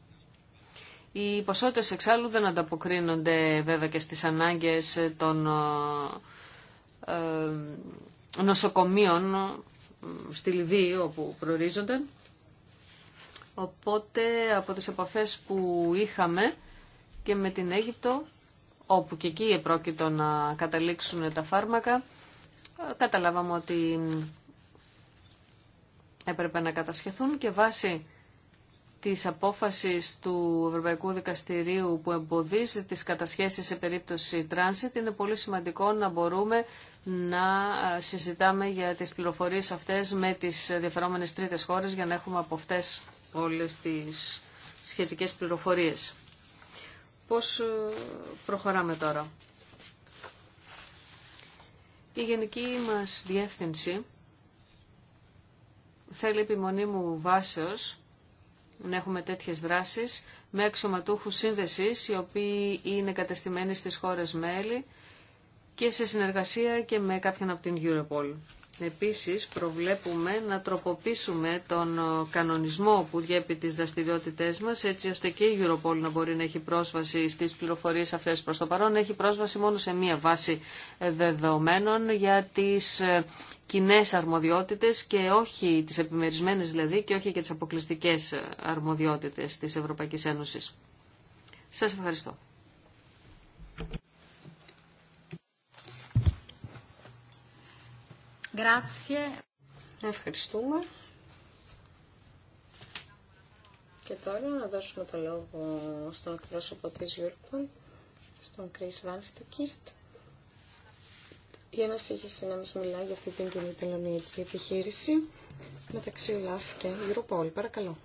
Speaker 2: Οι ποσότητες εξάλλου δεν ανταποκρίνονται βέβαια και στις ανάγκες των ε, ε, νοσοκομείων στη Λιβύη όπου προορίζονται. Οπότε από τις επαφές που είχαμε και με την Αίγυπτο, όπου και εκεί επρόκειτο να καταλήξουν τα φάρμακα, ε, καταλάβαμε ότι έπρεπε να κατασχεθούν και βάσει της απόφασης του Ευρωπαϊκού Δικαστηρίου που εμποδίζει τις κατασχέσεις σε περίπτωση τράνσιτ είναι πολύ σημαντικό να μπορούμε να ε, συζητάμε για τις πληροφορίες αυτές με τις διαφερόμενες τρίτες χώρες για να έχουμε από αυτές όλες τις σχετικές πληροφορίες. Πώς ε, προχωράμε τώρα. Η γενική μας διεύθυνση θέλει επιμονή μου βάσεως να έχουμε τέτοιες δράσεις με αξιωματούχου σύνδεσης οι οποίοι είναι κατεστημένοι στις χώρες μέλη και σε συνεργασία και με κάποιον από την Europol. Επίσης προβλέπουμε να τροποποιήσουμε τον ε, κανονισμό που διέπει τις δραστηριότητές μας έτσι ώστε και η Europol να μπορεί να έχει πρόσβαση στις πληροφορίες αυτές προς το παρόν. Έχει πρόσβαση μόνο σε μία βάση ε, δεδομένων για τις ε, κοινέ αρμοδιότητες και όχι τις επιμερισμένες δηλαδή και όχι και τις αποκλειστικές αρμοδιότητες της Ευρωπαϊκής Ένωσης. Σας ευχαριστώ.
Speaker 1: Grazie. Ευχαριστούμε. Και τώρα να δώσουμε το λόγο στον εκπρόσωπο της Europol, στον Κρίς Βάλστακιστ, για να σύγχυσε να μας μιλάει για αυτή την κοινή τελωνιακή επιχείρηση μεταξύ ΟΛΑΦ και Europol. Παρακαλώ.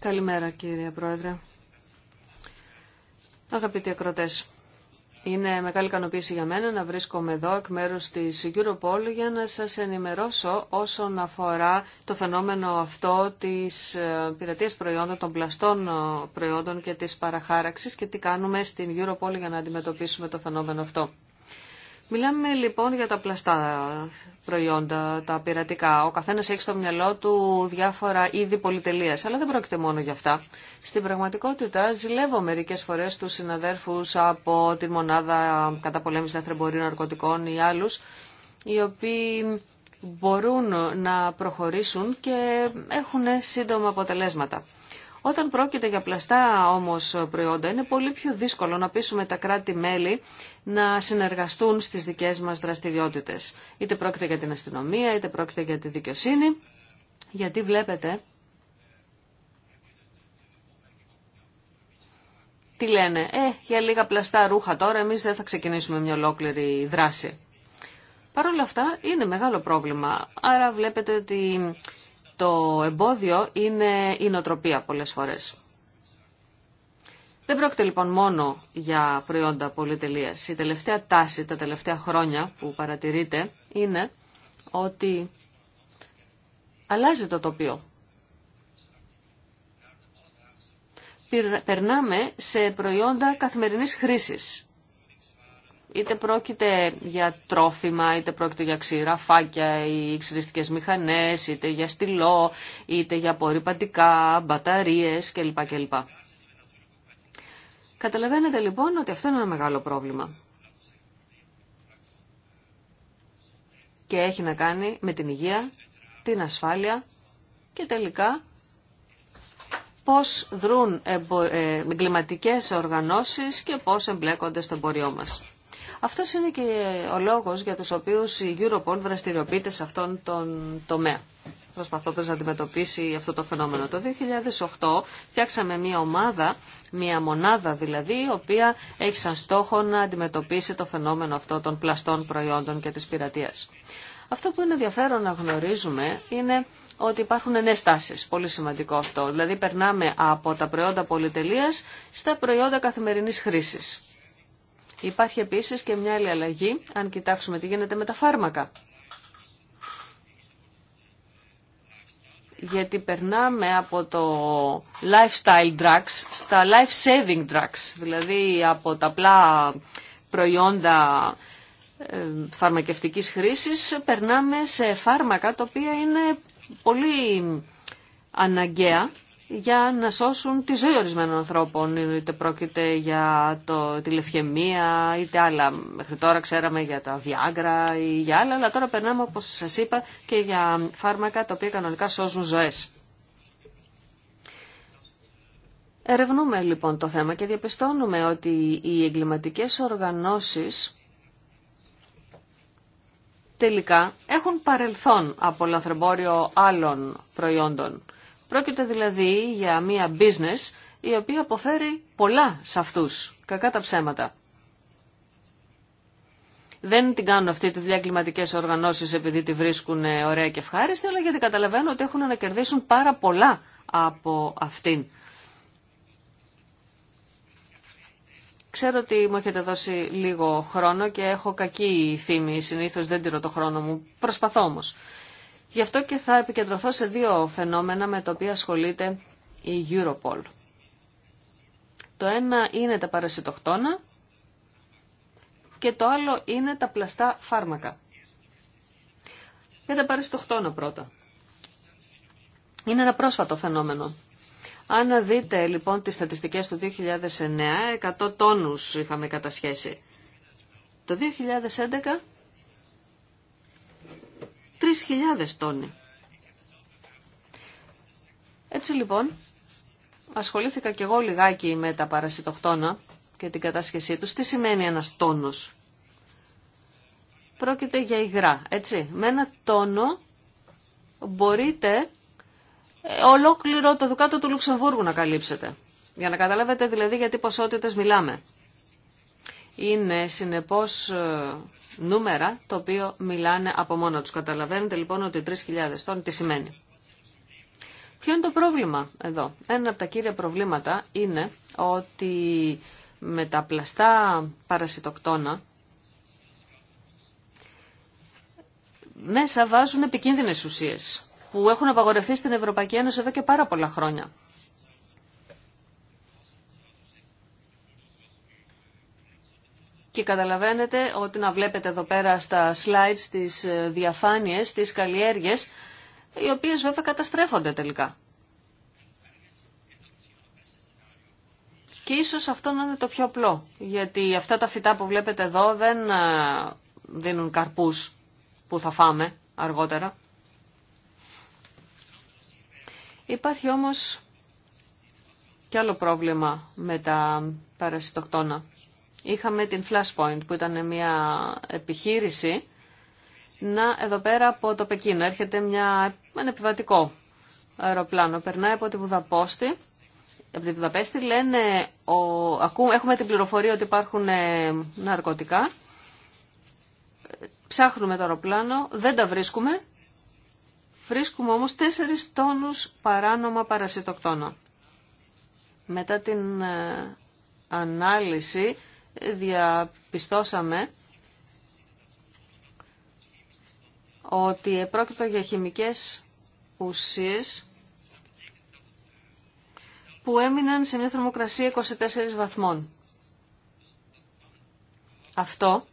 Speaker 2: Καλημέρα κύριε Πρόεδρε. Αγαπητοί ακροτέ, είναι μεγάλη ικανοποίηση για μένα να βρίσκομαι εδώ εκ μέρου της Europol για να σα ενημερώσω όσον αφορά το φαινόμενο αυτό της ε, πειρατεία προϊόντων, των πλαστών ε, προϊόντων και της παραχάραξης και τι κάνουμε στην Europol για να αντιμετωπίσουμε το φαινόμενο αυτό. Μιλάμε λοιπόν για τα πλαστά προϊόντα, τα πειρατικά. Ο καθένας έχει στο μυαλό του διάφορα είδη πολυτελεία. αλλά δεν πρόκειται μόνο για αυτά. Στην πραγματικότητα ζηλεύω μερικές φορές του συναδέρφους από τη μονάδα καταπολέμησης λαθρεμπορίων ναρκωτικών ή άλλους, οι οποίοι μπορούν να προχωρήσουν και έχουν σύντομα αποτελέσματα. Όταν πρόκειται για πλαστά όμως προϊόντα είναι πολύ πιο δύσκολο να πείσουμε τα κράτη-μέλη να συνεργαστούν στις δικές μας δραστηριότητες. Είτε πρόκειται για την αστυνομία, είτε πρόκειται για τη δικαιοσύνη, γιατί βλέπετε τι λένε, ε, για λίγα πλαστά ρούχα τώρα εμείς δεν θα ξεκινήσουμε μια ολόκληρη δράση. Παρ' όλα αυτά είναι μεγάλο πρόβλημα. Άρα βλέπετε ότι το εμπόδιο είναι η νοτροπία πολλές φορές. Δεν πρόκειται λοιπόν μόνο για προϊόντα πολυτελείας. Η τελευταία τάση τα τελευταία χρόνια που παρατηρείται είναι ότι αλλάζει το τοπίο. Περνάμε σε προϊόντα καθημερινής χρήσης είτε πρόκειται για τρόφιμα, είτε πρόκειται για ξηρά φάκια ή ξηριστικέ μηχανές, είτε για στυλό, είτε για απορριπαντικά, μπαταρίες κλπ. κλπ. Καταλαβαίνετε λοιπόν ότι αυτό είναι ένα μεγάλο πρόβλημα. Και έχει να κάνει με την υγεία, την ασφάλεια και τελικά πώς δρούν ε, εγκληματικές οργανώσεις και πώς εμπλέκονται στο εμπόριό μας. Αυτό είναι και ο λόγο για του οποίου η Europol δραστηριοποιείται σε αυτόν τον τομέα προσπαθώντα να αντιμετωπίσει αυτό το φαινόμενο. Το 2008 φτιάξαμε μια ομάδα, μια μονάδα δηλαδή, η οποία έχει σαν στόχο να αντιμετωπίσει το φαινόμενο αυτό των πλαστών προϊόντων και της πειρατείας. Αυτό που είναι ενδιαφέρον να γνωρίζουμε είναι ότι υπάρχουν νέε τάσεις. Πολύ σημαντικό αυτό. Δηλαδή περνάμε από τα προϊόντα πολυτελείας στα προϊόντα καθημερινή χρήση. Υπάρχει επίσης και μια άλλη αλλαγή, αν κοιτάξουμε τι γίνεται με τα φάρμακα. γιατί περνάμε από το lifestyle drugs στα life saving drugs, δηλαδή από τα απλά προϊόντα ε, φαρμακευτικής χρήσης περνάμε σε φάρμακα τα οποία είναι πολύ αναγκαία για να σώσουν τη ζωή ορισμένων ανθρώπων, είτε πρόκειται για το, τη λευχαιμία, είτε άλλα. Μέχρι τώρα ξέραμε για τα διάγκρα ή για άλλα, αλλά τώρα περνάμε, όπως σας είπα, και για φάρμακα τα οποία κανονικά σώζουν ζωές. Ερευνούμε λοιπόν το θέμα και διαπιστώνουμε ότι οι εγκληματικές οργανώσεις τελικά έχουν παρελθόν από λαθρεμπόριο άλλων προϊόντων. Πρόκειται δηλαδή για μία business η οποία αποφέρει πολλά σε αυτούς, κακά τα ψέματα. Δεν την κάνουν αυτή τη δουλειά κλιματικέ οργανώσει επειδή τη βρίσκουν ωραία και ευχάριστη, αλλά γιατί καταλαβαίνουν ότι έχουν να κερδίσουν πάρα πολλά από αυτήν. Ξέρω ότι μου έχετε δώσει λίγο χρόνο και έχω κακή φήμη, συνήθω δεν τηρώ το χρόνο μου, προσπαθώ όμω. Γι' αυτό και θα επικεντρωθώ σε δύο φαινόμενα με τα οποία ασχολείται η Europol. Το ένα είναι τα παρασιτοκτόνα και το άλλο είναι τα πλαστά φάρμακα. Για τα παρασιτοκτόνα πρώτα. Είναι ένα πρόσφατο φαινόμενο. Αν δείτε λοιπόν τις στατιστικές του 2009, 100 τόνους είχαμε κατασχέσει. Το 2011 3.000 τόνοι. Έτσι λοιπόν, ασχολήθηκα κι εγώ λιγάκι με τα παρασιτοκτόνα και την κατάσχεσή τους. Τι σημαίνει ένας τόνος. Πρόκειται για υγρά, έτσι. Με ένα τόνο μπορείτε ε, ολόκληρο το δουκάτο του Λουξεμβούργου να καλύψετε. Για να καταλάβετε δηλαδή για τι ποσότητες μιλάμε είναι συνεπώς ε, νούμερα το οποίο μιλάνε από μόνο τους. Καταλαβαίνετε λοιπόν ότι 3.000 τόν τι σημαίνει. Ποιο είναι το πρόβλημα εδώ. Ένα από τα κύρια προβλήματα είναι ότι με τα πλαστά παρασιτοκτόνα μέσα βάζουν επικίνδυνες ουσίες που έχουν απαγορευτεί στην Ευρωπαϊκή Ένωση εδώ και πάρα πολλά χρόνια. Και καταλαβαίνετε ότι να βλέπετε εδώ πέρα στα slides τις ε, διαφάνειες, τις καλλιέργειες, οι οποίες βέβαια καταστρέφονται τελικά. Και ίσως αυτό να είναι το πιο απλό, γιατί αυτά τα φυτά που βλέπετε εδώ δεν ε, δίνουν καρπούς που θα φάμε αργότερα. Υπάρχει όμως και άλλο πρόβλημα με τα παρασιτοκτόνα είχαμε την Flashpoint που ήταν μια επιχείρηση. Να, εδώ πέρα από το Πεκίνο έρχεται μια, ένα επιβατικό αεροπλάνο. Περνάει από τη Βουδαπόστη. Από τη Βουδαπέστη λένε, ο, ακούμε, έχουμε την πληροφορία ότι υπάρχουν ε, ναρκωτικά. Ψάχνουμε το αεροπλάνο, δεν τα βρίσκουμε. Βρίσκουμε όμως τέσσερις τόνους παράνομα παρασιτοκτόνα. Μετά την ε, ανάλυση διαπιστώσαμε ότι επρόκειτο για χημικές ουσίες που έμειναν σε μια θερμοκρασία 24 βαθμών. Αυτό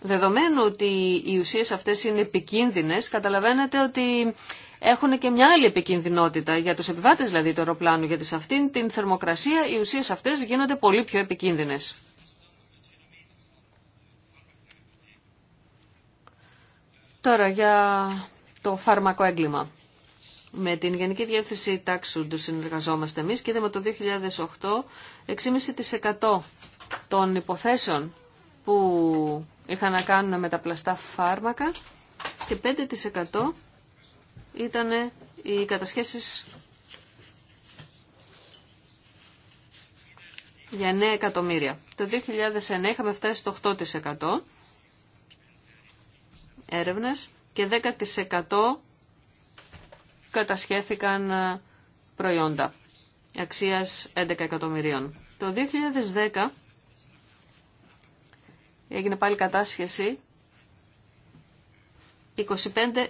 Speaker 2: Δεδομένου ότι οι ουσίες αυτές είναι επικίνδυνες, καταλαβαίνετε ότι έχουν και μια άλλη επικινδυνότητα για τους επιβάτες δηλαδή του αεροπλάνου, γιατί σε αυτήν την θερμοκρασία οι ουσίες αυτές γίνονται πολύ πιο επικίνδυνες. Τώρα για το φάρμακο έγκλημα. Με την Γενική Διεύθυνση Τάξου του συνεργαζόμαστε εμείς και είδαμε το 2008 6,5% των υποθέσεων που είχαν να κάνουν με τα πλαστά φάρμακα και 5% ήταν οι κατασχέσεις για 9 εκατομμύρια. Το 2009 είχαμε φτάσει στο 8% έρευνες και 10% κατασχέθηκαν ε, προϊόντα αξίας 11 εκατομμυρίων. Το 2010 έγινε πάλι κατάσχεση 25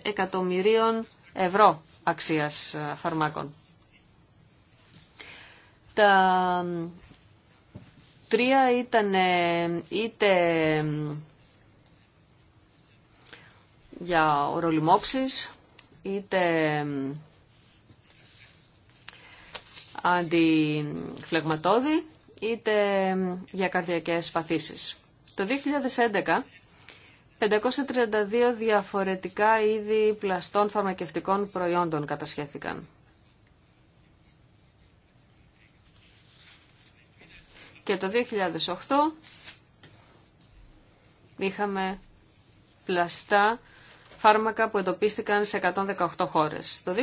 Speaker 2: εκατομμυρίων ευρώ αξίας ε, φαρμάκων. Τα τρία ήταν είτε για ορολιμόξεις, είτε αντιφλεγματόδη, είτε για καρδιακές παθήσεις. Το 2011 532 διαφορετικά είδη πλαστών φαρμακευτικών προϊόντων κατασχέθηκαν. Και το 2008 είχαμε πλαστά φάρμακα που εντοπίστηκαν σε 118 χώρες. Το 2009,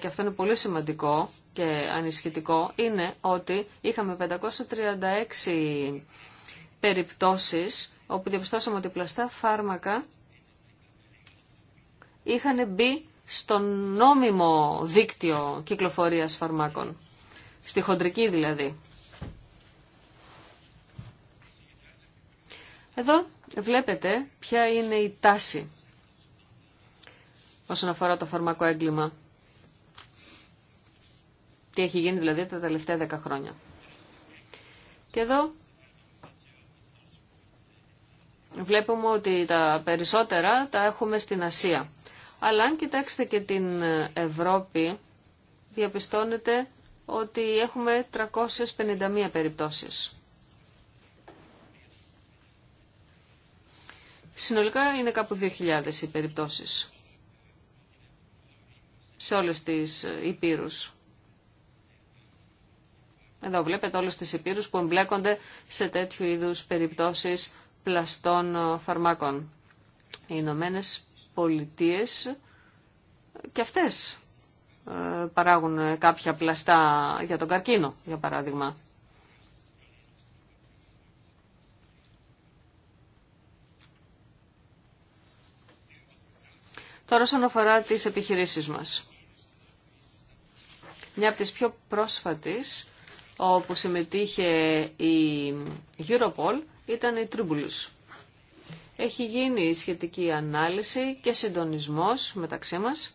Speaker 2: και αυτό είναι πολύ σημαντικό και ανισχυτικό, είναι ότι είχαμε 536 περιπτώσεις όπου διαπιστώσαμε ότι πλαστά φάρμακα είχαν μπει στο νόμιμο δίκτυο κυκλοφορίας φαρμάκων, στη χοντρική δηλαδή. Εδώ βλέπετε ποια είναι η τάση όσον αφορά το φαρμακό έγκλημα. Τι έχει γίνει δηλαδή τα τελευταία 10 χρόνια. Και εδώ βλέπουμε ότι τα περισσότερα τα έχουμε στην Ασία. Αλλά αν κοιτάξετε και την Ευρώπη, διαπιστώνετε ότι έχουμε 351 περιπτώσεις. Συνολικά είναι κάπου 2.000 οι περιπτώσεις σε όλες τις υπήρους. Εδώ βλέπετε όλες τις υπήρους που εμπλέκονται σε τέτοιου είδους περιπτώσεις πλαστών ε, φαρμάκων. Οι Ηνωμένε Πολιτείε και αυτές ε, παράγουν κάποια πλαστά για τον καρκίνο, για παράδειγμα. Τώρα όσον αφορά τις επιχειρήσεις μας. Μια από τις πιο πρόσφατες όπου συμμετείχε η Europol ήταν η Τρίμπουλης. Έχει γίνει η σχετική ανάλυση και συντονισμός μεταξύ μας.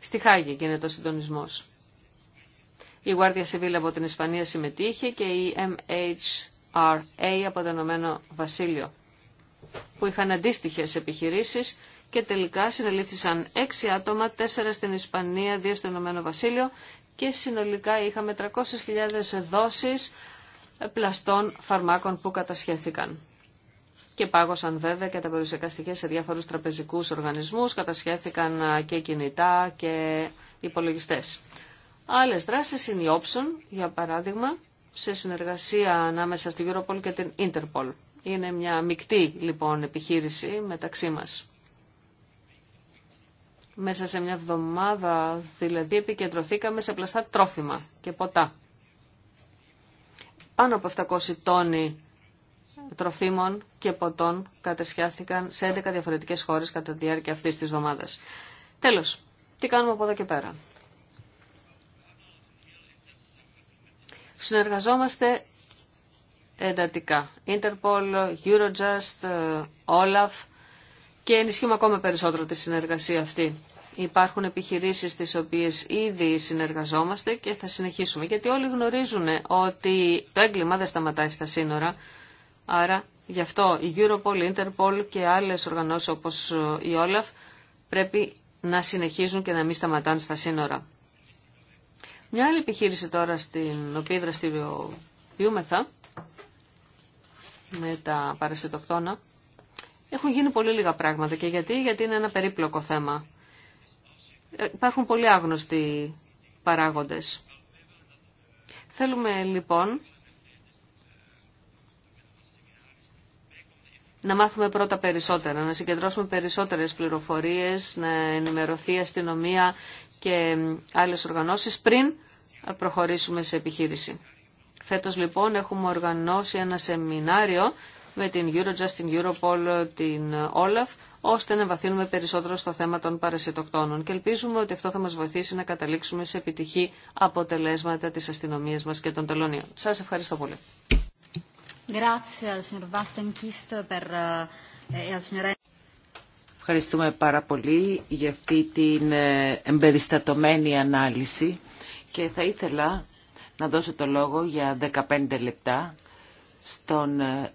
Speaker 2: Στη Χάγη γίνεται ο συντονισμός. Η Γουάρδια Σεβίλα από την Ισπανία συμμετείχε και η MHRA από το Ηνωμένο Βασίλειο που είχαν αντίστοιχε επιχειρήσεις και τελικά συνελήφθησαν έξι άτομα, τέσσερα στην Ισπανία, δύο στο Ηνωμένο Βασίλειο και συνολικά είχαμε 300.000 δόσεις πλαστών φαρμάκων που κατασχέθηκαν. Και πάγωσαν βέβαια και τα περιουσιακά στοιχεία σε διάφορους τραπεζικούς οργανισμούς, κατασχέθηκαν και κινητά και υπολογιστές. Άλλες δράσεις είναι η όψων, για παράδειγμα, σε συνεργασία ανάμεσα στην Europol και την Interpol. Είναι μια μεικτή λοιπόν επιχείρηση μεταξύ μας. Μέσα σε μια εβδομάδα δηλαδή επικεντρωθήκαμε σε πλαστά τρόφιμα και ποτά. Πάνω από 700 τόνοι τροφίμων και ποτών κατεσχιάθηκαν σε 11 διαφορετικές χώρες κατά τη διάρκεια αυτής της εβδομάδας. Τέλος, τι κάνουμε από εδώ και πέρα. Συνεργαζόμαστε εντατικά. Interpol, Eurojust, ε, Olaf και ενισχύουμε ακόμα περισσότερο τη συνεργασία αυτή. Υπάρχουν επιχειρήσεις τις οποίες ήδη συνεργαζόμαστε και θα συνεχίσουμε, γιατί όλοι γνωρίζουν ότι το έγκλημα δεν σταματάει στα σύνορα, άρα γι' αυτό η Europol, η Interpol και άλλες οργανώσεις όπως η Olaf πρέπει να συνεχίζουν και να μην σταματάνε στα σύνορα. Μια άλλη επιχείρηση τώρα στην οποία δραστηριοποιούμεθα με τα παρασιτοκτόνα έχουν γίνει πολύ λίγα πράγματα. Και γιατί, γιατί είναι ένα περίπλοκο θέμα. Ε, υπάρχουν πολύ άγνωστοι παράγοντες. Θέλουμε λοιπόν να μάθουμε πρώτα περισσότερα, να συγκεντρώσουμε περισσότερες πληροφορίες, να ενημερωθεί η αστυνομία και άλλες οργανώσεις πριν προχωρήσουμε σε επιχείρηση. Φέτος λοιπόν έχουμε οργανώσει ένα σεμινάριο με την Eurojust, την Europol, την Olaf, ώστε να βαθύνουμε περισσότερο στο θέμα των παρασιτοκτόνων. Και ελπίζουμε ότι αυτό θα μας βοηθήσει να καταλήξουμε σε επιτυχή αποτελέσματα της αστυνομίας μας και των τελωνίων. Σας ευχαριστώ πολύ. Eh, e
Speaker 3: Ευχαριστούμε πάρα πολύ για αυτή την ε, εμπεριστατωμένη ανάλυση και θα ήθελα να δώσω το λόγο για 15 λεπτά στον ε,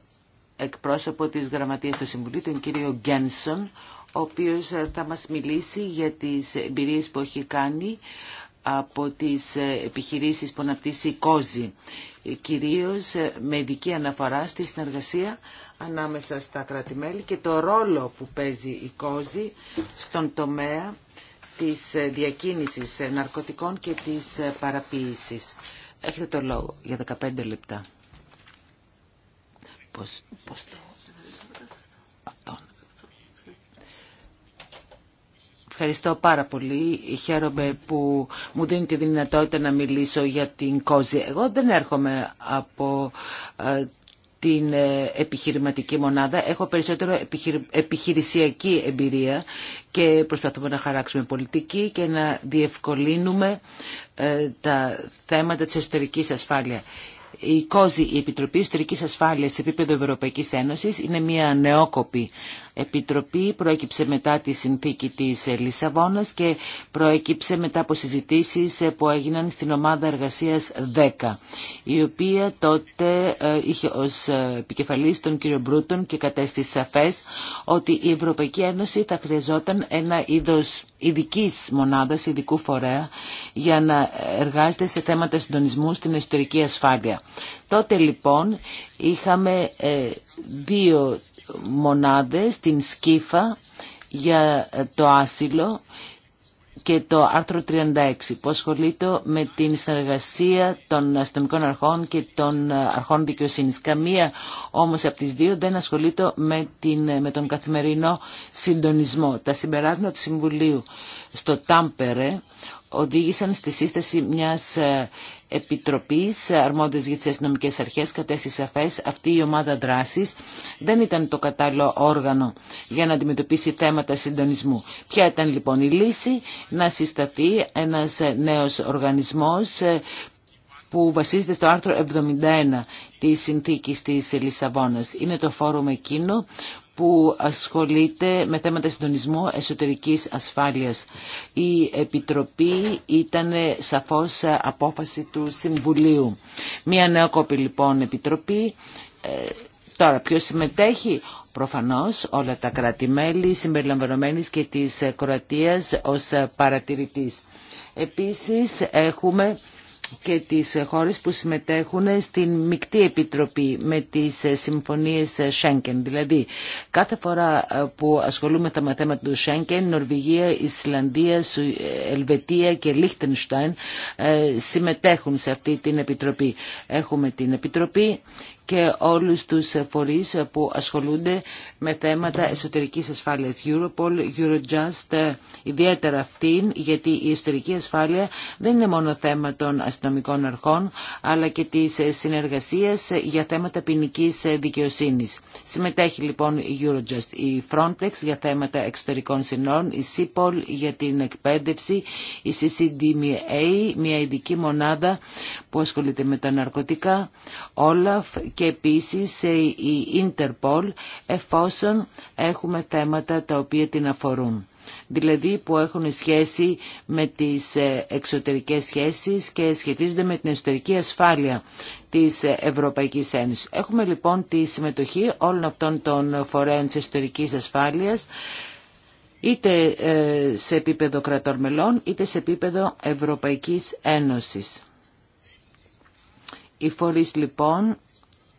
Speaker 3: εκπρόσωπο της Γραμματείας του Συμβουλίου, τον κύριο Γκένσον, ο οποίος ε, θα μας μιλήσει για τις εμπειρίες που έχει κάνει από τις ε, επιχειρήσεις που αναπτύσσει η Κόζη, ε, κυρίως με ειδική αναφορά στη συνεργασία ανάμεσα στα κράτη-μέλη και το ρόλο που παίζει η Κόζη στον τομέα της διακίνησης ναρκωτικών και της παραποίησης. Έχετε το λόγο για 15 λεπτά. Πώς, Ευχαριστώ πάρα πολύ. Χαίρομαι που μου δίνει τη δυνατότητα να μιλήσω για την κόζη. Εγώ δεν έρχομαι από ε, την ε, επιχειρηματική μονάδα. Έχω περισσότερο επιχειρησιακή εμπειρία και προσπαθούμε να χαράξουμε πολιτική και να διευκολύνουμε ε, τα θέματα της εσωτερικής ασφάλειας. Η ΚΟΖΗ, η Επιτροπή Ιστορικής Ασφάλειας σε επίπεδο Ευρωπαϊκής Ένωσης, είναι μια νεόκοπη Επιτροπή προέκυψε μετά τη συνθήκη της Λισαβόνας και προέκυψε μετά από συζητήσεις που έγιναν στην ομάδα εργασίας 10, η οποία τότε ε, είχε ως ε, επικεφαλής τον κύριο Μπρούτον και κατέστησε σαφές ότι η Ευρωπαϊκή Ένωση θα χρειαζόταν ένα είδος ειδική μονάδα, ειδικού φορέα, για να εργάζεται σε θέματα συντονισμού στην εσωτερική ασφάλεια. Τότε λοιπόν είχαμε ε, δύο μονάδες στην Σκύφα για ε, το άσυλο και το άρθρο 36 που ασχολείται με την συνεργασία των αστυνομικών αρχών και των ε, αρχών δικαιοσύνης. Καμία όμως από τις δύο δεν ασχολείται με, την, ε, με τον καθημερινό συντονισμό. Τα συμπεράσματα του Συμβουλίου στο Τάμπερε οδήγησαν στη σύσταση μιας Επιτροπής αρμόδιες για τις αστυνομικέ αρχές κατέστησε σαφές αυτή η ομάδα δράσης δεν ήταν το κατάλληλο όργανο για να αντιμετωπίσει θέματα συντονισμού. Ποια ήταν λοιπόν η λύση να συσταθεί ένας νέος οργανισμός ε, που βασίζεται στο άρθρο 71 της συνθήκης της Λισαβόνας. Είναι το φόρουμ εκείνο που ασχολείται με θέματα συντονισμού εσωτερικής ασφάλειας. Η Επιτροπή ήταν σαφώς απόφαση του Συμβουλίου. Μία νεοκόπη λοιπόν Επιτροπή. Ε, τώρα ποιος συμμετέχει. Προφανώς όλα τα κράτη-μέλη συμπεριλαμβανομένης και της Κροατίας ως παρατηρητής. Επίσης έχουμε και τις χώρες που συμμετέχουν στην μεικτή επιτροπή με τις συμφωνίες Σέγκεν. Δηλαδή, κάθε φορά ε, που ασχολούμεθα με θέματα του Σέγκεν, Νορβηγία, Ισλανδία, ε, Ελβετία και Λίχτενστάιν ε, συμμετέχουν σε αυτή την επιτροπή. Έχουμε την επιτροπή και όλους τους φορείς που ασχολούνται με θέματα εσωτερικής ασφάλειας Europol, Eurojust, ιδιαίτερα αυτήν, γιατί η εσωτερική ασφάλεια δεν είναι μόνο θέμα των αστυνομικών αρχών, αλλά και της συνεργασίας για θέματα ποινική δικαιοσύνης. Συμμετέχει λοιπόν η Eurojust, η Frontex για θέματα εξωτερικών συνόρων, η CIPOL για την εκπαίδευση, η CCDMA, μια ειδική μονάδα που ασχολείται με τα ναρκωτικά, Όλαφ και επίσης η Interpol εφόσον έχουμε θέματα τα οποία την αφορούν δηλαδή που έχουν σχέση με τις ε, εξωτερικές σχέσεις και σχετίζονται με την εσωτερική ασφάλεια της Ευρωπαϊκής Ένωσης. Έχουμε λοιπόν τη συμμετοχή όλων αυτών των φορέων της εσωτερικής ασφάλειας είτε ε, σε επίπεδο κρατών μελών είτε σε επίπεδο Ευρωπαϊκής Ένωσης. Οι φορείς λοιπόν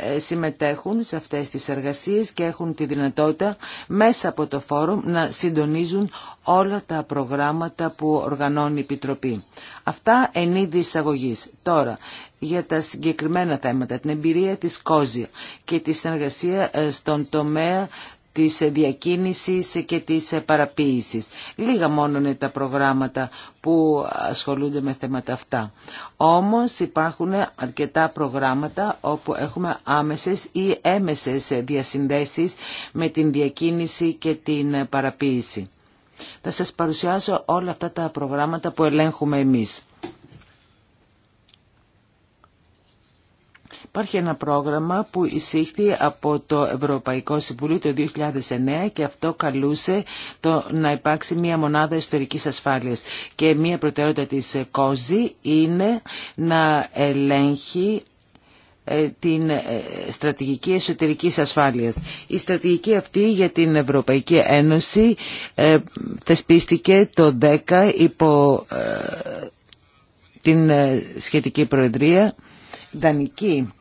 Speaker 3: ε, συμμετέχουν σε αυτές τις εργασίες και έχουν τη δυνατότητα μέσα από το φόρουμ να συντονίζουν όλα τα προγράμματα που οργανώνει η Επιτροπή. Αυτά εν είδη εισαγωγής. Τώρα, για τα συγκεκριμένα θέματα, την εμπειρία της Κόζια και τη συνεργασία ε, στον τομέα της διακίνησης και της παραποίησης. Λίγα μόνο είναι τα προγράμματα που ασχολούνται με θέματα αυτά. Όμως υπάρχουν αρκετά προγράμματα όπου έχουμε άμεσες ή έμεσες διασυνδέσεις με την διακίνηση και την παραποίηση. Θα σας παρουσιάσω όλα αυτά τα προγράμματα που ελέγχουμε εμείς. Υπάρχει ένα πρόγραμμα που εισήχθη από το Ευρωπαϊκό Συμβούλιο το 2009 και αυτό καλούσε το να υπάρξει μια μονάδα ιστορικής ασφάλειας. Και μια προτεραιότητα της ΚΟΖΗ είναι να ελέγχει ε, την ε, στρατηγική εσωτερικής ασφάλειας. Η στρατηγική αυτή για την Ευρωπαϊκή Ένωση ε, θεσπίστηκε το 10 υπό την σχετική προεδρία δανική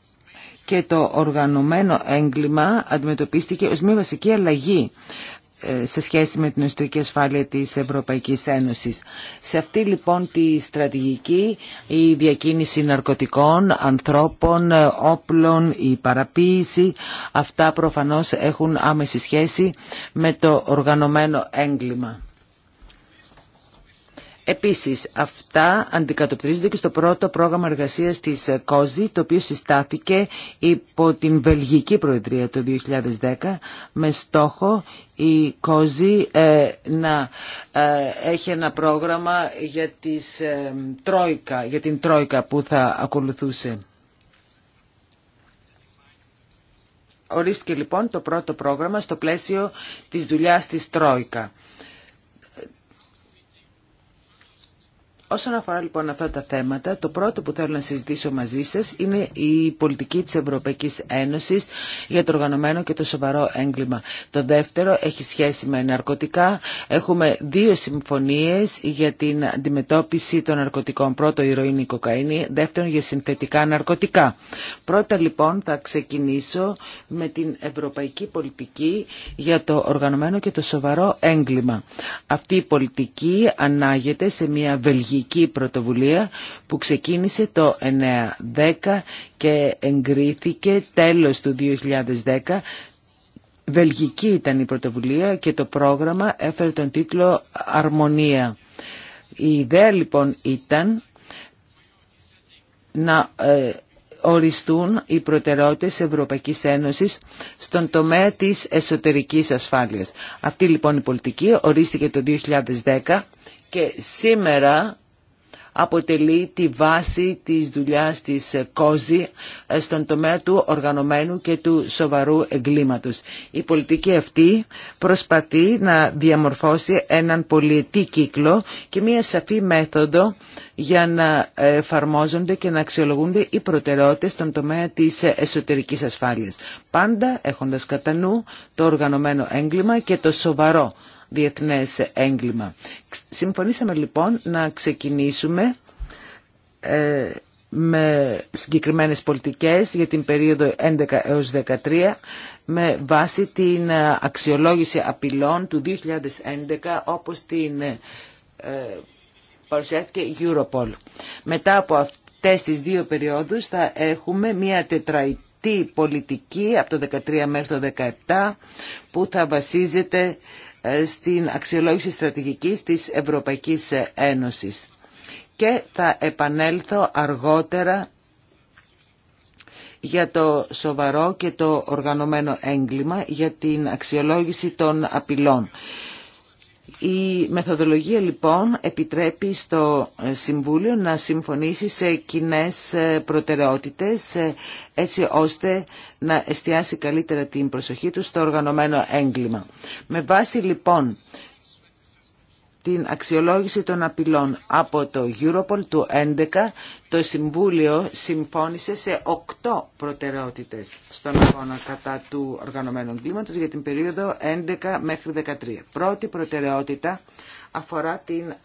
Speaker 3: και το οργανωμένο έγκλημα αντιμετωπίστηκε ως μια βασική αλλαγή ε, σε σχέση με την ιστορική ασφάλεια της Ευρωπαϊκής Ένωσης. Σε αυτή λοιπόν τη στρατηγική η διακίνηση ναρκωτικών, ανθρώπων, ε, όπλων, η παραποίηση αυτά προφανώς έχουν άμεση σχέση με το οργανωμένο έγκλημα. Επίσης, αυτά αντικατοπτρίζονται και στο πρώτο πρόγραμμα εργασίας της ε, ΚΟΖΗ, το οποίο συστάθηκε υπό την Βελγική Προεδρία το 2010, με στόχο η ΚΟΖΗ ε, να ε, έχει ένα πρόγραμμα για, τις, τρόικα, για την Τρόικα που θα ακολουθούσε. Ορίστηκε λοιπόν το πρώτο πρόγραμμα στο πλαίσιο της δουλειάς της Τρόικα. Όσον αφορά λοιπόν αυτά τα θέματα, το πρώτο που θέλω να συζητήσω μαζί σας είναι η πολιτική της Ευρωπαϊκής Ένωσης για το οργανωμένο και το σοβαρό έγκλημα. Το δεύτερο έχει σχέση με ναρκωτικά. Έχουμε δύο συμφωνίες για την αντιμετώπιση των ναρκωτικών. Πρώτο η ηρωίνη κοκαίνη, δεύτερον για συνθετικά ναρκωτικά. Πρώτα λοιπόν θα ξεκινήσω με την ευρωπαϊκή πολιτική για το οργανωμένο και το σοβαρό έγκλημα. Αυτή η πολιτική ανάγεται σε μια Βελγική στρατηγική πρωτοβουλία που ξεκίνησε το 9-10 και εγκρίθηκε τέλος του 2010 Βελγική ήταν η πρωτοβουλία και το πρόγραμμα έφερε τον τίτλο «Αρμονία». Η ιδέα λοιπόν ήταν να ε, οριστούν οι προτεραιότητες Ευρωπαϊκής Ένωσης στον τομέα της εσωτερικής ασφάλειας. Αυτή λοιπόν η πολιτική ορίστηκε το 2010 και σήμερα αποτελεί τη βάση της δουλειάς της ΚΟΖΗ στον τομέα του οργανωμένου και του σοβαρού εγκλήματος. Η πολιτική αυτή προσπαθεί να διαμορφώσει έναν πολιετή κύκλο και μία σαφή μέθοδο για να εφαρμόζονται και να αξιολογούνται οι προτεραιότητες στον τομέα της εσωτερικής ασφάλειας. Πάντα έχοντας κατά νου το οργανωμένο έγκλημα και το σοβαρό διεθνές έγκλημα. Συμφωνήσαμε λοιπόν να ξεκινήσουμε ε, με συγκεκριμένες πολιτικές για την περίοδο 11 έως 13 με βάση την ε, αξιολόγηση απειλών του 2011 όπως την ε, παρουσιάστηκε Europol. Μετά από αυτές τις δύο περιόδους θα έχουμε μια τετραετή πολιτική από το 13 μέχρι το 17 που θα βασίζεται στην αξιολόγηση στρατηγικής της Ευρωπαϊκής Ένωσης. Και θα επανέλθω αργότερα για το σοβαρό και το οργανωμένο έγκλημα για την αξιολόγηση των απειλών. Η μεθοδολογία λοιπόν επιτρέπει στο ε, Συμβούλιο να συμφωνήσει σε κοινέ ε, προτεραιότητες ε, έτσι ώστε να εστιάσει καλύτερα την προσοχή του στο οργανωμένο έγκλημα. Με βάση λοιπόν την αξιολόγηση των απειλών. Από το Europol του 2011, το Συμβούλιο συμφώνησε σε οκτώ προτεραιότητες στον αγώνα κατά του οργανωμένου κλίματο για την περίοδο 2011 μέχρι 2013. Πρώτη προτεραιότητα αφορά την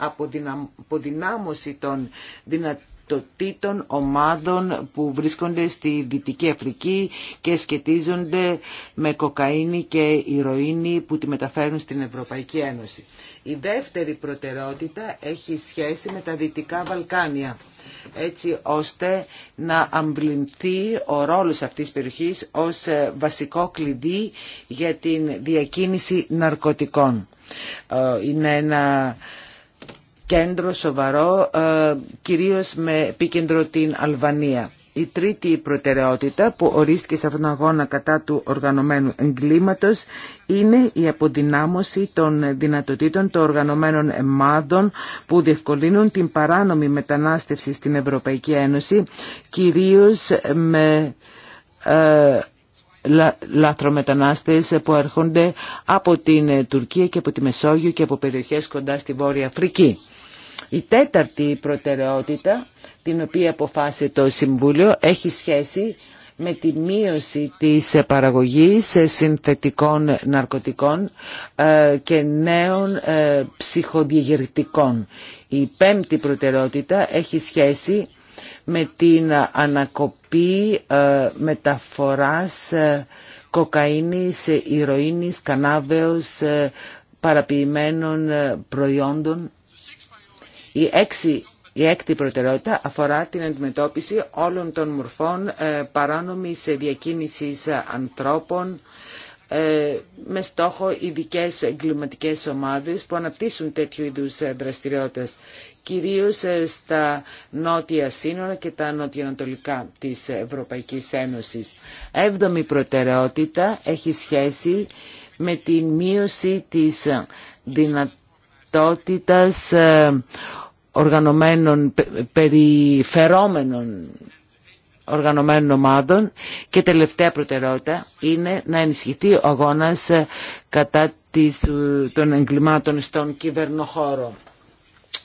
Speaker 3: αποδυνάμωση των δυνατοτήτων ομάδων που βρίσκονται στη Δυτική Αφρική και σχετίζονται με κοκαίνη και ηρωίνη που τη μεταφέρουν στην Ευρωπαϊκή Ένωση. Η δεύτερη προτεραιότητα έχει σχέση με τα Δυτικά Βαλκάνια έτσι ώστε να αμβληνθεί ο ρόλος αυτής της περιοχής ως ε, βασικό κλειδί για την διακίνηση ναρκωτικών. Ε, είναι ένα κέντρο σοβαρό, ε, κυρίως με επίκεντρο την Αλβανία η τρίτη προτεραιότητα που ορίστηκε σε αυτόν τον αγώνα κατά του οργανωμένου εγκλήματος είναι η αποδυνάμωση των δυνατοτήτων των οργανωμένων εμάδων που διευκολύνουν την παράνομη μετανάστευση στην Ευρωπαϊκή Ένωση κυρίως με ε, λαθρομετανάστες που έρχονται από την Τουρκία και από τη Μεσόγειο και από περιοχές κοντά στη Βόρεια Αφρική. Η τέταρτη προτεραιότητα, την οποία αποφάσισε το Συμβούλιο, έχει σχέση με τη μείωση της παραγωγής συνθετικών ναρκωτικών ε, και νέων ε, ψυχοδιαγερτικών. Η πέμπτη προτεραιότητα έχει σχέση με την ανακοπή ε, μεταφοράς κοκαίνης, ηρωίνης, κανάβεως, παραποιημένων προϊόντων η, έξι, η έκτη προτεραιότητα αφορά την αντιμετώπιση όλων των μορφών ε, παράνομης διακίνησης ανθρώπων ε, με στόχο ειδικέ εγκληματικέ ομάδες που αναπτύσσουν τέτοιου είδους ε, δραστηριότητες κυρίως στα νότια σύνορα και τα νοτιοανατολικά της Ευρωπαϊκής Ένωσης. Έβδομη προτεραιότητα έχει σχέση με την μείωση της δυνατότητας ταυτότητας ε, οργανωμένων, περιφερόμενων οργανωμένων ομάδων και τελευταία προτεραιότητα είναι να ενισχυθεί ο αγώνας ε, κατά της, ε, των εγκλημάτων στον κυβερνοχώρο.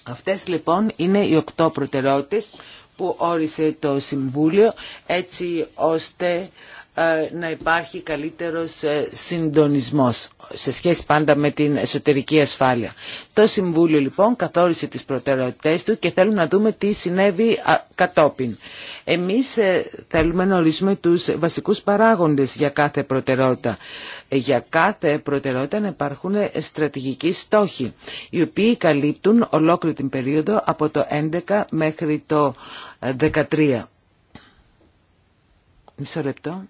Speaker 3: Αυτές λοιπόν είναι οι οκτώ προτεραιότητες που όρισε το Συμβούλιο έτσι ώστε ε, να υπάρχει καλύτερος ε, συντονισμός σε σχέση πάντα με την εσωτερική ασφάλεια. Το Συμβούλιο λοιπόν καθόρισε τις προτεραιότητές του και θέλουμε να δούμε τι συνέβη κατόπιν. Εμείς ε, θέλουμε να ορίσουμε τους βασικούς παράγοντες για κάθε προτεραιότητα. Για κάθε προτεραιότητα να υπάρχουν στρατηγικοί στόχοι, οι οποίοι καλύπτουν ολόκληρη την περίοδο από το 2011 μέχρι το 2013. Μισό λεπτό.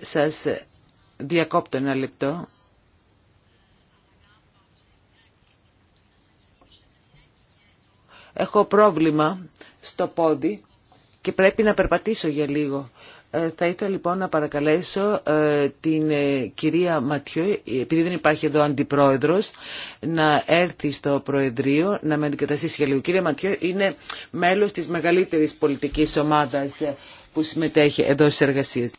Speaker 3: Σας διακόπτω ένα λεπτό. Έχω πρόβλημα στο πόδι και πρέπει να περπατήσω για λίγο. Ε, θα ήθελα λοιπόν να παρακαλέσω ε, την ε, κυρία Ματιώ, επειδή δεν υπάρχει εδώ αντιπρόεδρος, να έρθει στο Προεδρείο να με αντικαταστήσει για λίγο. Η κυρία Ματιώ είναι μέλος της μεγαλύτερης πολιτικής ομάδας που συμμετέχει εδώ σε εργασίες.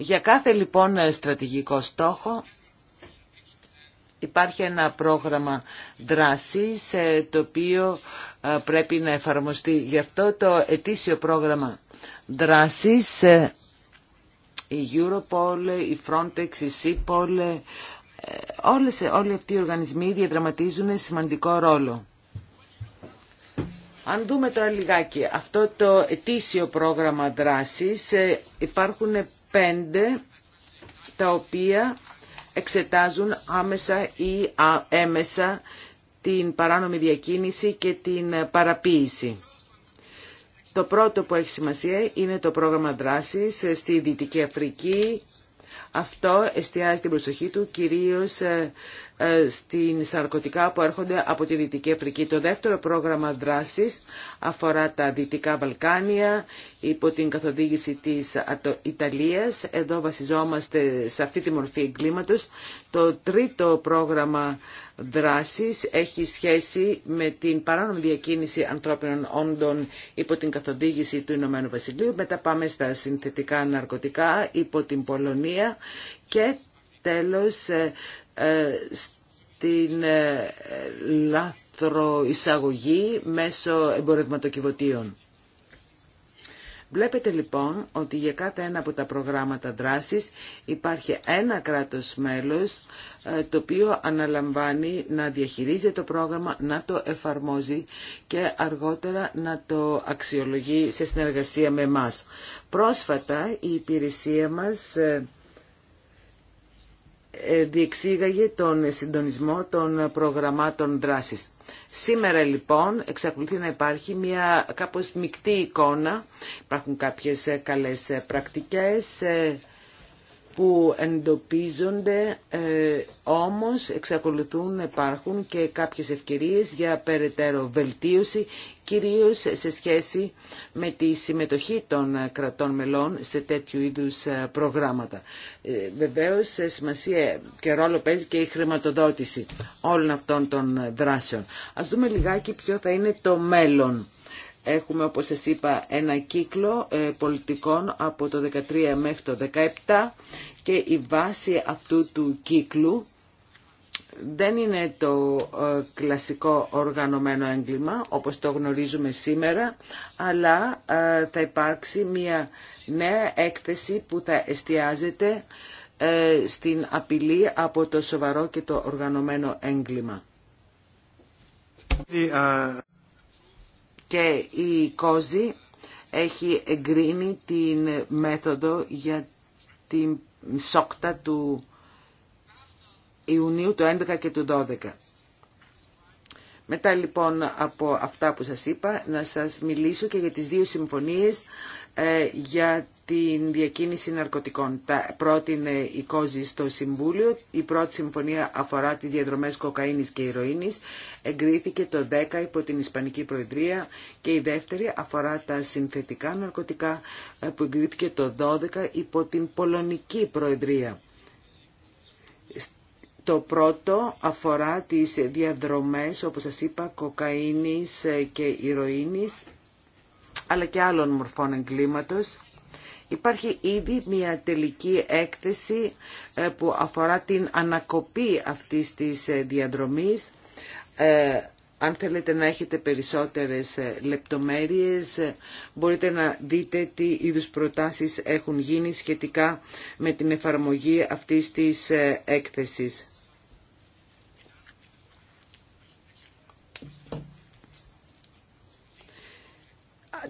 Speaker 3: Για κάθε λοιπόν στρατηγικό στόχο υπάρχει ένα πρόγραμμα δράσης ε, το οποίο ε, πρέπει να εφαρμοστεί. Γι' αυτό το ετήσιο πρόγραμμα δράσης ε, η Europol, η Frontex, η Cipol, όλες, όλοι αυτοί οι οργανισμοί διαδραματίζουν σημαντικό ρόλο. Αν δούμε τώρα λιγάκι αυτό το ετήσιο πρόγραμμα δράσης, υπάρχουν πέντε τα οποία εξετάζουν άμεσα ή έμεσα την παράνομη διακίνηση και την παραποίηση. Το πρώτο που έχει σημασία είναι το πρόγραμμα δράσης στη Δυτική Αφρική αυτό εστιάζει την προσοχή του κυρίως ε, ε, στην σαρκωτικά που έρχονται από τη Δυτική Αφρική. Το δεύτερο πρόγραμμα δράσης αφορά τα Δυτικά Βαλκάνια υπό την καθοδήγηση της Ιταλίας. Εδώ βασιζόμαστε σε αυτή τη μορφή εγκλήματος. Το τρίτο πρόγραμμα δράσης έχει σχέση με την παράνομη διακίνηση ανθρώπινων όντων υπό την καθοδήγηση του Ηνωμένου Βασιλείου. Μετά πάμε στα συνθετικά ναρκωτικά υπό την Πολωνία και τέλος ε, ε, στην ε, εισαγωγή μέσω εμπορευματοκιβωτίων. Βλέπετε λοιπόν ότι για κάθε ένα από τα προγράμματα δράσης υπάρχει ένα κράτος μέλος ε, το οποίο αναλαμβάνει να διαχειρίζεται το πρόγραμμα, να το εφαρμόζει και αργότερα να το αξιολογεί σε συνεργασία με μας. Πρόσφατα η υπηρεσία μας ε, ε, διεξήγαγε τον συντονισμό των προγραμμάτων δράσης. Σήμερα λοιπόν εξακολουθεί να υπάρχει μια κάπως μεικτή εικόνα. Υπάρχουν κάποιες καλές πρακτικές, ε, που εντοπίζονται, ε, όμως εξακολουθούν να υπάρχουν και κάποιες ευκαιρίες για περαιτέρω βελτίωση, κυρίως σε σχέση με τη συμμετοχή των κρατών μελών σε τέτοιου είδους ε, προγράμματα. Ε, βεβαίως, σε σημασία και ρόλο παίζει και η χρηματοδότηση όλων αυτών των δράσεων. Ας δούμε λιγάκι ποιο θα είναι το μέλλον Έχουμε, όπως σας είπα, ένα κύκλο ε, πολιτικών από το 13 μέχρι το 17 και η βάση αυτού του κύκλου δεν είναι το ε, κλασικό οργανωμένο έγκλημα, όπως το γνωρίζουμε σήμερα, αλλά ε, θα υπάρξει μια νέα έκθεση που θα εστιάζεται στην απειλή από το σοβαρό και το οργανωμένο έγκλημα. Και η Κόζη έχει εγκρίνει την μέθοδο για την σόκτα του Ιουνίου του 11 και του 12. Μετά λοιπόν από αυτά που σας είπα, να σας μιλήσω και για τις δύο συμφωνίες ε, για την διακίνηση ναρκωτικών. Τα πρότεινε η Κόζη στο Συμβούλιο. Η πρώτη συμφωνία αφορά τις διαδρομές κοκαίνης και ηρωίνης. Εγκρίθηκε το 10 υπό την Ισπανική Προεδρία και η δεύτερη αφορά τα συνθετικά ναρκωτικά ε, που εγκρίθηκε το 12 υπό την Πολωνική Προεδρία. Το πρώτο αφορά τις διαδρομές, όπως σας είπα, κοκαίνης ε, και ηρωίνης αλλά και άλλων μορφών εγκλήματος Υπάρχει ήδη μια τελική έκθεση ε, που αφορά την ανακοπή αυτής της ε, διαδρομής. Ε, αν θέλετε να έχετε περισσότερες λεπτομέρειες, μπορείτε να δείτε τι είδους προτάσεις έχουν γίνει σχετικά με την εφαρμογή αυτής της έκθεσης.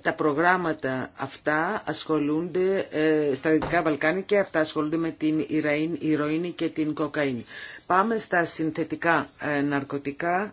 Speaker 3: τα προγράμματα αυτά ασχολούνται ε, στα Δυτικά Βαλκάνια και αυτά ασχολούνται με την ηρωίνη και την κοκαίνη. Πάμε στα συνθετικά ε, ναρκωτικά.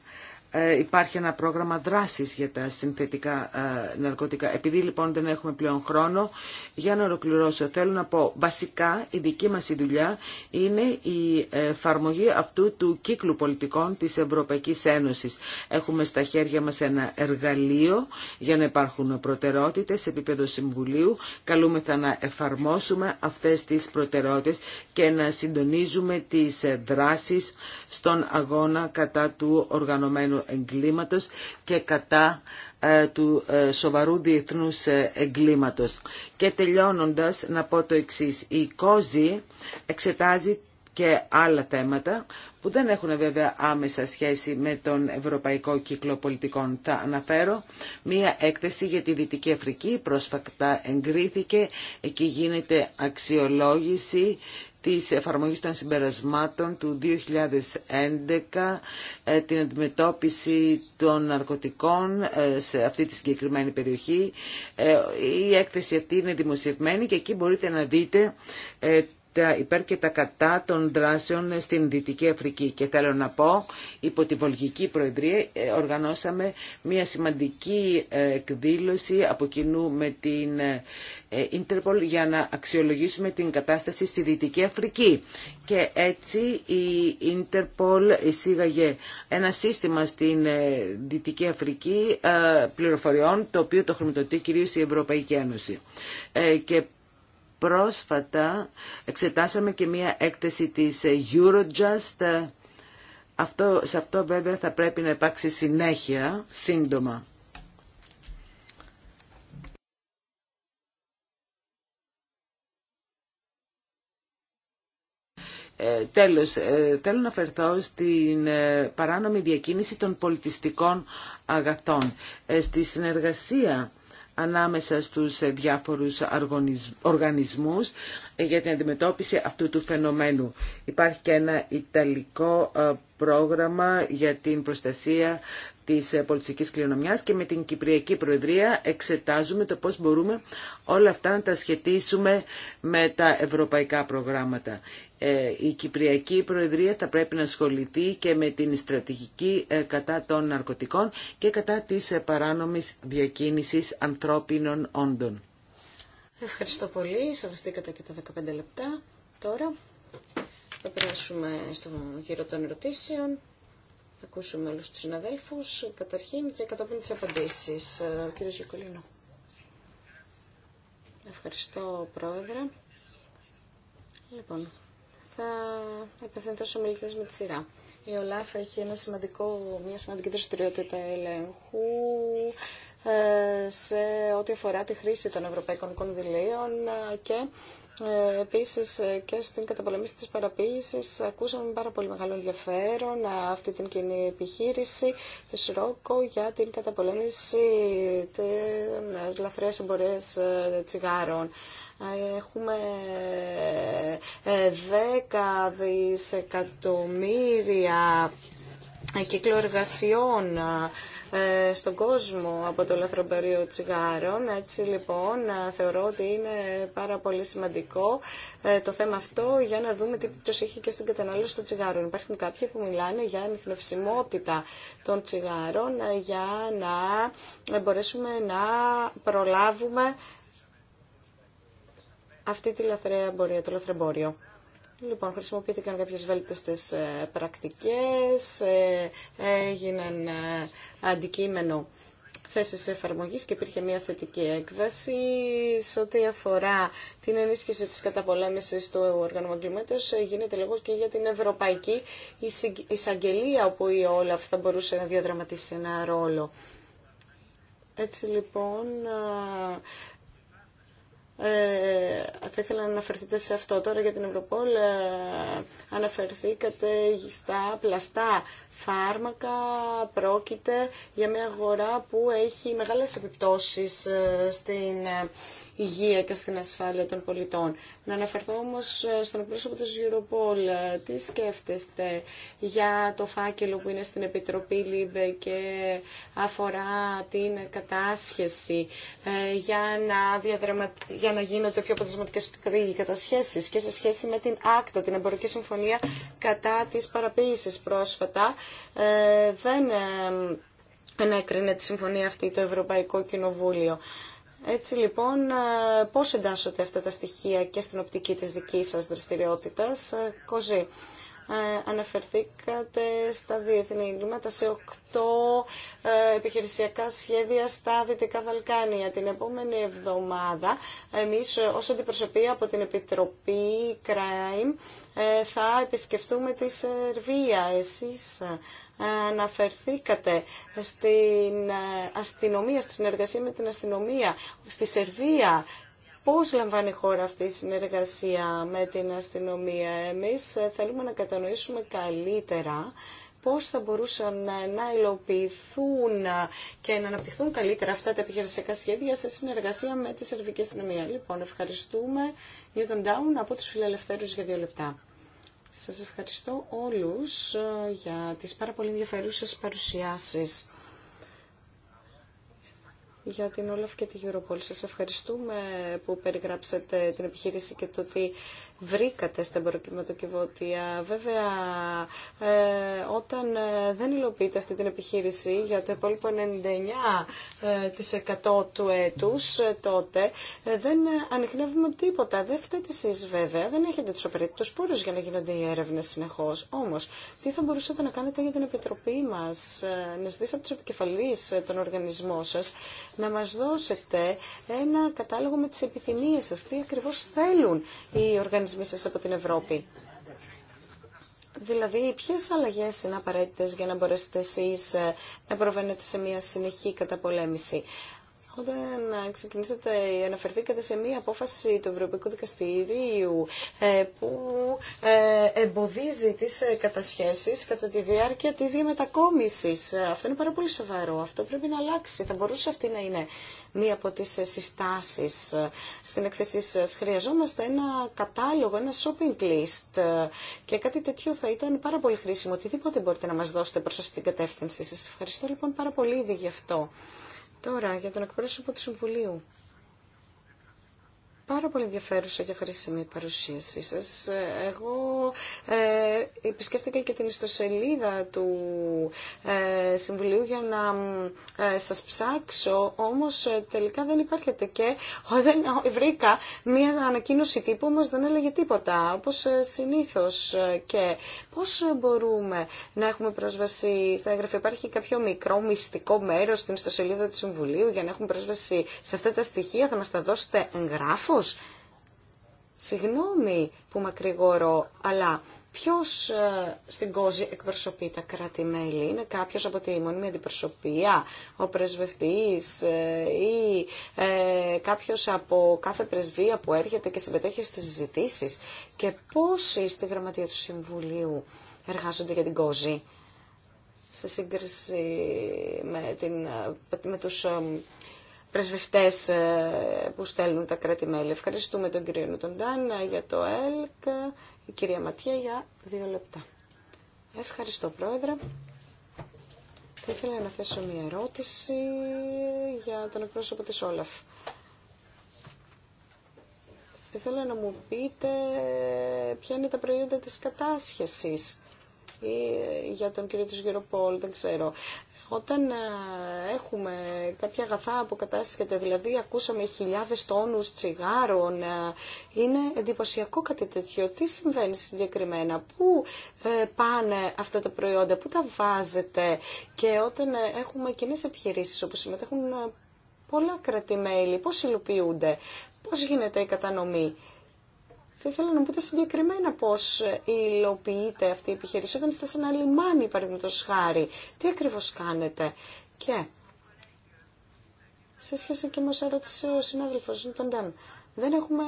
Speaker 3: Ε, υπάρχει ένα πρόγραμμα δράσης για τα συνθετικά ε, ναρκωτικά. Επειδή λοιπόν δεν έχουμε πλέον χρόνο, για να ολοκληρώσω θέλω να πω βασικά η δική μας η δουλειά είναι η εφαρμογή αυτού του κύκλου πολιτικών της Ευρωπαϊκής Ένωσης. Έχουμε στα χέρια μας ένα εργαλείο για να υπάρχουν προτεραιότητες σε επίπεδο Συμβουλίου. Καλούμεθα να εφαρμόσουμε αυτές τις προτεραιότητες και να συντονίζουμε τις δράσεις στον αγώνα κατά του οργανωμένου εγκλήματος και κατά ε, του ε, σοβαρού διεθνούς ε, εγκλήματος. Και τελειώνοντας να πω το εξής. Η ΚΟΖΗ εξετάζει και άλλα θέματα που δεν έχουν βέβαια άμεσα σχέση με τον Ευρωπαϊκό Κύκλο Πολιτικών. Θα αναφέρω μία έκθεση για τη Δυτική Αφρική, πρόσφατα εγκρίθηκε, εκεί γίνεται αξιολόγηση της εφαρμογής των συμπερασμάτων του 2011, ε, την αντιμετώπιση των ναρκωτικών ε, σε αυτή τη συγκεκριμένη περιοχή. Ε, η έκθεση αυτή είναι δημοσιευμένη και εκεί μπορείτε να δείτε τα υπέρ και τα κατά των δράσεων στην Δυτική Αφρική. Και θέλω να πω, υπό τη Βολγική Προεδρία ε, οργανώσαμε μια σημαντική ε, εκδήλωση από κοινού με την Interpol ε, για να αξιολογήσουμε την κατάσταση στη Δυτική Αφρική. Και έτσι η Interpol εισήγαγε ένα σύστημα στην Δυτική Αφρική πληροφοριών, το οποίο το χρηματοδοτεί κυρίως η Ευρωπαϊκή Ένωση. Και Πρόσφατα εξετάσαμε και μία έκθεση της Eurojust. Αυτό, σε αυτό βέβαια θα πρέπει να υπάρξει συνέχεια, σύντομα. Ε, τέλος, ε, θέλω να φερθώ στην ε, παράνομη διακίνηση των πολιτιστικών αγαθών. Ε, στη συνεργασία ανάμεσα στους διάφορους οργανισμούς για την αντιμετώπιση αυτού του φαινομένου. Υπάρχει και ένα ιταλικό ε, πρόγραμμα για την προστασία της ε, πολιτιστικής κληρονομιάς και με την Κυπριακή Προεδρία εξετάζουμε το πώς μπορούμε όλα αυτά να τα σχετίσουμε με τα ευρωπαϊκά προγράμματα. Ε, η Κυπριακή Προεδρία θα πρέπει να ασχοληθεί και με την στρατηγική ε, κατά των ναρκωτικών και κατά της παράνομης διακίνησης ανθρώπινων όντων.
Speaker 1: Ευχαριστώ πολύ. Σεβαστήκατε και τα 15 λεπτά. Τώρα θα περάσουμε στο γύρο των ερωτήσεων ακούσουμε όλους του συναδέλφους καταρχήν και κατόπιν τις απαντήσεις. Ο ε, κύριος Γεκολίνο. Ευχαριστώ, Πρόεδρε. Λοιπόν, θα επευθυνθώ στους με τη σειρά. Η ΟΛΑΦ έχει ένα σημαντικό, μια σημαντική δραστηριότητα ελέγχου ε, σε ό,τι αφορά τη χρήση των ευρωπαϊκών κονδυλίων και ε, επίσης ε, και στην καταπολεμήση της παραποίησης ακούσαμε πάρα πολύ μεγάλο ενδιαφέρον ε, αυτή την κοινή επιχείρηση τη ΡΟΚΟ για την καταπολεμήση της λαθρέας εμπορίας τσιγάρων. Έχουμε 10 δισεκατομμύρια κύκλο εργασιών ε, στον κόσμο από το λαθρομπερίο τσιγάρων. Έτσι λοιπόν ε, θεωρώ ότι είναι πάρα πολύ σημαντικό ε, το θέμα αυτό για να δούμε τι ποιος έχει και στην κατανάλωση των τσιγάρων. Υπάρχουν κάποιοι που μιλάνε για ανιχνευσιμότητα των τσιγάρων για να μπορέσουμε να προλάβουμε αυτή τη λαθρέα εμπορία, το λαθρεμπόριο. Λοιπόν, χρησιμοποιήθηκαν κάποιες βέλτιστες ε, πρακτικές, ε, έγιναν ε, αντικείμενο θέσεις εφαρμογής και υπήρχε μια θετική έκβαση σε ό,τι αφορά την ενίσχυση της καταπολέμησης του οργανωμένου γίνεται λοιπόν, και για την Ευρωπαϊκή Εισαγγελία όπου η Όλαφ θα μπορούσε να διαδραματίσει ένα ρόλο. Έτσι λοιπόν ε, θα ήθελα να αναφερθείτε σε αυτό τώρα για την Ευρωπόλ. Ε, αναφερθήκατε στα πλαστά φάρμακα. Πρόκειται για μια αγορά που έχει μεγάλες επιπτώσεις ε, στην υγεία και στην ασφάλεια των πολιτών. Να αναφερθώ όμως ε, στον εκπρόσωπο της Europol. Ε, τι σκέφτεστε για το φάκελο που είναι στην Επιτροπή ΛΥΜΠΕ και αφορά την κατάσχεση ε, για να, για να γίνονται πιο αποτελεσματικές κατασχέσεις και σε σχέση με την ΑΚΤΑ, την Εμπορική Συμφωνία κατά τις παραποίησης πρόσφατα. δεν... Ενέκρινε τη συμφωνία αυτή το Ευρωπαϊκό Κοινοβούλιο. Έτσι λοιπόν, ε, πώς εντάσσονται αυτά τα στοιχεία και στην οπτική της δικής σας δραστηριότητας. Ε, Κοζή, ε, αναφερθήκατε στα διεθνή εγκλήματα σε οκτώ επιχειρησιακά σχέδια στα Δυτικά Βαλκάνια. Την επόμενη εβδομάδα εμείς ως αντιπροσωπεία από την Επιτροπή Crime θα επισκεφτούμε τη Σερβία. Εσείς αναφερθήκατε στην ε, αστυνομία, στη συνεργασία με την αστυνομία, στη Σερβία. Πώς λαμβάνει η χώρα αυτή η συνεργασία με την αστυνομία. Εμείς ε, θέλουμε να κατανοήσουμε καλύτερα πώς θα μπορούσαν ε, να υλοποιηθούν και να αναπτυχθούν καλύτερα αυτά τα επιχειρησιακά σχέδια σε συνεργασία με τη Σερβική Αστυνομία. Λοιπόν, ευχαριστούμε. Newton Down από τους φιλελευθέρους για δύο λεπτά. Σας ευχαριστώ όλους ε, για τις πάρα πολύ ενδιαφέρουσες παρουσιάσεις για την Όλαφ και τη Europol. Σας ευχαριστούμε που περιγράψατε την επιχείρηση και το ότι βρήκατε στα εμποροκυματοκιβώτια. Βέβαια, ε, όταν ε, δεν υλοποιείται αυτή την επιχείρηση για το υπόλοιπο 99% ε, του έτους, τότε δεν ανοιχνεύουμε τίποτα. Δεν φταίτε εσείς βέβαια, δεν έχετε τους απαραίτητους πόρους για να γίνονται οι έρευνες συνεχώς. Όμως, τι θα μπορούσατε να κάνετε για την Επιτροπή μας, να ζητήσετε τους επικεφαλείς των οργανισμών σας, να μας δώσετε ένα κατάλογο με τις επιθυμίες σας, τι ακριβώς θέλουν οι οργανισμοί την Ευρώπη. Δηλαδή, ποιε αλλαγέ είναι απαραίτητε για να μπορέσετε εσεί ε, να προβαίνετε σε μια συνεχή καταπολέμηση όταν ξεκινήσατε, αναφερθήκατε σε μία απόφαση του Ευρωπαϊκού Δικαστηρίου ε, που ε, εμποδίζει τις ε, κατασχέσεις κατά τη διάρκεια της διαμετακόμισης. Αυτό είναι πάρα πολύ σοβαρό. Αυτό πρέπει να αλλάξει. Θα μπορούσε αυτή να είναι μία από τις συστάσεις στην εκθεσή σας. Χρειαζόμαστε ένα κατάλογο, ένα shopping list και κάτι τέτοιο θα ήταν πάρα πολύ χρήσιμο. Οτιδήποτε μπορείτε να μας δώσετε προς αυτή την κατεύθυνση σας. Ευχαριστώ λοιπόν πάρα πολύ ήδη γι' αυτό. Τώρα, για τον εκπρόσωπο του Συμβουλίου. Πάρα πολύ ενδιαφέρουσα και χρήσιμη η παρουσίασή σας. Εγώ ε, επισκέφτηκα και την ιστοσελίδα του ε, Συμβουλίου για να ε, σας ψάξω, όμως ε, τελικά δεν υπάρχεται και δεν βρήκα μία ανακοίνωση τύπου, όμως δεν έλεγε τίποτα, όπως ε, συνήθως. Και πώς μπορούμε να έχουμε πρόσβαση στα έγγραφα, υπάρχει κάποιο μικρό μυστικό μέρος στην ιστοσελίδα του Συμβουλίου για να έχουμε πρόσβαση σε αυτά τα στοιχεία, θα μας τα δώσετε εγγράφο. Δυστυχώς, συγγνώμη που μακρηγορώ, αλλά ποιος ε, στην κόζη εκπροσωπεί τα κράτη-μέλη. Είναι κάποιος από τη μονίμη αντιπροσωπεία, ο πρεσβευτής ε, ή ε, κάποιος από κάθε πρεσβεία που έρχεται και συμμετέχει στις συζητήσεις. Και πόσοι στη γραμματεία του Συμβουλίου εργάζονται για την κόζη σε σύγκριση με, την, ε, με τους ε, που στέλνουν τα κράτη-μέλη. Ευχαριστούμε τον κύριο Νουτοντάν ε, για το ΕΛΚ, η κυρία Ματία για δύο λεπτά. Ευχαριστώ πρόεδρε. Θα ήθελα να θέσω μια ερώτηση για τον εκπρόσωπο της Όλαφ. Θα ήθελα να μου πείτε ε, ποια είναι τα προϊόντα της κατάσχεσης για τον κύριο της Γεροπόλ, δεν ξέρω. Όταν ε, έχουμε κάποια αγαθά που κατάσχεται, δηλαδή ακούσαμε χιλιάδες τόνους τσιγάρων, ε, είναι εντυπωσιακό κάτι τέτοιο. Τι συμβαίνει συγκεκριμένα, πού ε, πάνε αυτά τα προϊόντα, πού τα βάζετε και όταν έχουμε κοινέ επιχειρήσεις όπου συμμετέχουν πολλά κρατημέλη, πώς υλοποιούνται, πώς γίνεται η κατανομή. Θα ήθελα να μου πείτε συγκεκριμένα πώ υλοποιείται αυτή η επιχείρηση όταν είστε σε ένα λιμάνι, παραδείγματο χάρη. Τι ακριβώ κάνετε. Και σε σχέση και όσα ρώτησε ο συνάδελφος Νιτοντάν. Δεν έχουμε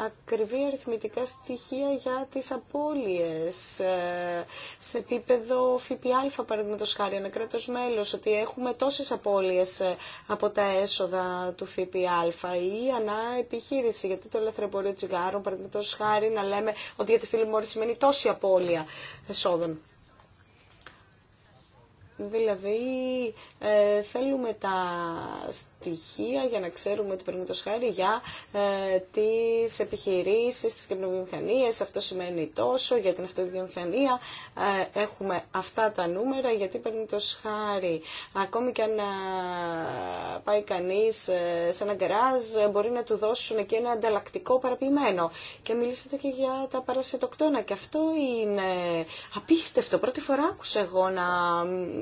Speaker 1: ακριβή αριθμητικά στοιχεία για τις απώλειες ε, σε επίπεδο ΦΠΑ παραδείγματος χάρη ένα κράτος μέλος ότι έχουμε τόσες απώλειες ε, από τα έσοδα του ΦΠΑ ή ανά επιχείρηση γιατί το εμπορίο τσιγάρων παραδείγματος χάρη να λέμε ότι για τη μου σημαίνει τόση απώλεια εσόδων. Δηλαδή ε, θέλουμε τα στοιχεία για να ξέρουμε ότι παίρνουμε το χάρη για ε, τις επιχειρήσεις, τις αυτό σημαίνει τόσο για την αυτοβιομηχανία. Ε, έχουμε αυτά τα νούμερα γιατί παίρνει το χάρη. Ακόμη και αν ε, πάει κανείς ε, σε ένα γκαράζ μπορεί να του δώσουν και ένα ανταλλακτικό παραποιημένο. Και μιλήσατε και για τα παρασιτοκτόνα και αυτό είναι απίστευτο. Πρώτη φορά άκουσα εγώ να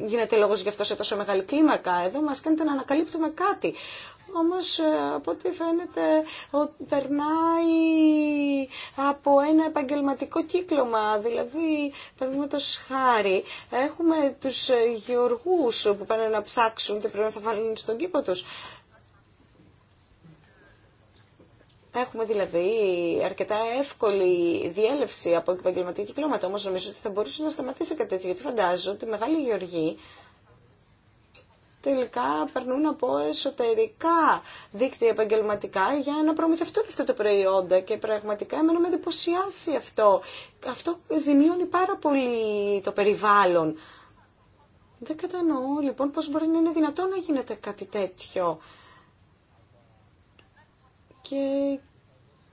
Speaker 1: γίνεται λόγος γι' αυτό σε τόσο μεγάλη κλίμακα. Εδώ μας κάνετε να ανακαλύπτουμε κάτι. Όμως ε, από ό,τι φαίνεται περνάει από ένα επαγγελματικό κύκλωμα. Δηλαδή, παραδείγματο χάρη, έχουμε τους ε, γεωργούς που πάνε να ψάξουν τι πρέπει να θα βάλουν στον κήπο τους. Έχουμε δηλαδή αρκετά εύκολη διέλευση από επαγγελματικά κυκλώματα, όμως νομίζω ότι θα μπορούσε να σταματήσει κάτι τέτοιο, γιατί φαντάζομαι ότι μεγάλη γεωργοί τελικά περνούν από εσωτερικά δίκτυα επαγγελματικά για να προμηθευτούν αυτά τα προϊόντα και πραγματικά εμένα με εντυπωσιάσει αυτό. Αυτό ζημιώνει πάρα πολύ το περιβάλλον. Δεν κατανοώ λοιπόν πώς μπορεί να είναι δυνατόν να γίνεται κάτι τέτοιο. Και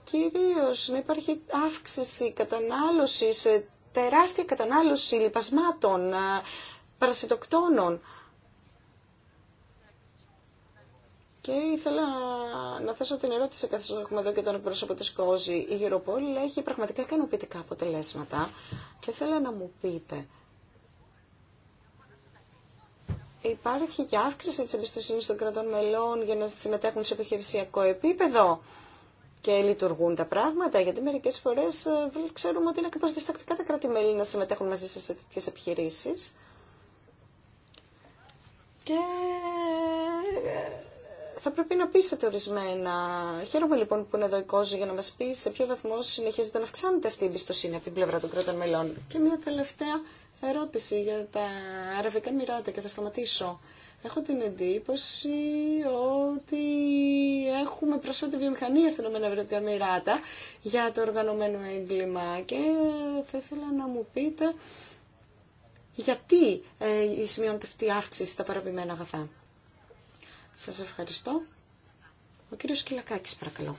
Speaker 1: κυρίως να υπάρχει αύξηση κατανάλωσης, τεράστια κατανάλωση λιπασμάτων, ε, παρασιτοκτόνων. Και ήθελα να θέσω την ερώτηση, καθώ έχουμε εδώ και τον εκπρόσωπο τη Κόζη. Η Γεροπόλη έχει πραγματικά ικανοποιητικά αποτελέσματα. Και θέλω να μου πείτε, υπάρχει και αύξηση τη εμπιστοσύνη των κρατών μελών για να συμμετέχουν σε επιχειρησιακό επίπεδο και λειτουργούν τα πράγματα, γιατί μερικές φορές ε, ξέρουμε ότι είναι ακριβώς διστακτικά τα κράτη-μέλη να συμμετέχουν μαζί σε τέτοιες επιχειρήσεις Και ε, θα πρέπει να πείσετε ορισμένα. Χαίρομαι λοιπόν που είναι εδώ η Κόζη για να μα πει σε ποιο βαθμό συνεχίζεται να αυξάνεται αυτή η εμπιστοσύνη από την πλευρά των κρατών μελών. Και μια τελευταία ερώτηση για τα αραβικά μοιράτα και θα σταματήσω. Έχω την εντύπωση ότι έχουμε προσφέρει βιομηχανία στην ΟΕΕ Μοιράτα για το οργανωμένο έγκλημα και θα ήθελα να μου πείτε γιατί ε, σημειώνεται αυτή η αύξηση στα παραπημένα αγαθά. Σας ευχαριστώ. Ο κύριος Κυλακάκης, παρακαλώ.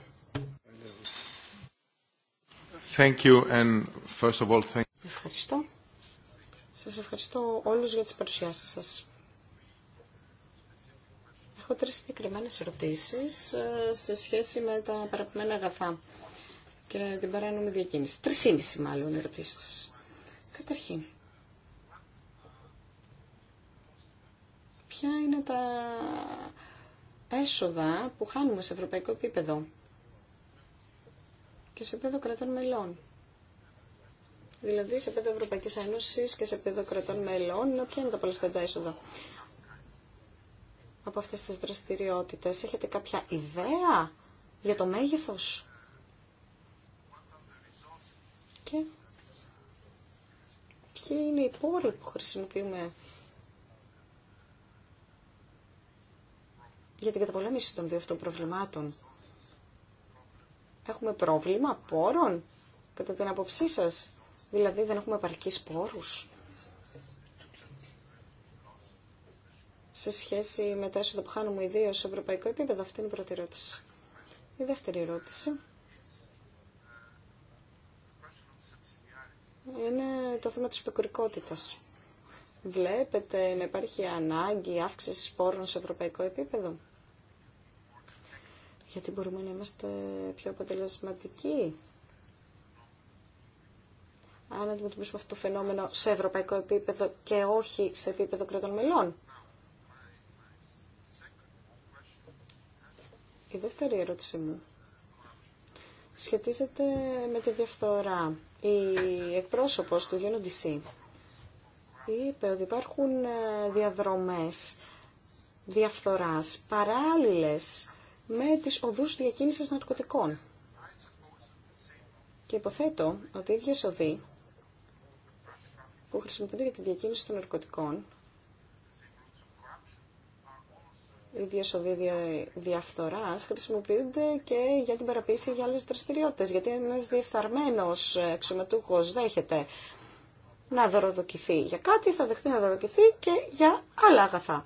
Speaker 2: Thank you and first of all, thank
Speaker 1: Ευχαριστώ. Σας ευχαριστώ όλους για τις παρουσιάσεις σας. Έχω τρεις συγκεκριμένε ερωτήσεις ε, σε σχέση με τα παραπημένα αγαθά και την παράνομη διακίνηση. Τρεις μάλλον ερωτήσεις. Καταρχήν, ποια είναι τα έσοδα που χάνουμε σε ευρωπαϊκό επίπεδο και σε επίπεδο κρατών μελών. Δηλαδή σε επίπεδο Ευρωπαϊκή Ένωση και σε επίπεδο κρατών μελών, ποια είναι τα πολλαστατά έσοδα από αυτέ τι δραστηριότητε, Έχετε κάποια ιδέα για το μέγεθο. Και ποιοι είναι οι πόροι που χρησιμοποιούμε για την καταπολέμηση των δύο αυτών προβλημάτων. Έχουμε πρόβλημα πόρων, κατά την άποψή σα. Δηλαδή δεν έχουμε επαρκή πόρους. Σε σχέση με τα έσοδα που χάνουμε ιδίω σε ευρωπαϊκό επίπεδο, αυτή είναι η πρώτη ερώτηση. Η δεύτερη ερώτηση είναι το θέμα της πεκορικότητας. Βλέπετε να υπάρχει ανάγκη αύξησης πόρων σε ευρωπαϊκό επίπεδο γιατί μπορούμε να είμαστε πιο αποτελεσματικοί αν αντιμετωπίσουμε αυτό το φαινόμενο σε ευρωπαϊκό επίπεδο και όχι σε επίπεδο κρατών μελών. Η δεύτερη ερώτησή μου σχετίζεται με τη διαφθορά. Η εκπρόσωπος του UNODC είπε ότι υπάρχουν ε, διαδρομές διαφθοράς παράλληλες με τις οδούς διακίνησης ναρκωτικών. Και υποθέτω ότι οι ίδιες οδοί που χρησιμοποιούνται για τη διακίνηση των ναρκωτικών, οι ίδιες οδοί διαφθοράς χρησιμοποιούνται και για την παραποίηση για άλλες δραστηριότητες, γιατί ένας διεφθαρμένος αξιωματούχος δέχεται να δωροδοκηθεί για κάτι, θα δεχτεί να δωροδοκηθεί και για άλλα αγαθά.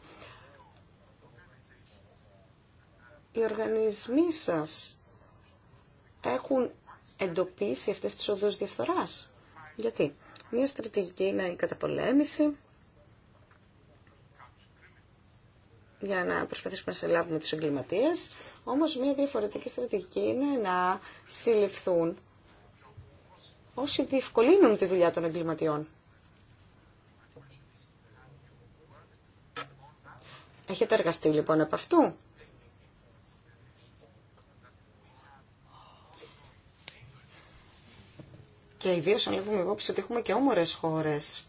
Speaker 1: οι οργανισμοί σας έχουν εντοπίσει αυτές τις οδούς διαφθοράς. Γιατί μια στρατηγική είναι η καταπολέμηση για να προσπαθήσουμε να συλλάβουμε τους εγκληματίες, όμως μια διαφορετική στρατηγική είναι να συλληφθούν όσοι διευκολύνουν τη δουλειά των εγκληματιών. Έχετε εργαστεί λοιπόν από αυτού Και ιδίω αν λάβουμε υπόψη ότι έχουμε και όμορες χώρες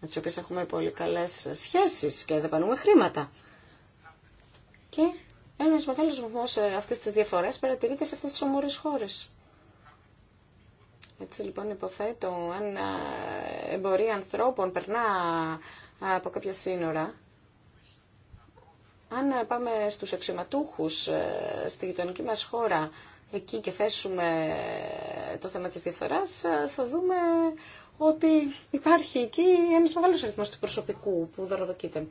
Speaker 1: με τι οποίε έχουμε πολύ καλές σχέσεις και δεπανούμε χρήματα. Και ένας μεγάλος βαθμό ε, αυτή της διαφοράς παρατηρείται σε αυτές τις όμορες χώρες. Έτσι λοιπόν υποθέτω, αν ε, εμπορία ανθρώπων περνά ε, από κάποια σύνορα, αν πάμε στους αξιωματούχους στη γειτονική μας χώρα εκεί και θέσουμε το θέμα της διαφθοράς, θα δούμε ότι υπάρχει εκεί ένας μεγάλος αριθμός του προσωπικού που δωροδοκείται.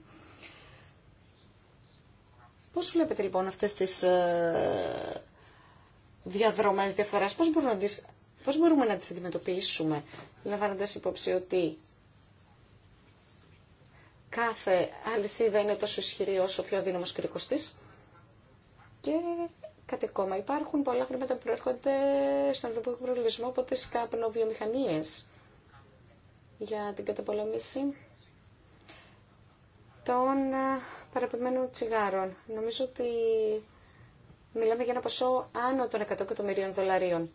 Speaker 1: Πώς βλέπετε λοιπόν αυτές τις ε, διαδρομές διαφθοράς, πώς μπορούμε να τις, πώς μπορούμε να τις αντιμετωπίσουμε, λαμβάνοντας υπόψη ότι κάθε αλυσίδα είναι τόσο ισχυρή όσο πιο δύναμος κρίκος της και Κάτι Υπάρχουν πολλά χρήματα που προέρχονται στον ευρωπαϊκό προβλησμό από τι καπνοβιομηχανίε. για την καταπολέμηση των ε, παραπημένων τσιγάρων. Νομίζω ότι μιλάμε για ένα ποσό άνω των 100 εκατομμυρίων δολαρίων.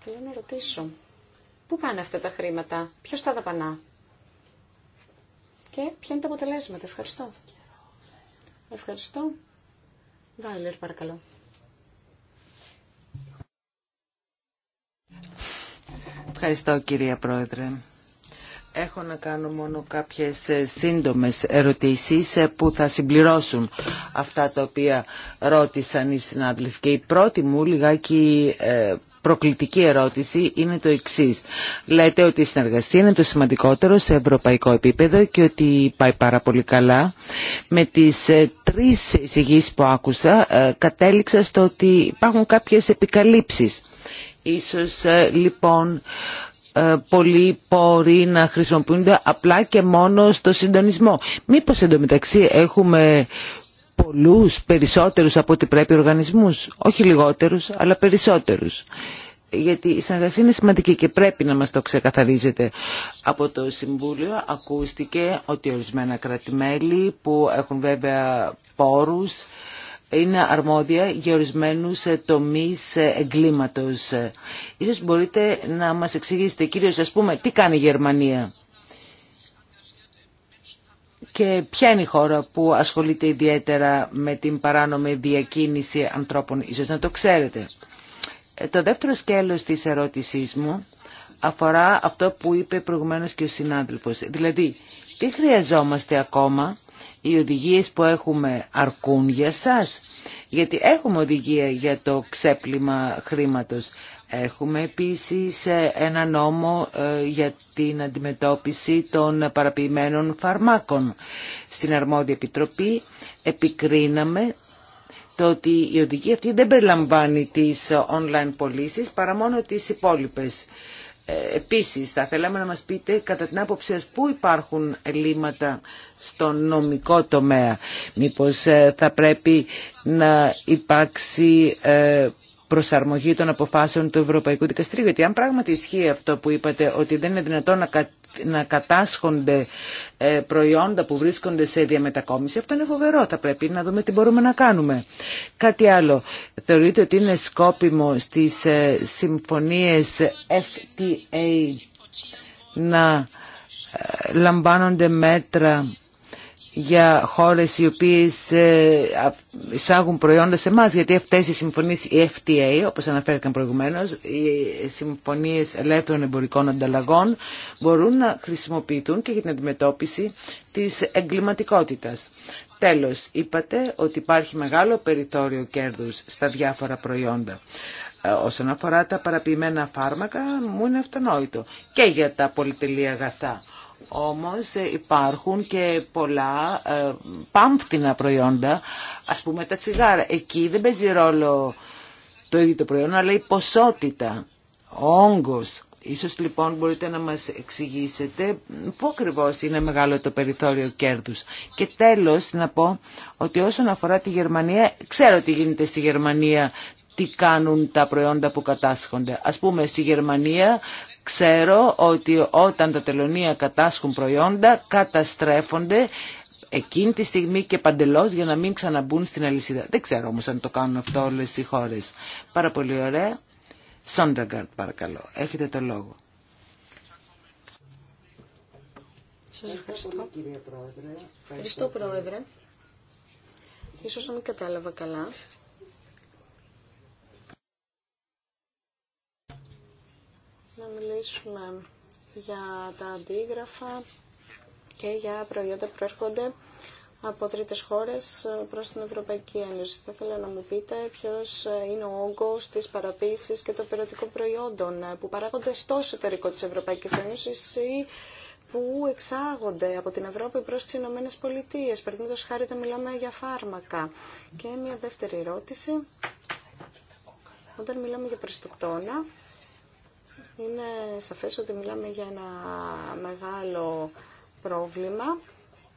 Speaker 1: Θέλω να ρωτήσω, πού πάνε αυτά τα χρήματα, ποιος τα δαπανά και ποια είναι τα αποτελέσματα. Ευχαριστώ. Ευχαριστώ.
Speaker 3: Ευχαριστώ κυρία Πρόεδρε. Έχω να κάνω μόνο κάποιες ε, σύντομες ερωτήσεις ε, που θα συμπληρώσουν αυτά τα οποία ρώτησαν οι συνάδελφοι. Και η πρώτη μου λιγάκι ε, προκλητική ερώτηση είναι το εξής. Λέτε ότι η συνεργασία είναι το σημαντικότερο σε ευρωπαϊκό επίπεδο και ότι πάει πάρα πολύ καλά. Με τις ε, τρεις εισηγήσεις που άκουσα ε, κατέληξα στο ότι υπάρχουν κάποιες επικαλύψεις. Ίσως ε, λοιπόν πολλοί πόροι να χρησιμοποιούνται απλά και μόνο στο συντονισμό. Μήπως εντωμεταξύ έχουμε πολλούς περισσότερους από ό,τι πρέπει οργανισμούς. Όχι λιγότερους, αλλά περισσότερους. Γιατί η συνεργασία είναι σημαντική και πρέπει να μας το ξεκαθαρίζετε. Από το Συμβούλιο ακούστηκε ότι ορισμένα κρατημέλη που έχουν βέβαια πόρους είναι αρμόδια για ορισμένου τομεί εγκλήματο. Ίσως μπορείτε να μας εξηγήσετε, κυρίως ας πούμε, τι κάνει η Γερμανία και ποια είναι η χώρα που ασχολείται ιδιαίτερα με την παράνομη διακίνηση ανθρώπων, ίσως να το ξέρετε. Ε, το δεύτερο σκέλος της ερώτησής μου αφορά αυτό που είπε προηγουμένως και ο συνάδελφος. Δηλαδή, τι χρειαζόμαστε ακόμα, οι οδηγίες που έχουμε αρκούν για σας, γιατί έχουμε οδηγία για το ξέπλυμα χρήματος. Έχουμε επίσης ε, ένα νόμο ε, για την αντιμετώπιση των παραποιημένων φαρμάκων. Στην αρμόδια επιτροπή επικρίναμε το ότι η οδηγία αυτή δεν περιλαμβάνει τις online πωλήσει παρά μόνο τις υπόλοιπες. Ε, επίσης, θα θέλαμε να μας πείτε κατά την άποψη σας πού υπάρχουν ελλείμματα στο νομικό τομέα. Μήπως θα πρέπει να υπάρξει προσαρμογή των αποφάσεων του Ευρωπαϊκού Δικαστηρίου. Γιατί αν πράγματι ισχύει αυτό που είπατε, ότι δεν είναι δυνατόν να κατάσχονται ε, προϊόντα που βρίσκονται σε διαμετακόμιση, αυτό είναι φοβερό. Θα πρέπει να δούμε τι μπορούμε να κάνουμε. Κάτι άλλο. Θεωρείτε ότι είναι σκόπιμο στις ε, συμφωνίες FTA να ε, λαμβάνονται μέτρα για χώρες οι οποίες ε, εισάγουν προϊόντα σε εμά, γιατί αυτές οι συμφωνίες, η FTA, όπως αναφέρθηκαν προηγουμένως, οι συμφωνίες ελεύθερων εμπορικών ανταλλαγών, μπορούν να χρησιμοποιηθούν και για την αντιμετώπιση της εγκληματικότητας. Τέλος, είπατε ότι υπάρχει μεγάλο περιθώριο κέρδους στα διάφορα προϊόντα. Ε, όσον αφορά τα παραποιημένα φάρμακα, μου είναι αυτονόητο και για τα πολυτελή αγαθά. Όμως ε, υπάρχουν και πολλά ε, πάμφτινα προϊόντα, ας πούμε τα τσιγάρα. Εκεί δεν παίζει ρόλο το ίδιο το προϊόν, αλλά η ποσότητα, ο όγκος. Ίσως λοιπόν μπορείτε να μας εξηγήσετε πού ακριβώ είναι μεγάλο το περιθώριο κέρδους. Και τέλος να πω ότι όσον αφορά τη Γερμανία, ξέρω τι γίνεται στη Γερμανία, τι κάνουν τα προϊόντα που κατάσχονται. Ας πούμε στη Γερμανία Ξέρω ότι όταν τα τελωνία κατάσχουν προϊόντα καταστρέφονται εκείνη τη στιγμή και παντελώς για να μην ξαναμπούν στην αλυσίδα. Δεν ξέρω όμως αν το κάνουν αυτό όλες οι χώρες. Πάρα πολύ ωραία. Σόνταγκαρτ παρακαλώ. Έχετε το λόγο. Σας ευχαριστώ. Ευχαριστώ, Πρόεδρε.
Speaker 1: Ίσως να μην κατάλαβα καλά να μιλήσουμε για τα αντίγραφα και για προϊόντα που προέρχονται από τρίτες χώρες προς την Ευρωπαϊκή Ένωση. Θα ήθελα να μου πείτε ποιος είναι ο όγκος της παραποίησης και των περιοτικών προϊόντων που παράγονται στο εσωτερικό της Ευρωπαϊκής Ένωσης ή που εξάγονται από την Ευρώπη προς τις Ηνωμένε Πολιτείε. Παραδείγματος χάρη δεν μιλάμε για φάρμακα. Και μια δεύτερη ερώτηση. Όταν μιλάμε για προστοκτόνα, είναι σαφές ότι μιλάμε για ένα μεγάλο πρόβλημα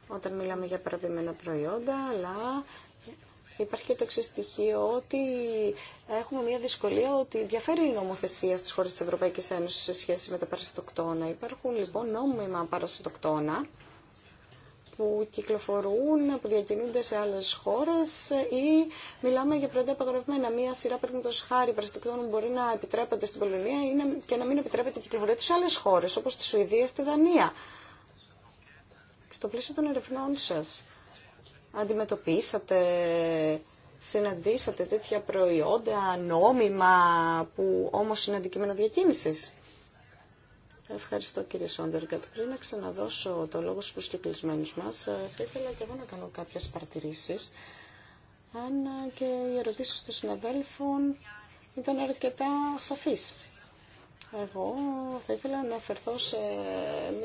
Speaker 1: όταν μιλάμε για παραπημένα προϊόντα, αλλά υπάρχει και το εξή στοιχείο ότι έχουμε μια δυσκολία ότι διαφέρει η νομοθεσία στις χώρες της Ευρωπαϊκής Ένωσης σε σχέση με τα παραστοκτόνα. Υπάρχουν λοιπόν νόμιμα παραστοκτόνα που κυκλοφορούν, που διακινούνται σε άλλε χώρε ή μιλάμε για προϊόντα απαγορευμένα. Μία σειρά παραδείγματο χάρη που μπορεί να επιτρέπεται στην Πολωνία και να μην επιτρέπεται η κυκλοφορία του σε άλλε χώρε, όπω στη Σουηδία, στη Δανία. Στο πλαίσιο των ερευνών σα αντιμετωπίσατε συναντήσατε τέτοια προϊόντα νόμιμα που όμως είναι αντικείμενο διακίνησης. Ευχαριστώ κύριε Σόντεργκατ Πριν να ξαναδώσω το λόγο στους προσκεκλεισμένους μας, ε, θα ήθελα και εγώ να κάνω κάποιες παρατηρήσεις. Αν ε, και οι ερωτήσει των συναδέλφων ήταν αρκετά σαφείς. Εγώ θα ήθελα να αναφερθώ σε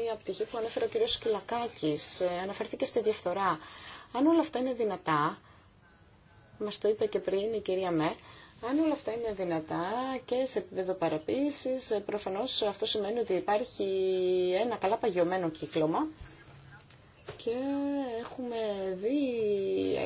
Speaker 1: μία πτυχή που ανέφερε ο κύριος Σκυλακάκης. Ε, αναφερθήκε στη διαφθορά. Αν όλα αυτά είναι δυνατά, μας το είπε και πριν η κυρία Με, αν όλα αυτά είναι δυνατά και σε επίπεδο παραποίηση. Ε, προφανώς αυτό σημαίνει ότι υπάρχει ένα καλά παγιωμένο κύκλωμα και έχουμε δει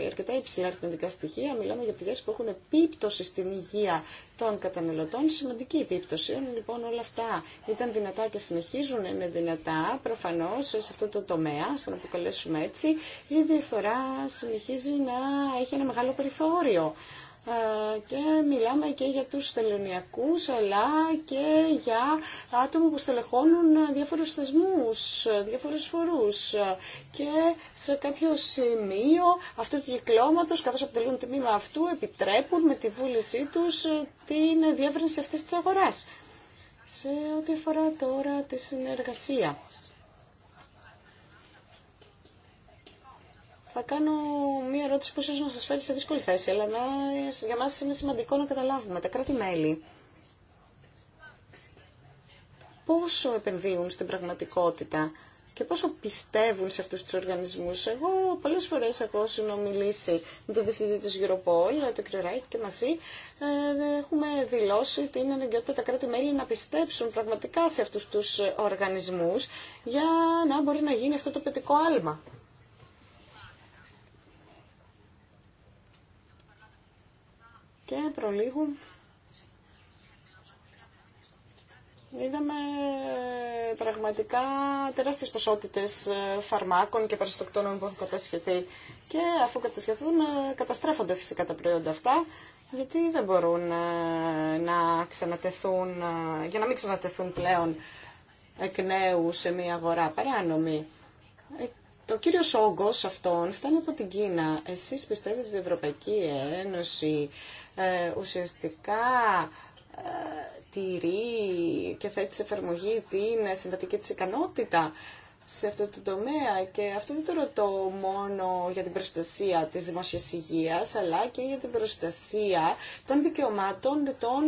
Speaker 1: αρκετά υψηλά αριθμητικά στοιχεία. Μιλάμε για πηγές που έχουν επίπτωση στην υγεία των καταναλωτών, σημαντική επίπτωση. Αν λοιπόν όλα αυτά ήταν δυνατά και συνεχίζουν να είναι δυνατά, προφανώς σε αυτό το τομέα, στον αποκαλέσουμε έτσι, η διαφθορά συνεχίζει να έχει ένα μεγάλο περιθώριο. Ε, και μιλάμε και για τους στελωνιακούς, αλλά και για άτομα που στελεχώνουν διάφορους θεσμούς, διάφορους φορούς και σε κάποιο σημείο αυτού του κυκλώματος καθώς αποτελούν τμήμα αυτού επιτρέπουν με τη βούλησή τους ε, την διεύρυνση αυτής της αγοράς. Σε ό,τι αφορά τώρα τη συνεργασία Θα κάνω μία ερώτηση που ίσως να σας φέρει σε δύσκολη θέση, αλλά για μας είναι σημαντικό να καταλάβουμε. Τα κράτη-μέλη πόσο επενδύουν στην πραγματικότητα και πόσο πιστεύουν σε αυτούς τους οργανισμούς. Εγώ πολλές φορές έχω συνομιλήσει με τον διευθυντή της Europol, τον κ. Ράιτ και μαζί, ε, έχουμε δηλώσει την αναγκαιότητα τα κράτη-μέλη να πιστέψουν πραγματικά σε αυτούς τους οργανισμούς για να μπορεί να γίνει αυτό το παιδικό άλμα. και προλίγου είδαμε πραγματικά τεράστιες ποσότητες ε, φαρμάκων και παραστοκτώνων που έχουν κατασχεθεί και αφού κατασχεθούν ε, καταστρέφονται φυσικά τα προϊόντα αυτά γιατί δεν μπορούν ε, να ξανατεθούν, για να μην ξανατεθούν πλέον εκ νέου σε μια αγορά παράνομη. Το κύριο όγκο αυτών φτάνει από την Κίνα. Εσείς πιστεύετε ότι η Ευρωπαϊκή Ένωση ε, ουσιαστικά ε, τηρεί και θέτει σε εφαρμογή την συμβατική της ικανότητα σε αυτό το τομέα και αυτό δεν το ρωτώ μόνο για την προστασία της δημόσιας υγείας αλλά και για την προστασία των δικαιωμάτων των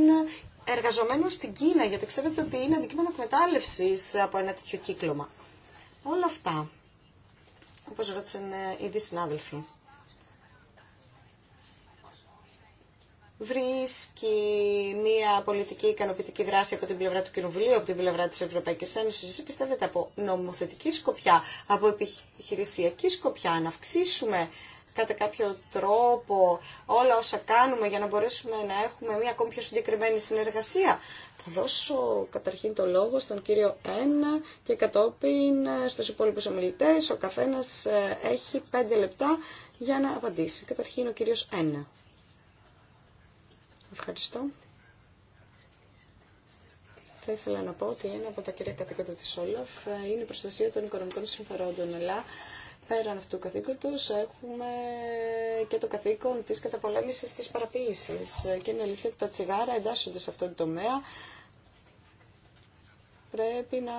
Speaker 1: εργαζομένων στην Κίνα γιατί ξέρετε ότι είναι αντικείμενο εκμετάλλευση από ένα τέτοιο κύκλωμα. Όλα αυτά, όπως ρώτησαν ε, ήδη συνάδελφοι. βρίσκει μια πολιτική ικανοποιητική δράση από την πλευρά του Κοινοβουλίου, από την πλευρά της Ευρωπαϊκής Ένωσης. Εσείς πιστεύετε από νομοθετική σκοπιά, από επιχειρησιακή σκοπιά, να αυξήσουμε κατά κάποιο τρόπο όλα όσα κάνουμε για να μπορέσουμε να έχουμε μια ακόμη πιο συγκεκριμένη συνεργασία. Θα δώσω καταρχήν το λόγο στον κύριο Ένα και κατόπιν ε, στους υπόλοιπους ομιλητές. Ο καθένας ε, έχει πέντε λεπτά για να απαντήσει. Καταρχήν ο κύριο Ένα. Ευχαριστώ. Θα ήθελα να πω ότι ένα από τα κυρία καθήκοντα της Όλαφ ε, είναι η προστασία των οικονομικών συμφερόντων, αλλά πέραν αυτού του καθήκοντος έχουμε και το καθήκον της καταπολέμησης της παραποίησης. Ε, και είναι αλήθεια ότι τα τσιγάρα εντάσσονται σε αυτό το τομέα. Πρέπει να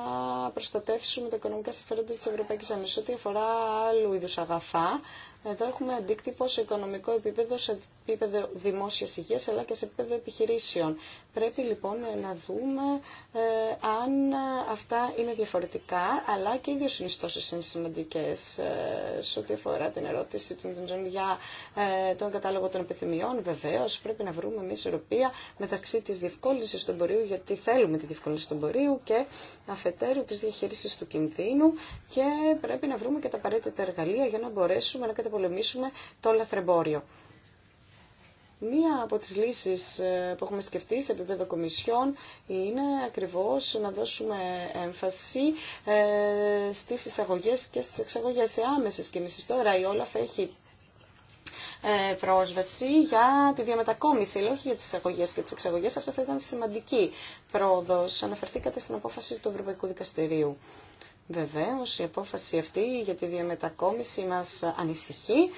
Speaker 1: προστατεύσουμε τα οικονομικά συμφέροντα της Ευρωπαϊκής Ένωση, Ό,τι αφορά άλλου είδους αγαθά, εδώ έχουμε αντίκτυπο σε οικονομικό επίπεδο, σε επίπεδο δημόσια υγεία αλλά και σε επίπεδο επιχειρήσεων. Πρέπει λοιπόν να δούμε ε, αν αυτά είναι διαφορετικά, αλλά και οι δύο συνιστώσει είναι σημαντικέ ε, σε ό,τι αφορά την ερώτηση του Ντζον για ε, τον κατάλογο των επιθυμιών. Βεβαίω, πρέπει να βρούμε μια ισορροπία μεταξύ τη διευκόλυνση του εμπορίου, γιατί θέλουμε τη διευκόλυνση του εμπορίου και αφετέρου τη διαχείριση του κινδύνου και πρέπει να βρούμε και τα απαραίτητα εργαλεία για να μπορέσουμε να πολεμήσουμε το λαθρεμπόριο. Μία από τις λύσεις ε, που έχουμε σκεφτεί σε επίπεδο κομισιών είναι ακριβώς να δώσουμε έμφαση ε, στις εισαγωγές και στις εξαγωγές σε άμεσες κινήσεις. Τώρα η Όλαφ έχει ε, πρόσβαση για τη διαμετακόμιση, αλλά όχι για τις εισαγωγές και τις εξαγωγές. Αυτό θα ήταν σημαντική πρόοδος. Αναφερθήκατε στην απόφαση του Ευρωπαϊκού Δικαστηρίου. Βεβαίως η απόφαση αυτή για τη διαμετακόμιση μας ανησυχεί,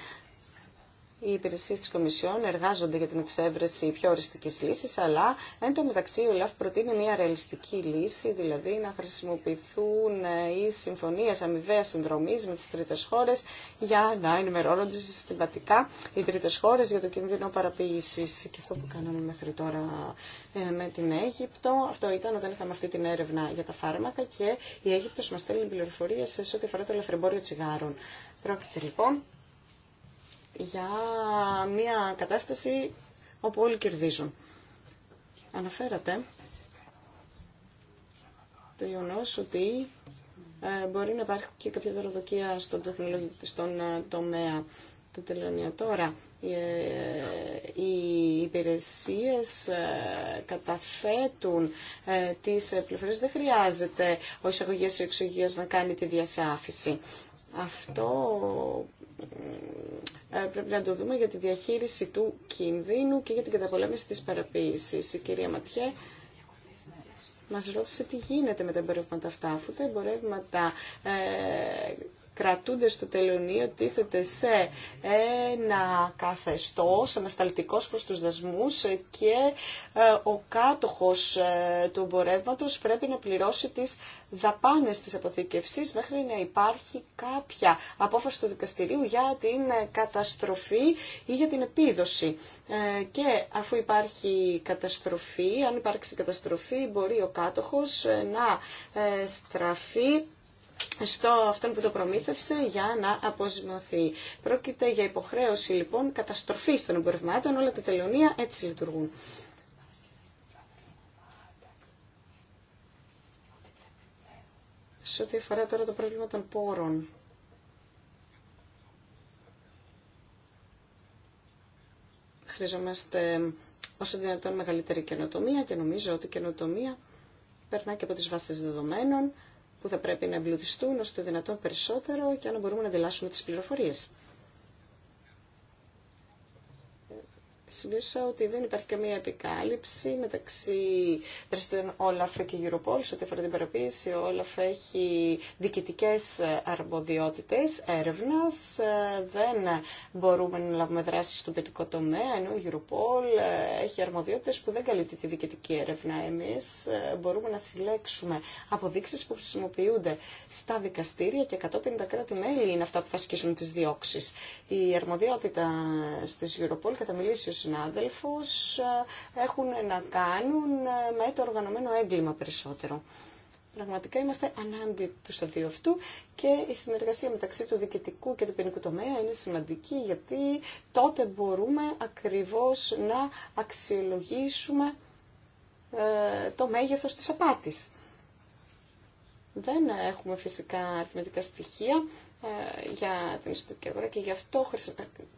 Speaker 1: οι υπηρεσίε τη Κομισιόν εργάζονται για την εξέβρεση πιο οριστική λύση, αλλά εν τω μεταξύ ο ΛΑΦ προτείνει μια ρεαλιστική λύση, δηλαδή να χρησιμοποιηθούν ε, οι συμφωνίε αμοιβαία συνδρομή με τι τρίτε χώρε για να ενημερώνονται συστηματικά οι τρίτε χώρε για το κίνδυνο παραποίηση. Και αυτό που κάναμε μέχρι τώρα ε, με την Αίγυπτο, αυτό ήταν όταν είχαμε αυτή την έρευνα για τα φάρμακα και η Αίγυπτος μα στέλνει πληροφορίε σε ό,τι αφορά το λαθρεμπόριο τσιγάρων. Πρόκειται λοιπόν για μια κατάσταση όπου όλοι κερδίζουν. Αναφέρατε το γεγονό ότι ε, μπορεί να υπάρχει και κάποια δωροδοκία στον, στον ε, τομέα του τελωνία. Τώρα, ε, οι υπηρεσίες καταθέτουν τις πληροφορίες. Δεν χρειάζεται ο εισαγωγής ή ο να κάνει τη διασάφηση. Αυτό ε, πρέπει να το δούμε για τη διαχείριση του κινδύνου και για την καταπολέμηση της παραποίησης. Η κυρία Ματιέ μας ρώτησε τι γίνεται με τα εμπορεύματα αυτά, αφού τα εμπορεύματα ε, κρατούνται στο τελωνείο τίθεται σε ένα καθεστώς ανασταλτικός προς τους δασμούς και ε, ο κάτοχος ε, του εμπορεύματο πρέπει να πληρώσει τις δαπάνες της αποθήκευσης μέχρι να υπάρχει κάποια απόφαση του δικαστηρίου για την καταστροφή ή για την επίδοση. Ε, και αφού υπάρχει καταστροφή, αν υπάρξει καταστροφή μπορεί ο κάτοχος να στραφεί στο αυτόν που το προμήθευσε για να αποζημωθεί Πρόκειται για υποχρέωση λοιπόν καταστροφής των εμπορευμάτων, όλα τα τελωνία έτσι λειτουργούν. Σε ό,τι αφορά τώρα το πρόβλημα των πόρων. Χρειαζόμαστε όσο δυνατόν μεγαλύτερη καινοτομία και νομίζω ότι η καινοτομία περνά και από τις βάσεις δεδομένων που θα πρέπει να εμπλουτιστούν το δυνατόν περισσότερο και αν μπορούμε να αντιλάσσουμε τις πληροφορίες. σημείωσα ότι δεν υπάρχει καμία επικάλυψη μεταξύ δραστηριών Όλαφ και Γιουροπόλ. σε ό,τι αφορά την παραποίηση. Ο Όλαφ έχει διοικητικέ αρμοδιότητε έρευνα. Δεν μπορούμε να λάβουμε δράση στον ποινικό τομέα, ενώ η Γιουροπόλ έχει αρμοδιότητε που δεν καλύπτει τη διοικητική έρευνα. Εμεί ε, μπορούμε να συλλέξουμε αποδείξει που χρησιμοποιούνται στα δικαστήρια και 150 τα κράτη-μέλη είναι αυτά που θα ασκήσουν τι διώξει. Η αρμοδιότητα κατά συνάδελφους ε, έχουν να κάνουν ε, με το οργανωμένο έγκλημα περισσότερο. Πραγματικά είμαστε ανάντι του σταδίου αυτού και η συνεργασία μεταξύ του διοικητικού και του ποινικού τομέα είναι σημαντική γιατί τότε μπορούμε ακριβώς να αξιολογήσουμε ε, το μέγεθος της απάτης. Δεν έχουμε φυσικά αριθμητικά στοιχεία ε, για την ιστορική αγορά και γι' αυτό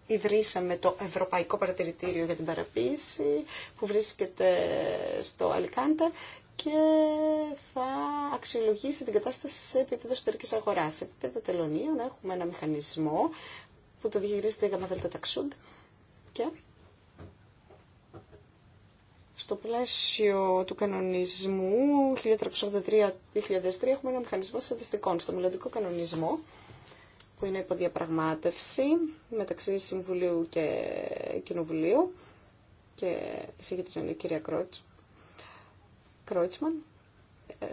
Speaker 1: ε, ιδρύσαμε το Ευρωπαϊκό Παρατηρητήριο για την Παραποίηση που βρίσκεται στο Αλικάντα και θα αξιολογήσει την κατάσταση σε επίπεδο ιστορική αγοράς. Σε επίπεδο τελωνίων έχουμε ένα μηχανισμό που το διαχειρίζεται η ΓΑΜΑΔΕΛΤΑ ΤΑΞΟΥΝΤ και στο πλαίσιο του κανονισμού 1383-2003 έχουμε ένα μηχανισμό στατιστικών. Στο μελλοντικό κανονισμό που είναι διαπραγμάτευση μεταξύ Συμβουλίου και Κοινοβουλίου και συγκεκριμένα είναι η κυρία Κρότσμαν.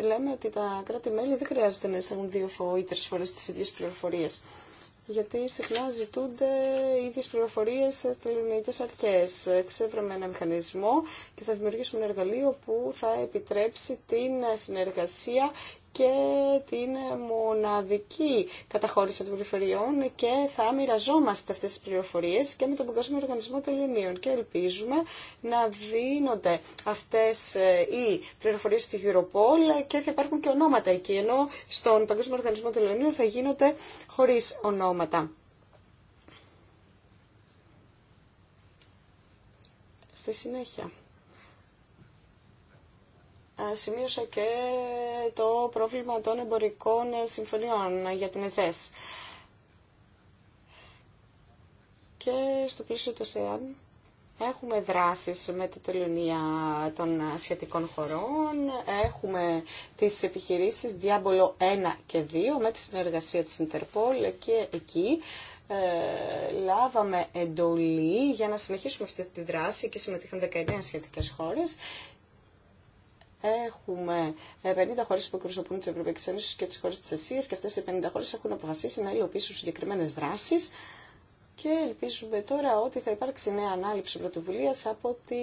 Speaker 1: Λέμε ότι τα κράτη-μέλη δεν χρειάζεται να εισάγουν δύο ή τρεις φορές τις ίδιες πληροφορίες γιατί συχνά ζητούνται οι ίδιες πληροφορίες στις ελληνικές αρχές. Ξέβρεμε ένα μηχανισμό και θα δημιουργήσουμε ένα εργαλείο που θα επιτρέψει την συνεργασία και την μοναδική καταχώρηση των πληροφοριών και θα μοιραζόμαστε αυτές τις πληροφορίες και με τον Παγκόσμιο Οργανισμό Τελωνίων και ελπίζουμε να δίνονται αυτές ε, οι πληροφορίες στη Europol και θα υπάρχουν και ονόματα εκεί, ενώ στον Παγκόσμιο Οργανισμό Τελωνίων θα γίνονται χωρίς ονόματα. Στη συνέχεια σημείωσα και το πρόβλημα των εμπορικών ε, συμφωνιών για την ΕΣΕΣ. Και στο πλαίσιο του ΣΕΑΝ έχουμε δράσεις με τη τελωνία των ασιατικών χωρών, έχουμε τις επιχειρήσεις Διάμπολο 1 και 2 με τη συνεργασία της Ιντερπόλ και εκεί ε, λάβαμε εντολή για να συνεχίσουμε αυτή τη δράση και συμμετείχαν 19 σχετικές χώρες Έχουμε 50 ε, χώρε που εκπροσωπούν τι Ευρωπαϊκέ Ένωση και τι χώρε τη Ασία και αυτέ οι 50 χώρε έχουν αποφασίσει να υλοποιήσουν συγκεκριμένε δράσει. Και ελπίζουμε τώρα ότι θα υπάρξει νέα ανάληψη πρωτοβουλία από τι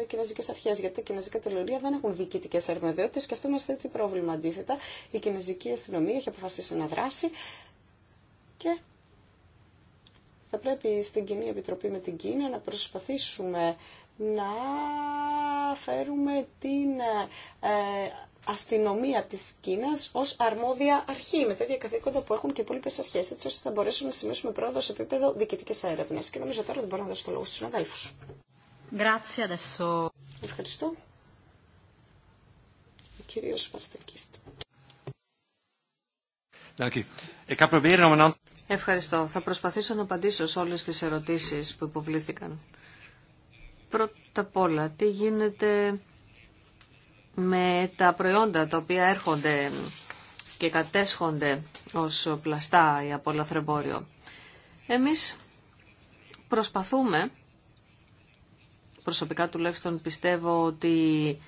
Speaker 1: ε, κινέζικε αρχέ. Γιατί τα κινέζικα τελωνία δεν έχουν διοικητικέ αρμοδιότητε και αυτό μα θέτει πρόβλημα. Αντίθετα, η κινέζικη αστυνομία έχει αποφασίσει να δράσει και θα πρέπει στην Κοινή Επιτροπή με την Κίνα να προσπαθήσουμε να φέρουμε την ε, αστυνομία της Κίνας ως αρμόδια αρχή με τέτοια καθήκοντα που έχουν και οι υπόλοιπες αρχές έτσι ώστε θα μπορέσουμε να σημειώσουμε πρόοδο σε επίπεδο διοικητικής έρευνας και νομίζω τώρα δεν μπορώ να δώσω το λόγο στους αδέλφους. Ευχαριστώ. Ο κύριος Βαστερκίστη.
Speaker 2: Ε, Ευχαριστώ. Θα προσπαθήσω να απαντήσω σε όλες τις ερωτήσεις που υποβλήθηκαν. Πρώτα απ' όλα, τι γίνεται με τα προϊόντα τα οποία έρχονται και κατέσχονται ως πλαστά ή από λαθρεμπόριο. Εμείς προσπαθούμε, προσωπικά τουλάχιστον πιστεύω ότι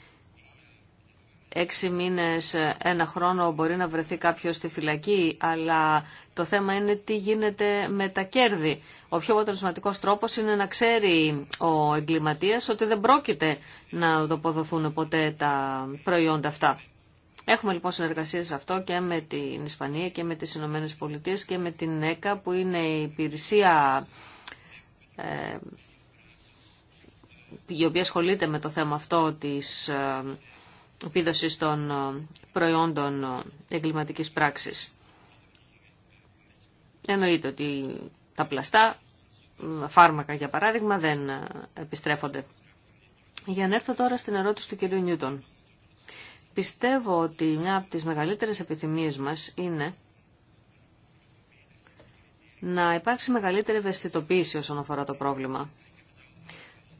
Speaker 2: έξι μήνες, ένα χρόνο μπορεί να βρεθεί κάποιος στη φυλακή, αλλά το θέμα είναι τι γίνεται με τα κέρδη. Ο πιο αποτελεσματικό τρόπος είναι να ξέρει ο εγκληματίας ότι δεν πρόκειται να δοποδοθούν ποτέ τα προϊόντα αυτά. Έχουμε λοιπόν συνεργασία σε αυτό και με την Ισπανία και με τις Ηνωμένες Πολιτείες και με την ΕΚΑ που είναι η υπηρεσία ε, η οποία ασχολείται με το θέμα αυτό της ε, Επίδοση των ε, προϊόντων ε, εγκληματικής πράξης. Εννοείται ότι τα πλαστά, ε, φάρμακα για παράδειγμα, δεν επιστρέφονται. Για να έρθω τώρα στην ερώτηση του κυρίου Νιούτον. Πιστεύω ότι μια από τις μεγαλύτερες επιθυμίες μας είναι να υπάρξει μεγαλύτερη ευαισθητοποίηση όσον αφορά το πρόβλημα.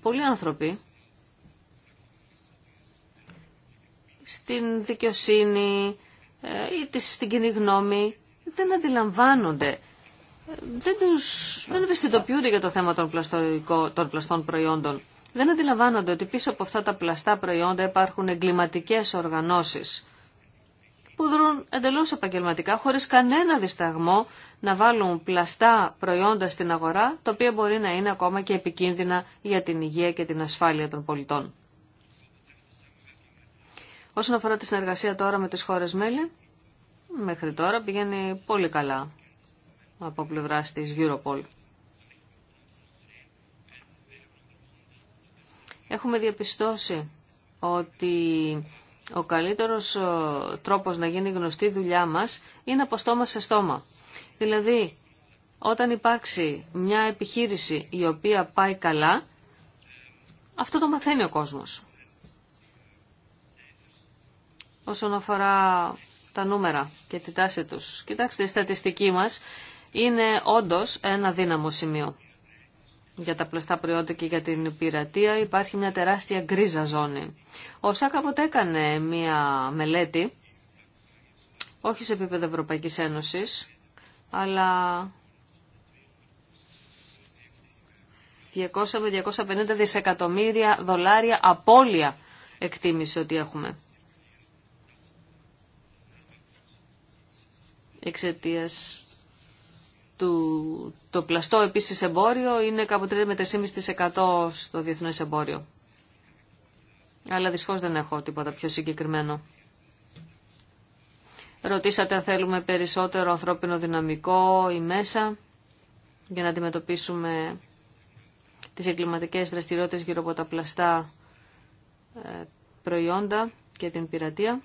Speaker 2: Πολλοί άνθρωποι στην δικαιοσύνη ε, ή στην κοινή γνώμη δεν αντιλαμβάνονται. Δεν, τους, δεν ευαισθητοποιούνται για το θέμα των, των πλαστών προϊόντων. Δεν αντιλαμβάνονται ότι πίσω από αυτά τα πλαστά προϊόντα υπάρχουν εγκληματικές οργανώσεις που δρούν εντελώς επαγγελματικά, χωρίς κανένα δισταγμό να βάλουν πλαστά προϊόντα στην αγορά, τα οποία μπορεί να είναι ακόμα και επικίνδυνα για την υγεία και την ασφάλεια των πολιτών. Όσον αφορά τη συνεργασία τώρα με τις χώρες μέλη, μέχρι τώρα πηγαίνει πολύ καλά από πλευρά της Europol. Έχουμε διαπιστώσει ότι ο καλύτερος ε, τρόπος να γίνει γνωστή η δουλειά μας είναι από στόμα σε στόμα. Δηλαδή, όταν υπάρξει μια επιχείρηση η οποία πάει καλά, αυτό το μαθαίνει ο κόσμος όσον αφορά τα νούμερα και τη τάση τους. Κοιτάξτε, η στατιστική μας είναι όντως ένα δύναμο σημείο. Για τα πλαστά προϊόντα και για την πειρατεία υπάρχει μια τεράστια γκρίζα ζώνη. Ο ΣΑΚΑ έκανε μια μελέτη, όχι σε επίπεδο Ευρωπαϊκής Ένωσης, αλλά 200 με 250 δισεκατομμύρια δολάρια απώλεια εκτίμησε ότι έχουμε. εξαιτία του το πλαστό επίση εμπόριο είναι κάπου 3 με 3,5% στο διεθνές εμπόριο. Αλλά δυστυχώ δεν έχω τίποτα πιο συγκεκριμένο. Ρωτήσατε αν θέλουμε περισσότερο ανθρώπινο δυναμικό ή μέσα για να αντιμετωπίσουμε τις εγκληματικές δραστηριότητες γύρω από τα πλαστά ε, προϊόντα και την πειρατεία.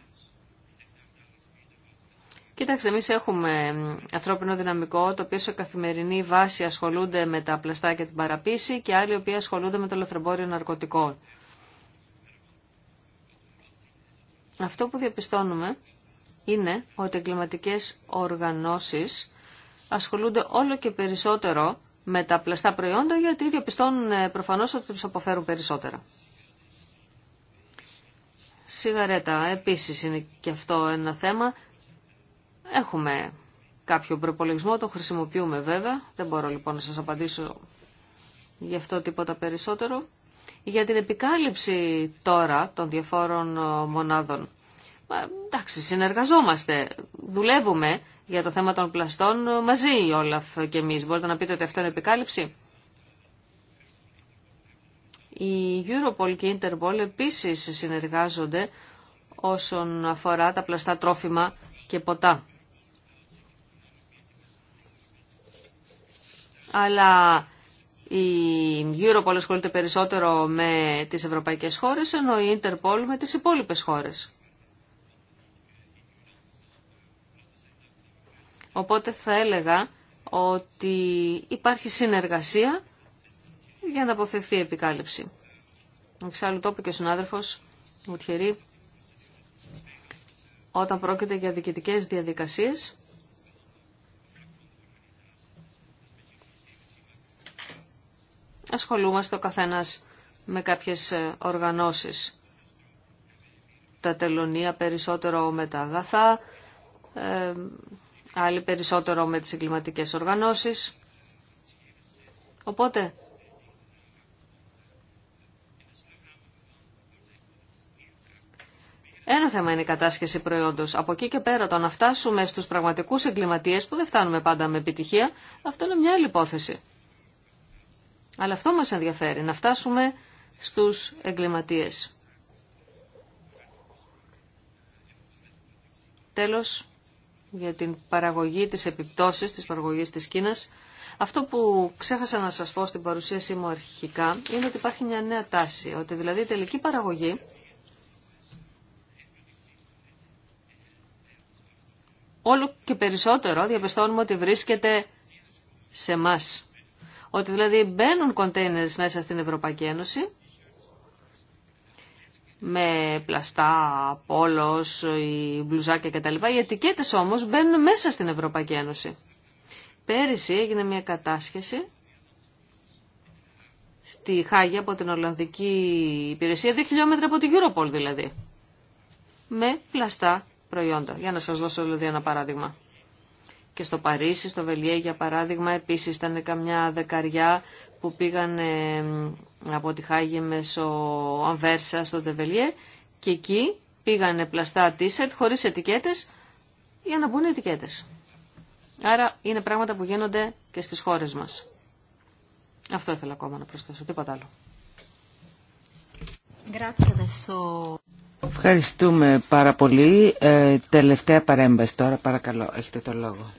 Speaker 2: Κοιτάξτε, εμεί έχουμε ανθρώπινο δυναμικό το οποίο σε καθημερινή βάση ασχολούνται με τα πλαστά και την παραπίση και άλλοι οι οποίοι ασχολούνται με το λαθρεμπόριο ναρκωτικών. Αυτό που διαπιστώνουμε είναι ότι εγκληματικέ οργανώσεις ασχολούνται όλο και περισσότερο με τα πλαστά προϊόντα γιατί διαπιστώνουν ε, προφανώς ότι τους αποφέρουν περισσότερα. Σιγαρέτα επίσης είναι και αυτό ένα θέμα. Έχουμε κάποιο προπολογισμό, το χρησιμοποιούμε βέβαια. Δεν μπορώ λοιπόν να σας απαντήσω γι' αυτό τίποτα περισσότερο. Για την επικάλυψη τώρα των διαφόρων ε, μονάδων. Μα, ε, εντάξει, συνεργαζόμαστε, δουλεύουμε για το θέμα των πλαστών ε, μαζί η Όλαφ και εμείς. Μπορείτε να πείτε ότι αυτό είναι επικάλυψη. Η Europol και η Interpol επίσης συνεργάζονται όσον αφορά τα πλαστά τρόφιμα και ποτά. αλλά η Europol ασχολείται περισσότερο με τις ευρωπαϊκές χώρες, ενώ η Interpol με τις υπόλοιπες χώρες. Οπότε θα έλεγα ότι υπάρχει συνεργασία για να αποφευθεί η επικάλυψη. Εξάλλου το είπε και ο συνάδελφος Μουτχερή, όταν πρόκειται για διοικητικές διαδικασίες, ασχολούμαστε ο καθένας με κάποιες ε, οργανώσεις. Τα τελωνία περισσότερο με τα αγαθά, ε, άλλοι περισσότερο με τις εγκληματικές οργανώσεις. Οπότε, ένα θέμα είναι η κατάσχεση προϊόντος. Από εκεί και πέρα, το να φτάσουμε στους πραγματικούς εγκληματίες, που δεν φτάνουμε πάντα με επιτυχία, αυτό είναι μια άλλη υπόθεση. Αλλά αυτό μας ενδιαφέρει, να φτάσουμε στους εγκληματίες. Τέλος, για την παραγωγή της επιπτώσεις της παραγωγής της Κίνας, αυτό που ξέχασα να σας πω στην παρουσίασή μου αρχικά είναι ότι υπάρχει μια νέα τάση, ότι δηλαδή η τελική παραγωγή όλο και περισσότερο διαπιστώνουμε ότι βρίσκεται σε μας. Ότι δηλαδή μπαίνουν κοντέινερ μέσα στην Ευρωπαϊκή Ένωση με πλαστά, πόλος ή μπλουζάκια κτλ. Οι ετικέτες όμως μπαίνουν μέσα στην Ευρωπαϊκή Ένωση. Πέρυσι έγινε μια κατάσχεση στη Χάγη από την Ολλανδική Υπηρεσία, 2 χιλιόμετρα από την Europol δηλαδή, με πλαστά προϊόντα. Για να σας δώσω δηλαδή ένα παράδειγμα και στο Παρίσι, στο Βελιέ για παράδειγμα, επίσης ήταν καμιά δεκαριά που πήγαν από τη Χάγη μέσω Αμβέρσα στο Τεβελιέ και εκεί πήγανε τίσερτ χωρί χωρίς ετικέτες για να μπουν ετικέτες. Άρα είναι πράγματα που γίνονται και στις χώρες μας. Αυτό ήθελα ακόμα να προσθέσω, τίποτα άλλο.
Speaker 3: Ευχαριστούμε πάρα πολύ. Ε, τελευταία παρέμβαση τώρα, παρακαλώ, έχετε το λόγο.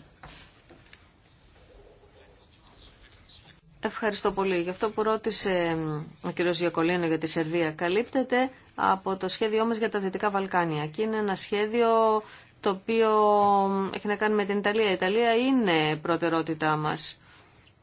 Speaker 2: Ευχαριστώ πολύ. Γι' αυτό που ρώτησε ο κ. Γιακολίνο για τη Σερβία. Καλύπτεται από το σχέδιό μας για τα Δυτικά Βαλκάνια και είναι ένα σχέδιο το οποίο έχει να κάνει με την Ιταλία. Η Ιταλία είναι προτερότητά μας.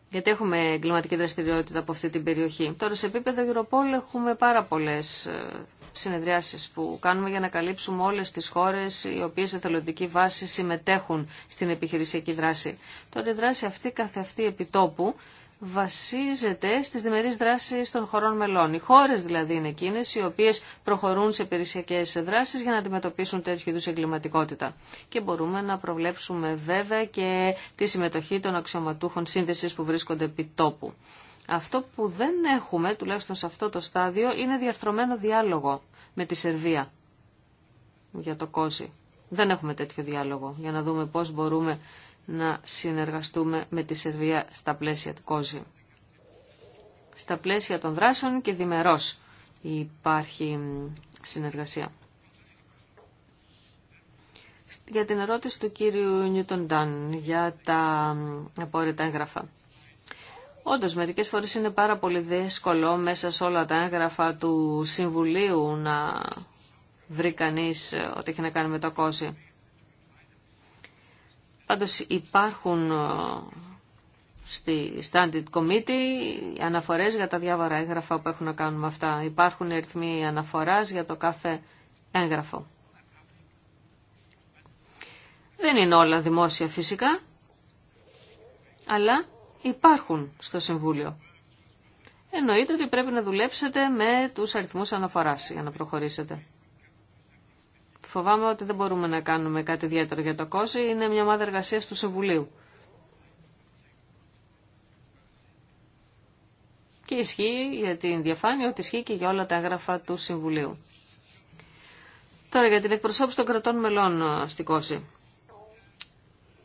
Speaker 2: Γιατί έχουμε εγκληματική δραστηριότητα από αυτή την περιοχή. Τώρα σε επίπεδο Europol έχουμε πάρα πολλέ ε, συνεδριάσεις που κάνουμε για να καλύψουμε όλες τις χώρες οι οποίες σε θελοντική βάση συμμετέχουν στην επιχειρησιακή δράση. Τώρα η δράση αυτή καθε αυτή επιτόπου βασίζεται στι διμερεί δράσει των χωρών μελών. Οι χώρε δηλαδή είναι εκείνε, οι οποίε προχωρούν σε περισσιακέ δράσει για να αντιμετωπίσουν τέτοιου είδου εγκληματικότητα. Και μπορούμε να προβλέψουμε βέβαια και τη συμμετοχή των αξιωματούχων σύνδεση που βρίσκονται επί τόπου. Αυτό που δεν έχουμε, τουλάχιστον σε αυτό το στάδιο, είναι διαρθρωμένο διάλογο με τη Σερβία για το κόζι. Δεν έχουμε τέτοιο διάλογο για να δούμε πώς μπορούμε να συνεργαστούμε με τη Σερβία στα πλαίσια του Κόζη. Στα πλαίσια των δράσεων και διμερός υπάρχει συνεργασία. Για την ερώτηση του κύριου Νιούτον Ντάν για τα απόρριτα έγγραφα. Όντω, μερικέ φορέ είναι πάρα πολύ δύσκολο μέσα σε όλα τα έγγραφα του Συμβουλίου να βρει κανεί ε, ό,τι έχει να κάνει με το κόζι. Πάντως υπάρχουν ε, στη Standard Committee αναφορές για τα διάβαρα έγγραφα που έχουν να κάνουν με αυτά. Υπάρχουν αριθμοί αναφοράς για το κάθε έγγραφο. Δεν είναι όλα δημόσια φυσικά, αλλά υπάρχουν στο Συμβούλιο. Εννοείται ότι πρέπει να δουλέψετε με τους αριθμούς αναφοράς για να προχωρήσετε. Φοβάμαι ότι δεν μπορούμε να κάνουμε κάτι ιδιαίτερο για το κόσι Είναι μια ομάδα εργασία του Συμβουλίου. Και ισχύει για την διαφάνεια ότι ισχύει και για όλα τα έγγραφα του Συμβουλίου. Τώρα για την εκπροσώπηση των κρατών μελών ε, στη ΚΟΣΗ.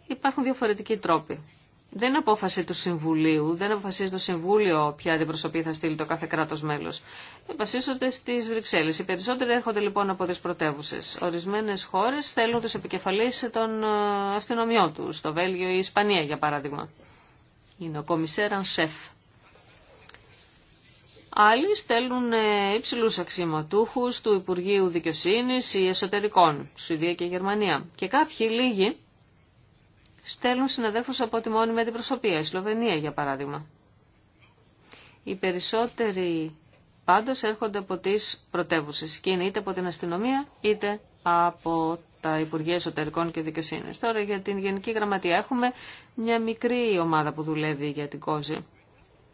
Speaker 2: Υπάρχουν διαφορετικοί τρόποι. Δεν είναι απόφαση του Συμβουλίου, δεν αποφασίζει το Συμβούλιο ποια αντιπροσωπή θα στείλει το κάθε κράτο μέλο. Ε, βασίζονται στι Βρυξέλλε. Οι περισσότεροι έρχονται λοιπόν από τι πρωτεύουσε. Ορισμένε χώρε θέλουν του επικεφαλεί των ε, αστυνομιών του, στο Βέλγιο ή η Ισπανία για παράδειγμα. Είναι ο κομισέραν σεφ. Άλλοι στέλνουν ε, υψηλού αξιωματούχου του Υπουργείου Δικαιοσύνη ή Εσωτερικών, Σουηδία και Γερμανία. Και κάποιοι λίγοι στέλνουν συναδέλφους από τη μόνιμη αντιπροσωπεία, η Σλοβενία για παράδειγμα. Οι περισσότεροι πάντως έρχονται από τις πρωτεύουσες και είναι είτε από την αστυνομία είτε από τα Υπουργεία Εσωτερικών και Δικαιοσύνη. Τώρα για την Γενική Γραμματεία έχουμε μια μικρή ομάδα που δουλεύει για την κόζη.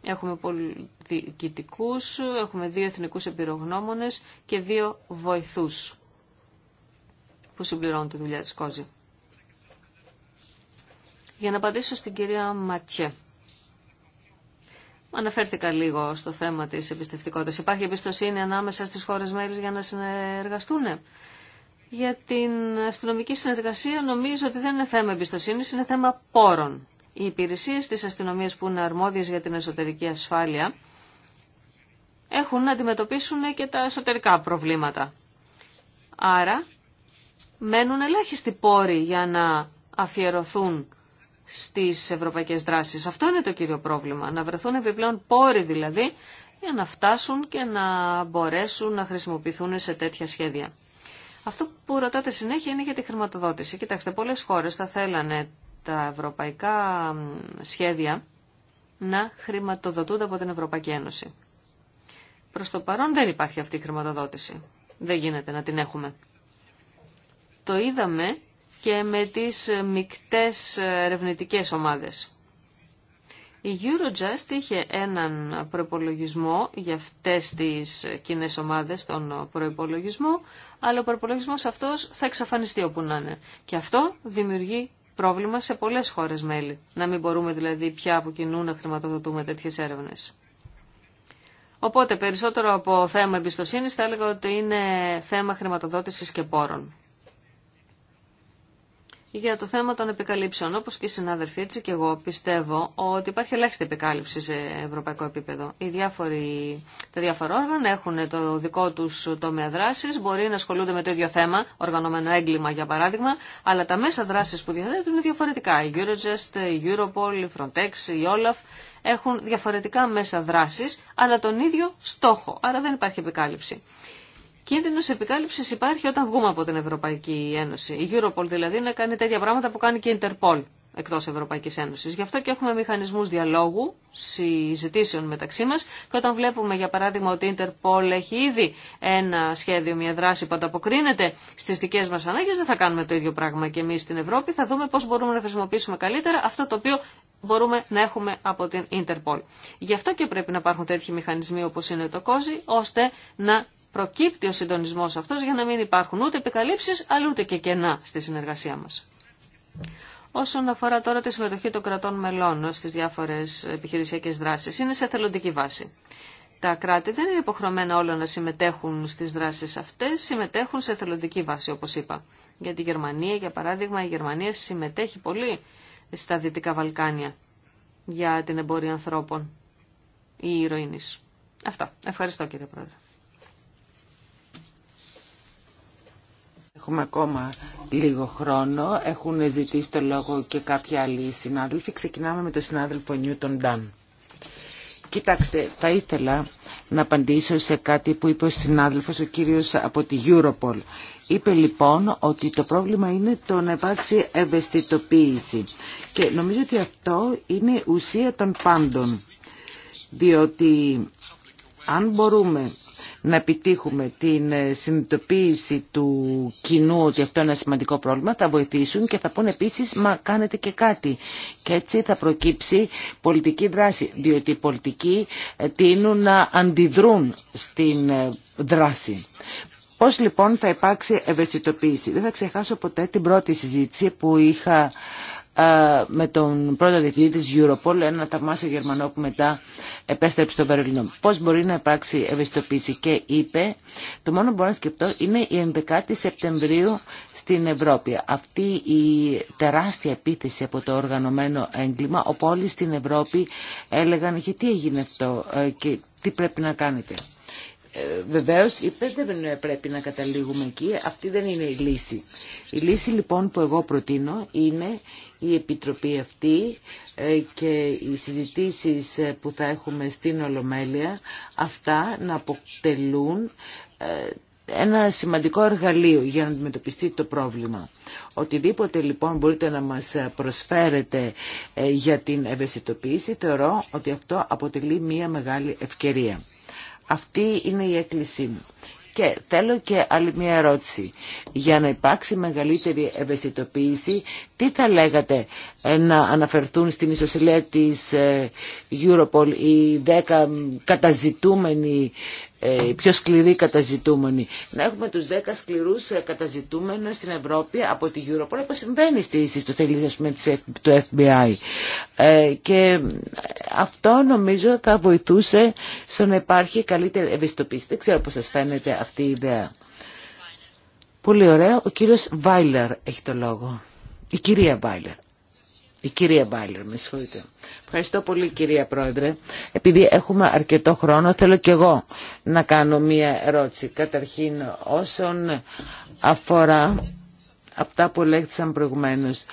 Speaker 2: Έχουμε πολιτικητικούς, έχουμε δύο εθνικούς επιρρογνώμονες και δύο βοηθούς που συμπληρώνουν τη δουλειά της κόζη. Για να απαντήσω στην κυρία Ματιέ. Αναφέρθηκα λίγο στο θέμα της εμπιστευτικότητας. Υπάρχει εμπιστοσύνη ανάμεσα στις χώρες μέλη για να συνεργαστούν. Για την αστυνομική συνεργασία νομίζω ότι δεν είναι θέμα εμπιστοσύνης, είναι θέμα πόρων. Οι υπηρεσίες της αστυνομίας που είναι αρμόδιες για την εσωτερική ασφάλεια έχουν να αντιμετωπίσουν και τα εσωτερικά προβλήματα. Άρα μένουν ελάχιστοι πόροι για να αφιερωθούν στις ευρωπαϊκές δράσεις. Αυτό είναι το κύριο πρόβλημα, να βρεθούν επιπλέον πόροι δηλαδή για να φτάσουν και να μπορέσουν να χρησιμοποιηθούν σε τέτοια σχέδια. Αυτό που ρωτάτε συνέχεια είναι για τη χρηματοδότηση. Κοιτάξτε, πολλές χώρες θα θέλανε τα ευρωπαϊκά σχέδια να χρηματοδοτούνται από την Ευρωπαϊκή Ένωση. Προς το παρόν δεν υπάρχει αυτή η χρηματοδότηση. Δεν γίνεται να την έχουμε. Το είδαμε και με τις μικτές ερευνητικέ ομάδες. Η Eurojust είχε έναν προπολογισμό για αυτές τις κοινέ ομάδες, τον προπολογισμό, αλλά ο προπολογισμό αυτός θα εξαφανιστεί όπου να είναι. Και αυτό δημιουργεί πρόβλημα σε πολλές χώρες μέλη, να μην μπορούμε δηλαδή πια από κοινού να χρηματοδοτούμε τέτοιες έρευνες. Οπότε περισσότερο από θέμα εμπιστοσύνη θα έλεγα ότι είναι θέμα χρηματοδότησης και πόρων για το θέμα των επικαλύψεων. όπω και οι συνάδελφοι, έτσι και εγώ πιστεύω ότι υπάρχει ελάχιστη επικάλυψη σε ευρωπαϊκό επίπεδο. Οι διάφοροι, τα διάφορα όργανα έχουν το δικό του τομέα δράση, μπορεί να ασχολούνται με το ίδιο θέμα, οργανωμένο έγκλημα για παράδειγμα, αλλά τα μέσα δράσης που διαθέτουν είναι διαφορετικά. Η Eurojust, η Europol, η Frontex, η Olaf έχουν διαφορετικά μέσα δράση αλλά τον ίδιο στόχο, άρα δεν υπάρχει επικάλυψη. Κίνδυνο επικάλυψη υπάρχει όταν βγούμε από την Ευρωπαϊκή Ένωση. Η Europol δηλαδή να κάνει τέτοια πράγματα που κάνει και η Interpol εκτό Ευρωπαϊκή Ένωση. Γι' αυτό και έχουμε μηχανισμού διαλόγου, συζητήσεων μεταξύ μα. και όταν βλέπουμε για παράδειγμα ότι η Interpol έχει ήδη ένα σχέδιο, μια δράση που ανταποκρίνεται στι δικέ μα ανάγκε, δεν θα κάνουμε το ίδιο πράγμα και εμεί στην Ευρώπη. Θα δούμε πώ μπορούμε να χρησιμοποιήσουμε καλύτερα αυτό το οποίο μπορούμε να έχουμε από την Interpol. Γι' αυτό και πρέπει να υπάρχουν τέτοιοι μηχανισμοί όπω είναι το COSI, ώστε να προκύπτει ο συντονισμό αυτό για να μην υπάρχουν ούτε επικαλύψει, αλλά ούτε και κενά στη συνεργασία μα. Όσον αφορά τώρα τη συμμετοχή των κρατών μελών στι διάφορε επιχειρησιακέ δράσει είναι σε θελοντική βάση. Τα κράτη δεν είναι υποχρεωμένα όλα να συμμετέχουν στι δράσει αυτέ, συμμετέχουν σε θελοντική βάση όπω είπα. Για τη Γερμανία, για παράδειγμα, η Γερμανία συμμετέχει πολύ στα Δυτικά Βαλκάνια για την εμπορία ανθρώπων ή ηρωίνη. Αυτά. Ευχαριστώ κύριε Πρόεδρε.
Speaker 3: Έχουμε ακόμα λίγο χρόνο. Έχουν ζητήσει το λόγο και κάποιοι άλλοι συνάδελφοι. Ξεκινάμε με τον συνάδελφο Νιούτον Ντάν. Κοιτάξτε, θα ήθελα να απαντήσω σε κάτι που είπε ο συνάδελφος, ο κύριος από τη Europol. Είπε λοιπόν ότι το πρόβλημα είναι το να υπάρξει ευαισθητοποίηση. Και νομίζω ότι αυτό είναι ουσία των πάντων. Διότι αν μπορούμε να επιτύχουμε την ε, συνειδητοποίηση του κοινού ότι αυτό είναι ένα σημαντικό πρόβλημα, θα βοηθήσουν και θα πούνε επίσης «Μα κάνετε και κάτι». Και έτσι θα προκύψει πολιτική δράση, διότι οι πολιτικοί ε, τείνουν να αντιδρούν στην ε, δράση. Πώς λοιπόν θα υπάρξει ευαισθητοποίηση. Δεν θα ξεχάσω ποτέ την πρώτη συζήτηση που είχα με τον πρώτο διευθυντή της Europol, ένα θαυμάσιο Γερμανό που μετά επέστρεψε στο Βερολίνο. Πώς μπορεί να υπάρξει ευαισθητοποίηση και είπε, το μόνο που μπορώ να σκεφτώ είναι η 11η Σεπτεμβρίου στην Ευρώπη. Αυτή η τεράστια επίθεση από το οργανωμένο έγκλημα, όπου όλοι στην Ευρώπη έλεγαν γιατί έγινε αυτό ε, και τι πρέπει να κάνετε. Ε, Βεβαίω, είπε δεν πρέπει να καταλήγουμε εκεί. Αυτή δεν είναι η λύση. Η λύση λοιπόν που εγώ προτείνω είναι η Επιτροπή αυτή ε, και οι συζητήσεις ε, που θα έχουμε στην Ολομέλεια αυτά να αποτελούν ε, ένα σημαντικό εργαλείο για να αντιμετωπιστεί το πρόβλημα. Οτιδήποτε λοιπόν μπορείτε να μας προσφέρετε για την ευαισθητοποίηση θεωρώ ότι αυτό αποτελεί μια μεγάλη ευκαιρία. Αυτή είναι η έκκλησή μου. Και θέλω και άλλη μια ερώτηση. Για να υπάρξει μεγαλύτερη ευαισθητοποίηση, τι θα λέγατε ε, να αναφερθούν στην ισοσυλία της ε, Europol οι 10 καταζητούμενοι ε, οι πιο σκληροί καταζητούμενοι. Να έχουμε τους 10 σκληρούς ε, καταζητούμενους στην Ευρώπη από τη Europol, όπως συμβαίνει στη συστοθελίδες του FBI. Ε, και αυτό νομίζω θα βοηθούσε στο να υπάρχει καλύτερη ευαισθητοποίηση. Δεν ξέρω πώς σας φαίνεται αυτή η ιδέα. Πολύ ωραία. Ο κύριος Βάιλερ έχει το λόγο. Η κυρία Βάιλερ. Η κυρία Μπάιλερ, με συγχωρείτε. Ευχαριστώ πολύ κυρία Πρόεδρε. Επειδή έχουμε αρκετό χρόνο, θέλω και εγώ να κάνω μία ερώτηση. Καταρχήν, όσον αφορά αυτά που λέγησαν προηγουμένως,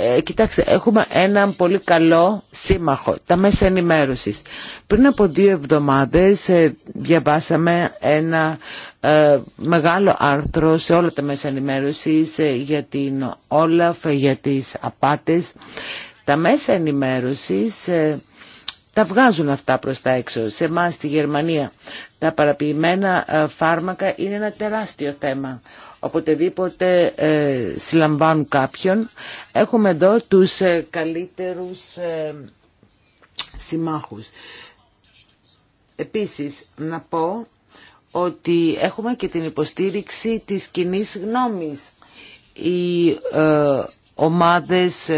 Speaker 3: ε, κοιτάξτε, έχουμε έναν πολύ καλό σύμμαχο, τα μέσα ενημέρωσης. Πριν από δύο εβδομάδες ε, διαβάσαμε ένα ε, μεγάλο άρθρο σε όλα τα μέσα ενημέρωσης ε, για την Όλαφ, για τις απάτες. Τα μέσα ενημέρωσης τα βγάζουν αυτά προς τα έξω. Σε εμά στη Γερμανία τα παραποιημένα φάρμακα είναι ένα τεράστιο θέμα οποτεδήποτε ε, συλλαμβάνουν κάποιον. Έχουμε εδώ τους ε, καλύτερους ε, συμμάχους. Επίσης, να πω ότι έχουμε και την υποστήριξη της κοινή γνώμης. Οι ομάδες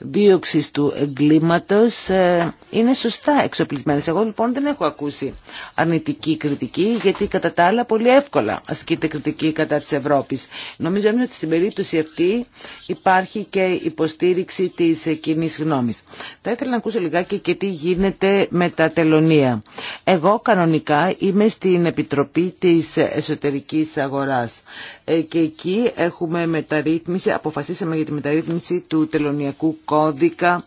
Speaker 3: Δίωξη του εγκλήματος ε, είναι σωστά εξοπλισμένες. Εγώ λοιπόν δεν έχω ακούσει αρνητική κριτική γιατί κατά τα άλλα πολύ εύκολα ασκείται κριτική κατά της Ευρώπης. Νομίζω ότι στην περίπτωση αυτή υπάρχει και υποστήριξη της κοινή γνώμης. Θα ήθελα να ακούσω λιγάκι και τι γίνεται με τα τελωνία. Εγώ κανονικά είμαι στην Επιτροπή της Εσωτερικής Αγοράς ε, και εκεί έχουμε μεταρρύθμιση, αποφασίσαμε για τη μεταρρύθμιση του τελωνιακού κώδικα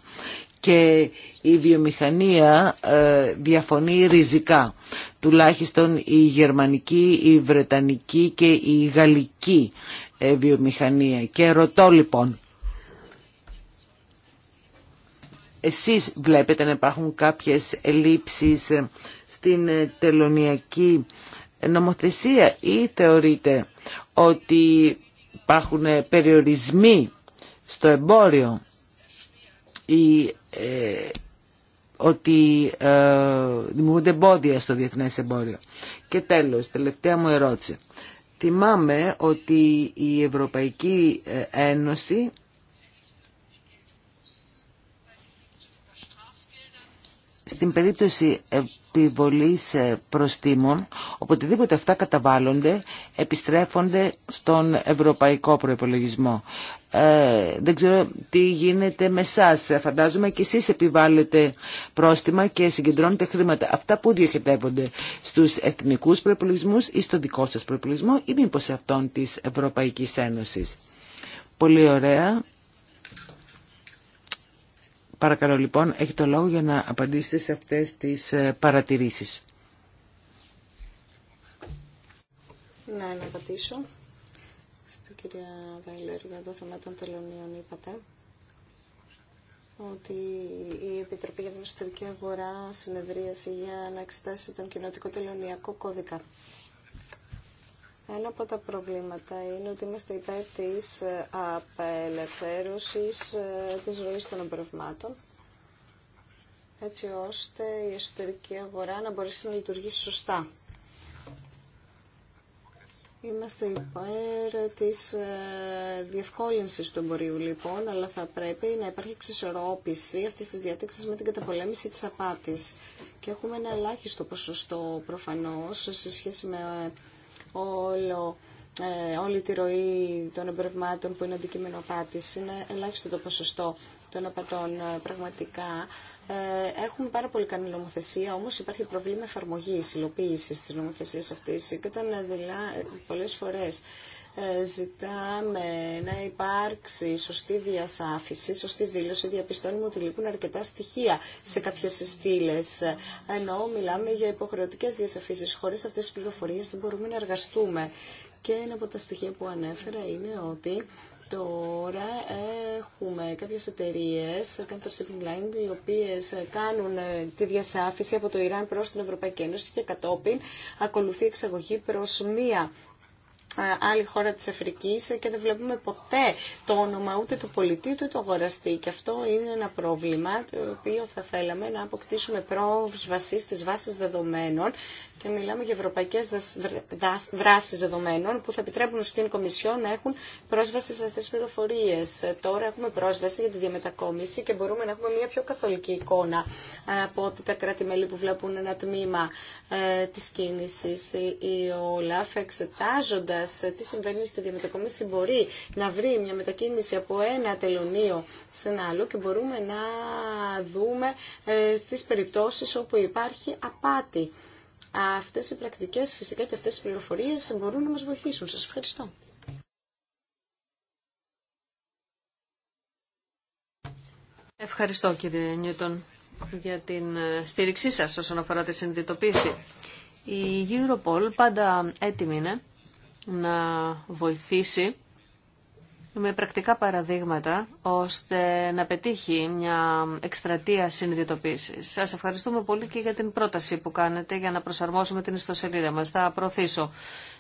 Speaker 3: και η βιομηχανία ε, διαφωνεί ριζικά. Τουλάχιστον η γερμανική, η βρετανική και η γαλλική ε, βιομηχανία. Και ρωτώ λοιπόν, εσείς βλέπετε να υπάρχουν κάποιες ελλείψεις στην ε, τελωνιακή νομοθεσία ή θεωρείτε ότι υπάρχουν περιορισμοί στο εμπόριο ε, ότι ε, δημιουργούνται εμπόδια στο διεθνές εμπόριο. Και τέλος, τελευταία μου ερώτηση. Θυμάμαι ότι η Ευρωπαϊκή ε, Ένωση Στην περίπτωση επιβολής ε, προστήμων, οποτεδήποτε αυτά καταβάλλονται, επιστρέφονται στον ευρωπαϊκό προϋπολογισμό. Ε, δεν ξέρω τι γίνεται με εσά. Φαντάζομαι και εσείς επιβάλλετε πρόστιμα και συγκεντρώνετε χρήματα. Αυτά που διοχετεύονται στους εθνικούς προϋπολογισμούς ή στο δικό σας προϋπολογισμό ή μήπως σε αυτόν της Ευρωπαϊκής Ένωσης. Πολύ ωραία. Παρακαλώ λοιπόν, έχει το λόγο για να απαντήσετε σε αυτές τις ε, παρατηρήσεις.
Speaker 1: να απαντήσω στην κυρία Βαϊλέρ για το θέμα των τελωνίων είπατε ότι η Επιτροπή για την Ιστορική Αγορά συνεδρίασε για να εξετάσει τον κοινοτικό τελωνιακό κώδικα. Ένα από τα προβλήματα είναι ότι είμαστε υπέρ της ε, απελευθέρωσης ε, της ροής των εμπορευμάτων έτσι ώστε η εσωτερική αγορά να μπορέσει να λειτουργήσει σωστά. Είμαστε υπέρ της ε, διευκόλυνσης του εμπορίου λοιπόν, αλλά θα πρέπει να υπάρχει εξισορρόπηση αυτής της διάταξης με την καταπολέμηση της απάτης. Και έχουμε ένα ελάχιστο ποσοστό προφανώς σε σχέση με όλο ε, όλη τη ροή των εμπορευμάτων που είναι αντικείμενο απάτης. Είναι ελάχιστο το ποσοστό των απατών ε, πραγματικά. Ε, έχουμε πάρα πολύ καλή νομοθεσία, όμως υπάρχει προβλήμα εφαρμογής, υλοποίησης της νομοθεσίας αυτής. Και όταν δηλαδή, πολλές φορές ε, ζητάμε να υπάρξει σωστή διασάφηση, σωστή δήλωση, διαπιστώνουμε ότι λείπουν αρκετά στοιχεία σε κάποιες στήλε. Ενώ μιλάμε για υποχρεωτικέ διασαφήσει. Χωρί αυτέ τι πληροφορίες δεν μπορούμε να εργαστούμε. Και ένα από τα στοιχεία που ανέφερα είναι ότι Τώρα έχουμε κάποιες εταιρείες, Counter Line, οι οποίε κάνουν ε, τη διασάφηση από το Ιράν προ την Ευρωπαϊκή Ένωση και κατόπιν ακολουθεί εξαγωγή προ μία ε, άλλη χώρα της Αφρικής ε, και δεν βλέπουμε ποτέ το όνομα ούτε του πολιτή ούτε του αγοραστή και αυτό είναι ένα πρόβλημα το οποίο θα θέλαμε να αποκτήσουμε πρόσβαση στις βάσεις δεδομένων και μιλάμε για ευρωπαϊκές δράσεις δεδομένων που θα επιτρέπουν στην Κομισιό να έχουν πρόσβαση σε αυτές τις πληροφορίες. Ε, τώρα έχουμε πρόσβαση για τη διαμετακόμιση και μπορούμε να έχουμε μια πιο καθολική εικόνα από ότι τα κράτη-μέλη που βλέπουν ένα τμήμα της κίνησης ή όλα εξετάζοντα ε, τι συμβαίνει στη διαμετακόμιση μπορεί να βρει μια μετακίνηση από ένα τελωνίο σε ένα άλλο και μπορούμε να δούμε ε, τις περιπτώσεις όπου υπάρχει απάτη. Αυτές οι πρακτικές φυσικά και αυτές οι πληροφορίες μπορούν να μας βοηθήσουν. Σας ευχαριστώ.
Speaker 2: Ευχαριστώ κύριε Νιούτον για την ε, στήριξή σας όσον αφορά τη συνειδητοποίηση. Η Europol πάντα έτοιμη είναι να βοηθήσει με πρακτικά παραδείγματα ώστε να πετύχει μια εκστρατεία συνειδητοποίηση. Σα ευχαριστούμε πολύ και για την πρόταση που κάνετε για να προσαρμόσουμε την ιστοσελίδα μα. Θα προωθήσω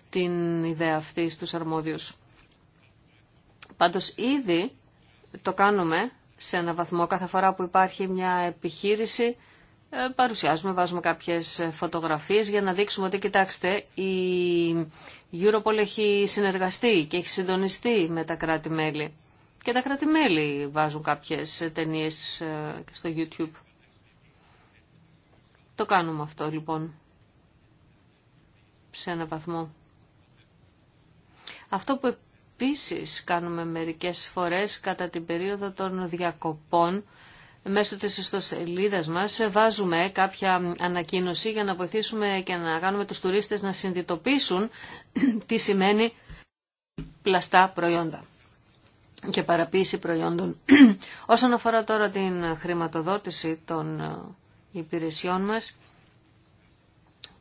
Speaker 2: την ιδέα αυτή στου αρμόδιου. Πάντω, ήδη το κάνουμε σε ένα βαθμό κάθε φορά που υπάρχει μια επιχείρηση ε, παρουσιάζουμε, βάζουμε κάποιες φωτογραφίες για να δείξουμε ότι κοιτάξτε η Europol έχει συνεργαστεί και έχει συντονιστεί με τα κράτη-μέλη. Και τα κράτη-μέλη βάζουν κάποιες ταινίες ε, στο YouTube. Το κάνουμε αυτό λοιπόν σε ένα βαθμό. Αυτό που επίσης κάνουμε μερικές φορές κατά την περίοδο των διακοπών μέσω της ιστοσελίδας μας βάζουμε κάποια ανακοίνωση για να βοηθήσουμε και να κάνουμε τους τουρίστες να συνειδητοποιήσουν τι σημαίνει πλαστά προϊόντα και παραποίηση προϊόντων. Όσον αφορά τώρα την χρηματοδότηση των ε, υπηρεσιών μας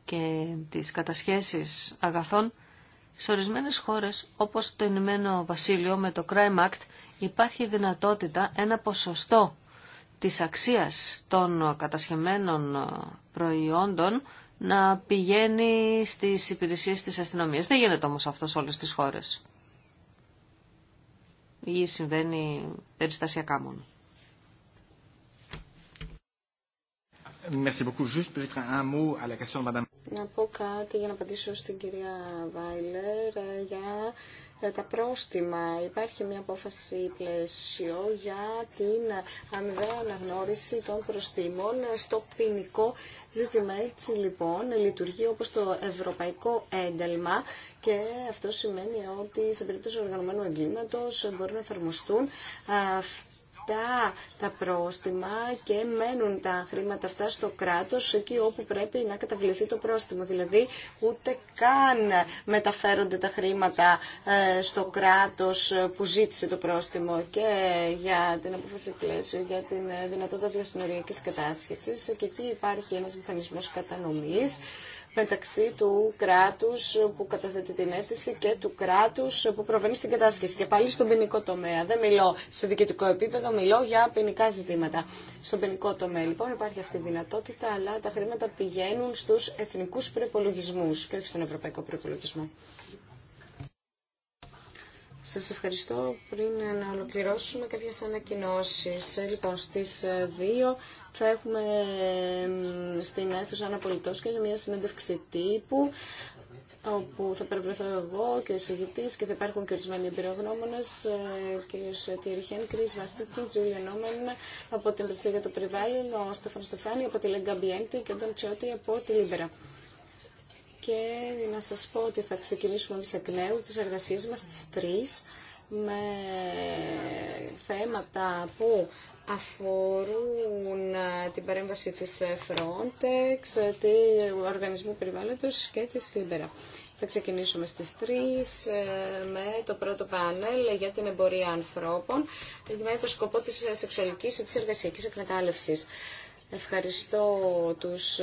Speaker 2: και τις κατασχέσεις αγαθών, σε ορισμένες χώρες όπως το Ηνωμένο Βασίλειο με το Crime Act υπάρχει δυνατότητα ένα ποσοστό της αξίας των κατασχεμένων προϊόντων να πηγαίνει στις υπηρεσίες της αστυνομίας. Δεν γίνεται όμως αυτό σε όλες τις χώρες. Ή συμβαίνει περιστασιακά μόνο.
Speaker 1: Να πω κάτι για να απαντήσω στην κυρία Βάιλερ ε, για τα πρόστιμα. Υπάρχει μια απόφαση πλαίσιο για την αμοιβαία αναγνώριση των προστιμών στο ποινικό ζήτημα. Έτσι λοιπόν λειτουργεί όπως το ευρωπαϊκό ένταλμα και αυτό σημαίνει ότι σε περίπτωση οργανωμένου εγκλήματος μπορούν να εφαρμοστούν τα πρόστιμα και μένουν τα χρήματα αυτά στο κράτος εκεί όπου πρέπει να καταβληθεί το πρόστιμο. Δηλαδή ούτε καν μεταφέρονται τα χρήματα ε, στο κράτος ε, που ζήτησε το πρόστιμο και για την απόφαση πλαίσιο, για την ε, δυνατότητα διασυνοριακής κατάσχεσης και εκεί υπάρχει ένας μηχανισμός κατανομής μεταξύ του κράτου που καταθέτει την αίτηση και του κράτου που προβαίνει στην κατάσχεση. Και πάλι στον ποινικό τομέα. Δεν μιλώ σε διοικητικό επίπεδο, μιλώ για ποινικά ζητήματα. Στον ποινικό τομέα λοιπόν υπάρχει αυτή η δυνατότητα, αλλά τα χρήματα πηγαίνουν στους εθνικούς προπολογισμού και όχι στον ευρωπαϊκό προπολογισμό. Σας ευχαριστώ. Πριν να ολοκληρώσουμε κάποιες ανακοινώσεις, ε, λοιπόν, στις 2 ε, θα έχουμε στην αίθουσα πολιτός και μια συνέντευξη τύπου όπου θα περιπλεθώ εγώ και ο συγητή και θα υπάρχουν και ορισμένοι εμπειρογνώμονε, ε, κ. Τιεριχέν, κ. Βαστίτκιν, Τζούλια Νόμεν από την Περσία για το Περιβάλλον, ο Στέφαν Στεφάνη από τη Λέγκα Μπιέντη και τον Τσιώτη από τη Λίμπερα. Και να σα πω ότι θα ξεκινήσουμε εμεί εκ νέου τι εργασίε μα στι 3 με θέματα που αφορούν ε, την παρέμβαση της ε, Frontex, ε, του Οργανισμού Περιβάλλοντος και της Λίμπερα. Θα ξεκινήσουμε στις 3 με το πρώτο πάνελ για την εμπορία ανθρώπων με το σκοπό της σεξουαλικής και της εργασιακής εκμετάλλευσης. Ευχαριστώ τους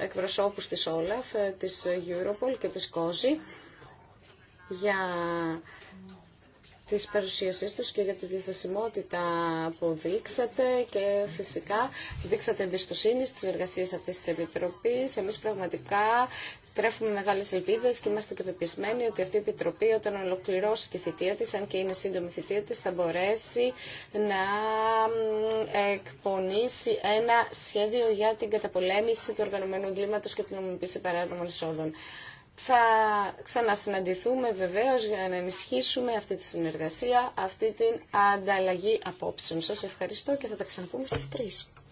Speaker 1: εκπροσώπους της Όλαφ, της Europol και της COSI για της παρουσίασής τους και για τη διαθεσιμότητα που δείξατε και φυσικά δείξατε εμπιστοσύνη στις εργασίες αυτής της Επιτροπής. Εμείς πραγματικά τρέφουμε μεγάλες ελπίδες και είμαστε και πεπισμένοι ότι αυτή η Επιτροπή όταν ολοκληρώσει τη θητεία της, αν και είναι σύντομη θητεία της, θα μπορέσει να εκπονήσει ένα σχέδιο για την καταπολέμηση του οργανωμένου εγκλήματος και την νομιμοποίηση παράνομων εισόδων. Θα ξανασυναντηθούμε βεβαίως για να ενισχύσουμε αυτή τη συνεργασία, αυτή την ανταλλαγή απόψεων. Σας ευχαριστώ και θα τα ξαναπούμε στις 3.